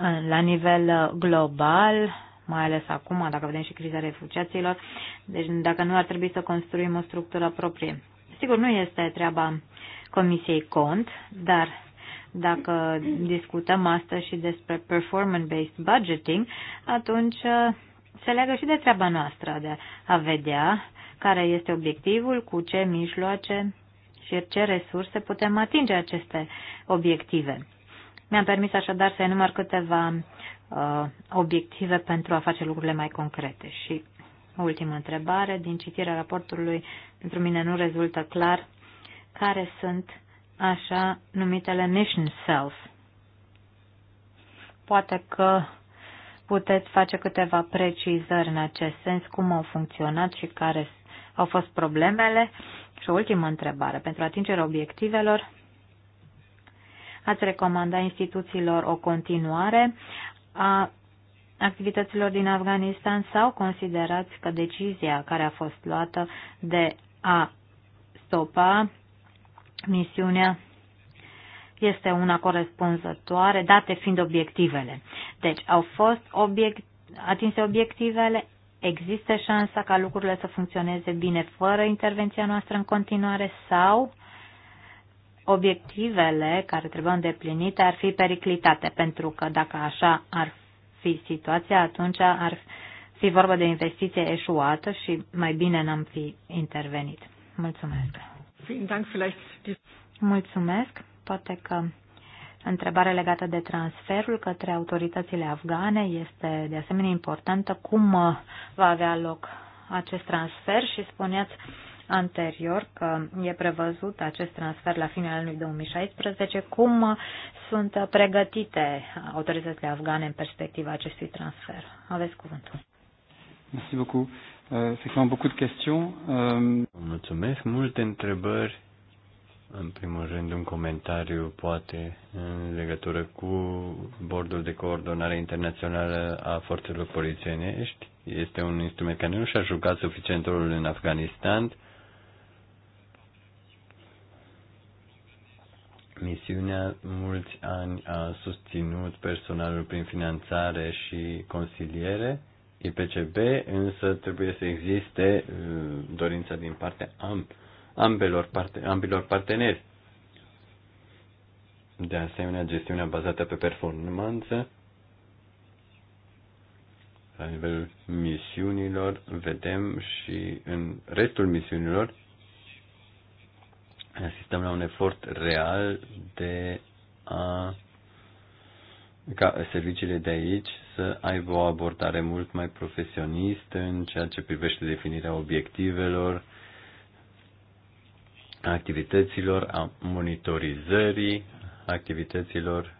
uh, la nivel global, mai ales acum, dacă vedem și criza refugiaților, deci dacă nu ar trebui să construim o structură proprie. Sigur, nu este treaba Comisiei Cont, dar dacă discutăm astăzi și despre performance-based budgeting, atunci uh, se leagă și de treaba noastră de a vedea care este obiectivul, cu ce mijloace și ce resurse putem atinge aceste obiective. Mi-am permis așadar să enumăr câteva uh, obiective pentru a face lucrurile mai concrete. Și ultima întrebare, din citirea raportului, pentru mine nu rezultă clar care sunt așa numitele mission self. Poate că puteți face câteva precizări în acest sens, cum au funcționat și care au fost problemele. Și o ultimă întrebare. Pentru atingerea obiectivelor, ați recomanda instituțiilor o continuare a activităților din Afganistan sau considerați că decizia care a fost luată de a stopa misiunea este una corespunzătoare, date fiind obiectivele. Deci, au fost obiect, atinse obiectivele, există șansa ca lucrurile să funcționeze bine fără intervenția noastră în continuare sau obiectivele care trebuie îndeplinite ar fi periclitate, pentru că dacă așa ar fi situația, atunci ar fi vorba de investiție eșuată și mai bine n-am fi intervenit. Mulțumesc! Mulțumesc. Poate că întrebarea legată de transferul către autoritățile afgane este de asemenea importantă. Cum uh, va avea loc acest transfer și spuneați anterior că e prevăzut acest transfer la finalul anului 2016. Cum uh, sunt pregătite autoritățile afgane în perspectiva acestui transfer? Aveți cuvântul. Mersi beaucoup. Euh, c'est quand même beaucoup de questions. Euh, Mulțumesc, multe întrebări. În primul rând, un comentariu, poate, în legătură cu Bordul de Coordonare Internațională a Forțelor Polițienești. Este un instrument care nu și-a jucat suficient rolul în Afganistan. Misiunea mulți ani a susținut personalul prin finanțare și consiliere IPCB, însă trebuie să existe uh, dorința din partea ambelor, parte, ambilor parteneri. De asemenea, gestiunea bazată pe performanță la nivelul misiunilor, vedem și în restul misiunilor asistăm la un efort real de a ca serviciile de aici să aibă o abordare mult mai profesionistă în ceea ce privește definirea obiectivelor, activităților, a monitorizării activităților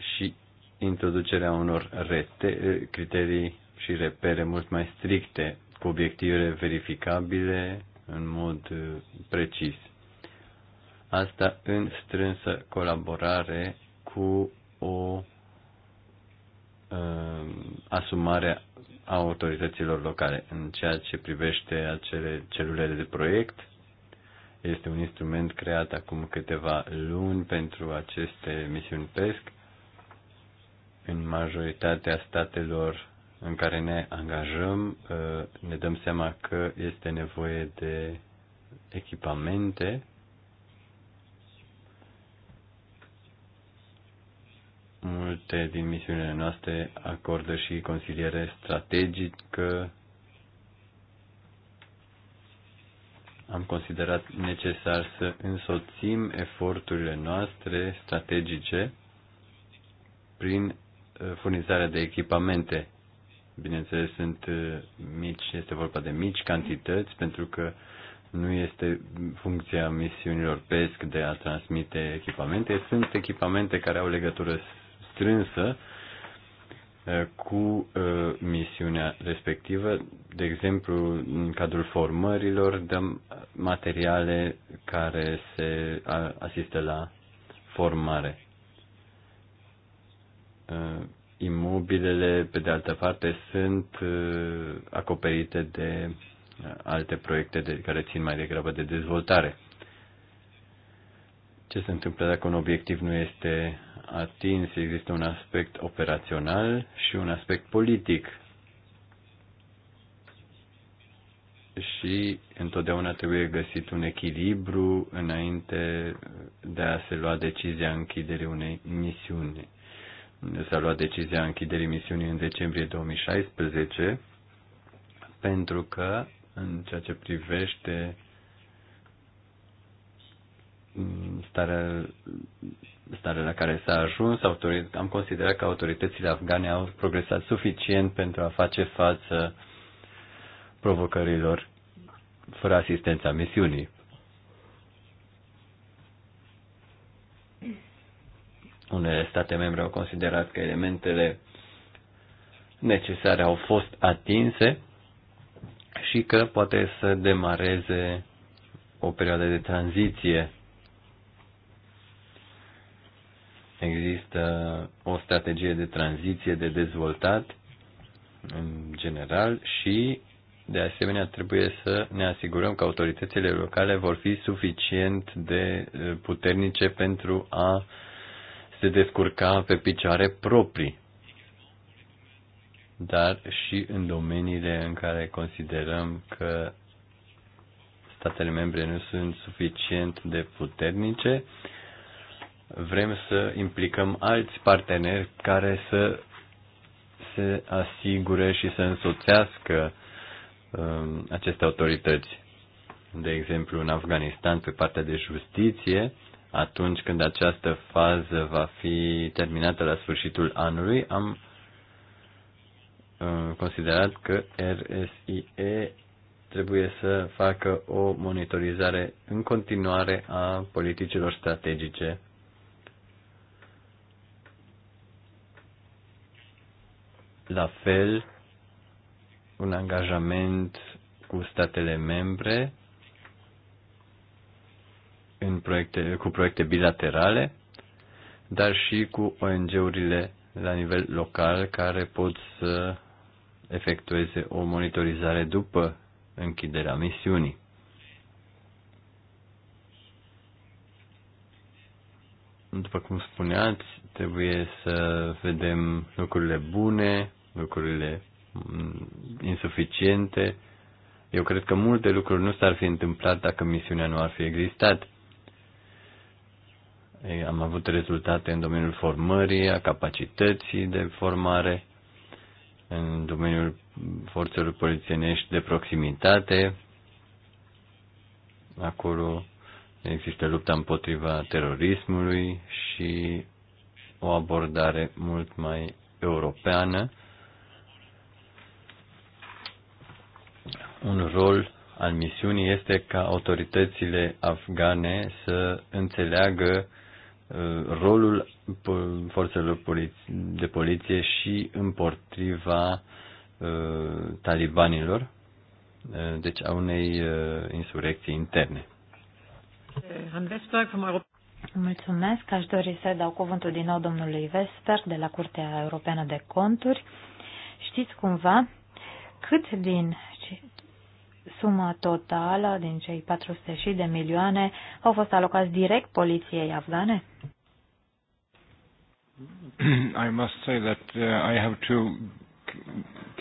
și introducerea unor rete, criterii și repere mult mai stricte cu obiective verificabile în mod uh, precis. Asta în strânsă colaborare cu o um, asumare a autorităților locale. În ceea ce privește acele celulele de proiect, este un instrument creat acum câteva luni pentru aceste misiuni PESC. În majoritatea statelor în care ne angajăm, uh, ne dăm seama că este nevoie de echipamente Multe din misiunile noastre acordă și consiliere strategică. Am considerat necesar să însoțim eforturile noastre strategice prin uh, furnizarea de echipamente. Bineînțeles, sunt uh, mici, este vorba de mici cantități, pentru că nu este funcția misiunilor PESC de a transmite echipamente. Sunt echipamente care au legătură strânsă cu misiunea respectivă. De exemplu, în cadrul formărilor dăm materiale care se asistă la formare. Imobilele, pe de altă parte, sunt acoperite de alte proiecte de, care țin mai degrabă de dezvoltare. Ce se întâmplă dacă un obiectiv nu este atins, există un aspect operațional și un aspect politic. Și întotdeauna trebuie găsit un echilibru înainte de a se lua decizia închiderii unei misiuni. S-a luat decizia închiderii misiunii în decembrie 2016 pentru că în ceea ce privește starea stare la care s-a ajuns, am considerat că autoritățile afgane au progresat suficient pentru a face față provocărilor fără asistența misiunii. Unele state membre au considerat că elementele necesare au fost atinse și că poate să demareze o perioadă de tranziție Există o strategie de tranziție, de dezvoltat în general și de asemenea, trebuie să ne asigurăm că autoritățile locale vor fi suficient de puternice pentru a se descurca pe picioare proprii, dar și în domeniile în care considerăm că statele membre nu sunt suficient de puternice, vrem să implicăm alți parteneri care să se asigure și să însoțească um, aceste autorități. De exemplu, în Afganistan, pe partea de justiție, atunci când această fază va fi terminată la sfârșitul anului, am um, considerat că RSIE trebuie să facă o monitorizare în continuare a politicilor strategice La fel, un angajament cu statele membre în proiecte, cu proiecte bilaterale, dar și cu ONG-urile la nivel local care pot să efectueze o monitorizare după închiderea misiunii. După cum spuneați, trebuie să vedem lucrurile bune, lucrurile mm, insuficiente. Eu cred că multe lucruri nu s-ar fi întâmplat dacă misiunea nu ar fi existat. Am avut rezultate în domeniul formării, a capacității de formare, în domeniul forțelor polițienești de proximitate. Acolo există lupta împotriva terorismului și o abordare mult mai europeană un rol al misiunii este ca autoritățile afgane să înțeleagă uh, rolul forțelor de poliție și împotriva uh, talibanilor, uh, deci a unei insurecții interne. Mulțumesc. Aș dori să dau cuvântul din nou domnului Vesper de la Curtea Europeană de Conturi. Știți cumva cât din suma totală din cei 400 și de milioane au fost alocați direct poliției afgane? I must say that uh, I have to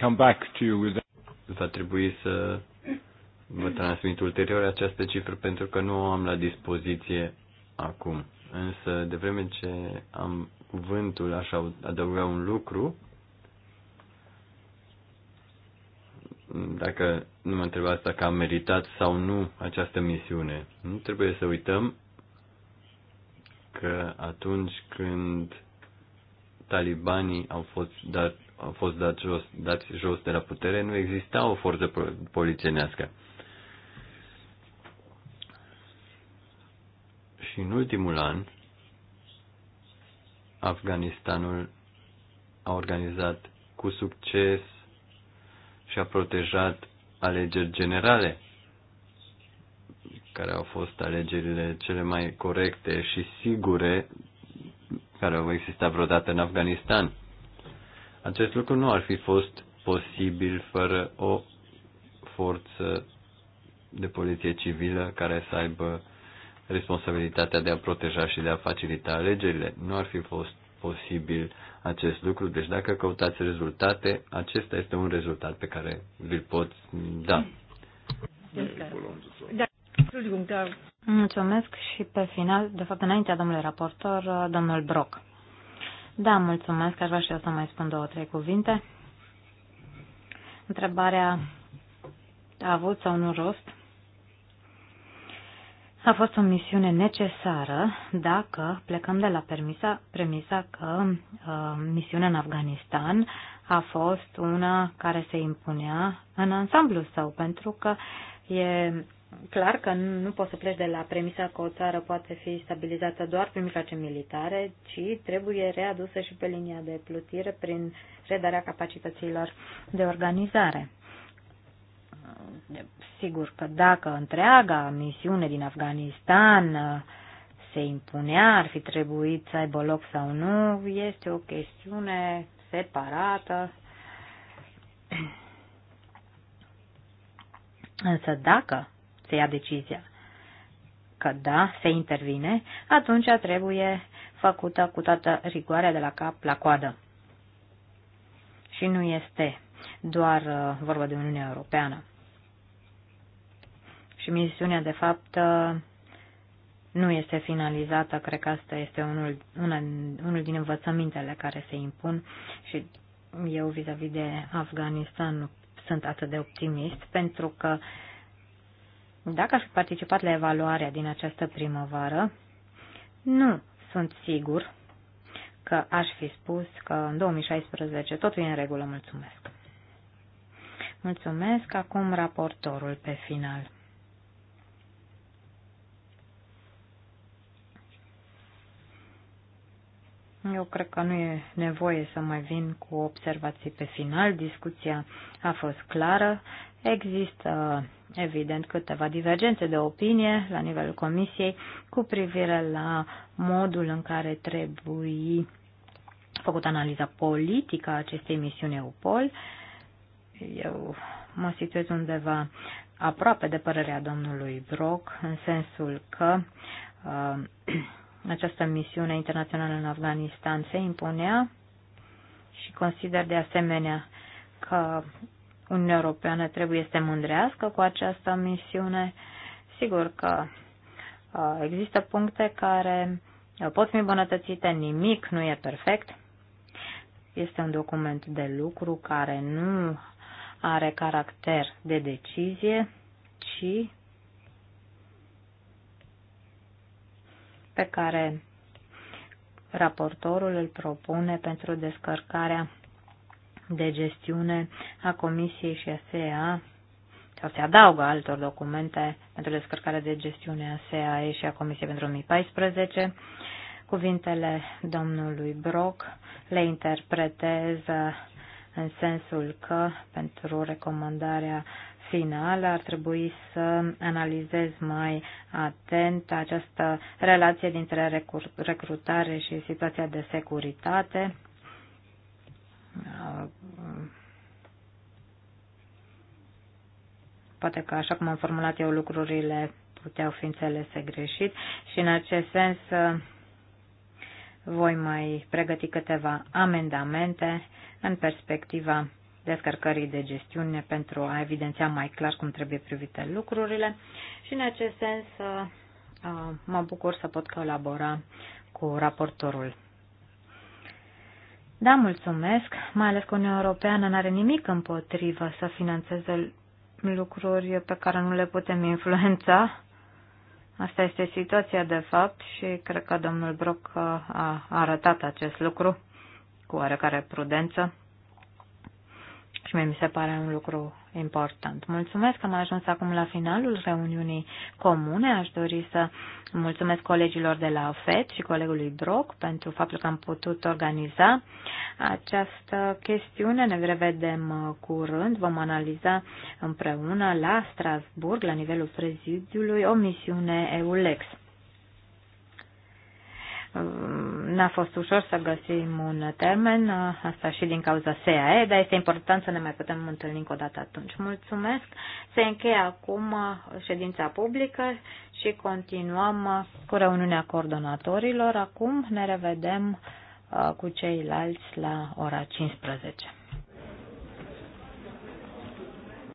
come back to you with that. Va trebui să vă transmit ulterior această cifră pentru că nu o am la dispoziție acum. Însă, de vreme ce am cuvântul, aș adăuga un lucru dacă nu mă întreba asta că am meritat sau nu această misiune. Nu trebuie să uităm că atunci când talibanii au fost, dat, au fost dat jos, dați jos de la putere, nu exista o forță polițienească. Și în ultimul an, Afganistanul a organizat cu succes și a protejat alegeri generale, care au fost alegerile cele mai corecte și sigure care au existat vreodată în Afganistan. Acest lucru nu ar fi fost posibil fără o forță de poliție civilă care să aibă responsabilitatea de a proteja și de a facilita alegerile. Nu ar fi fost posibil acest lucru. Deci dacă căutați rezultate, acesta este un rezultat pe care vi-l pot da. Mulțumesc și pe final, de fapt înaintea domnului raportor, domnul Broc. Da, mulțumesc, aș vrea și eu să mai spun două, trei cuvinte. Întrebarea a avut sau nu rost? A fost o misiune necesară dacă plecăm de la permisa, premisa că uh, misiunea în Afganistan a fost una care se impunea în ansamblu său, pentru că e clar că nu, nu poți să pleci de la premisa că o țară poate fi stabilizată doar prin mijloace militare, ci trebuie readusă și pe linia de plutire prin redarea capacităților de organizare. Sigur că dacă întreaga misiune din Afganistan uh, se impunea, ar fi trebuit să aibă loc sau nu, este o chestiune separată. Însă dacă se ia decizia că da, se intervine, atunci trebuie făcută cu toată rigoarea de la cap la coadă. Și nu este doar uh, vorba de Uniunea Europeană și misiunea, de fapt, nu este finalizată. Cred că asta este unul, una, unul din învățămintele care se impun și eu vis-a-vis -vis de Afganistan nu sunt atât de optimist pentru că dacă aș fi participat la evaluarea din această primăvară, nu sunt sigur că aș fi spus că în 2016 totul e în regulă. Mulțumesc! Mulțumesc acum raportorul pe final. Eu cred că nu e nevoie să mai vin cu observații pe final. Discuția a fost clară. Există, evident, câteva divergențe de opinie la nivelul Comisiei cu privire la modul în care trebuie făcut analiza politică a acestei misiuni EUPOL. Eu mă situez undeva aproape de părerea domnului Brock, în sensul că uh, această misiune internațională în Afganistan se impunea și consider de asemenea că Uniunea Europeană trebuie să mândrească cu această misiune. Sigur că uh, există puncte care uh, pot fi îmbunătățite, nimic nu e perfect. Este un document de lucru care nu are caracter de decizie, ci pe care raportorul îl propune pentru descărcarea de gestiune a Comisiei și a SEA sau se adaugă altor documente pentru descărcarea de gestiune a SEA și a Comisiei pentru 2014. Cuvintele domnului Brock le interpretez în sensul că pentru recomandarea final ar trebui să analizez mai atent această relație dintre recrutare și situația de securitate. Poate că așa cum am formulat eu lucrurile puteau fi înțelese greșit și în acest sens voi mai pregăti câteva amendamente în perspectiva descărcării de gestiune pentru a evidenția mai clar cum trebuie privite lucrurile și în acest sens uh, uh, mă bucur să pot colabora cu raportorul. Da, mulțumesc, mai ales că Uniunea Europeană n are nimic împotrivă să financeze lucruri pe care nu le putem influența. Asta este situația de fapt și cred că domnul Brock uh, a arătat acest lucru cu oarecare prudență și mie mi se pare un lucru important. Mulțumesc că am ajuns acum la finalul reuniunii comune. Aș dori să mulțumesc colegilor de la FED și colegului Droc pentru faptul că am putut organiza această chestiune. Ne revedem uh, curând. Vom analiza împreună la Strasburg, la nivelul prezidiului, o misiune EULEX. Ehm, n-a fost ușor să găsim un termen, eh, asta și din cauza SEAE, dar este important să ne mai putem întâlni încă o dată atunci. Mulțumesc! Se încheie acum eh, ședința publică și continuăm eh, cu reuniunea coordonatorilor. Acum ne revedem cu ceilalți la ora 15.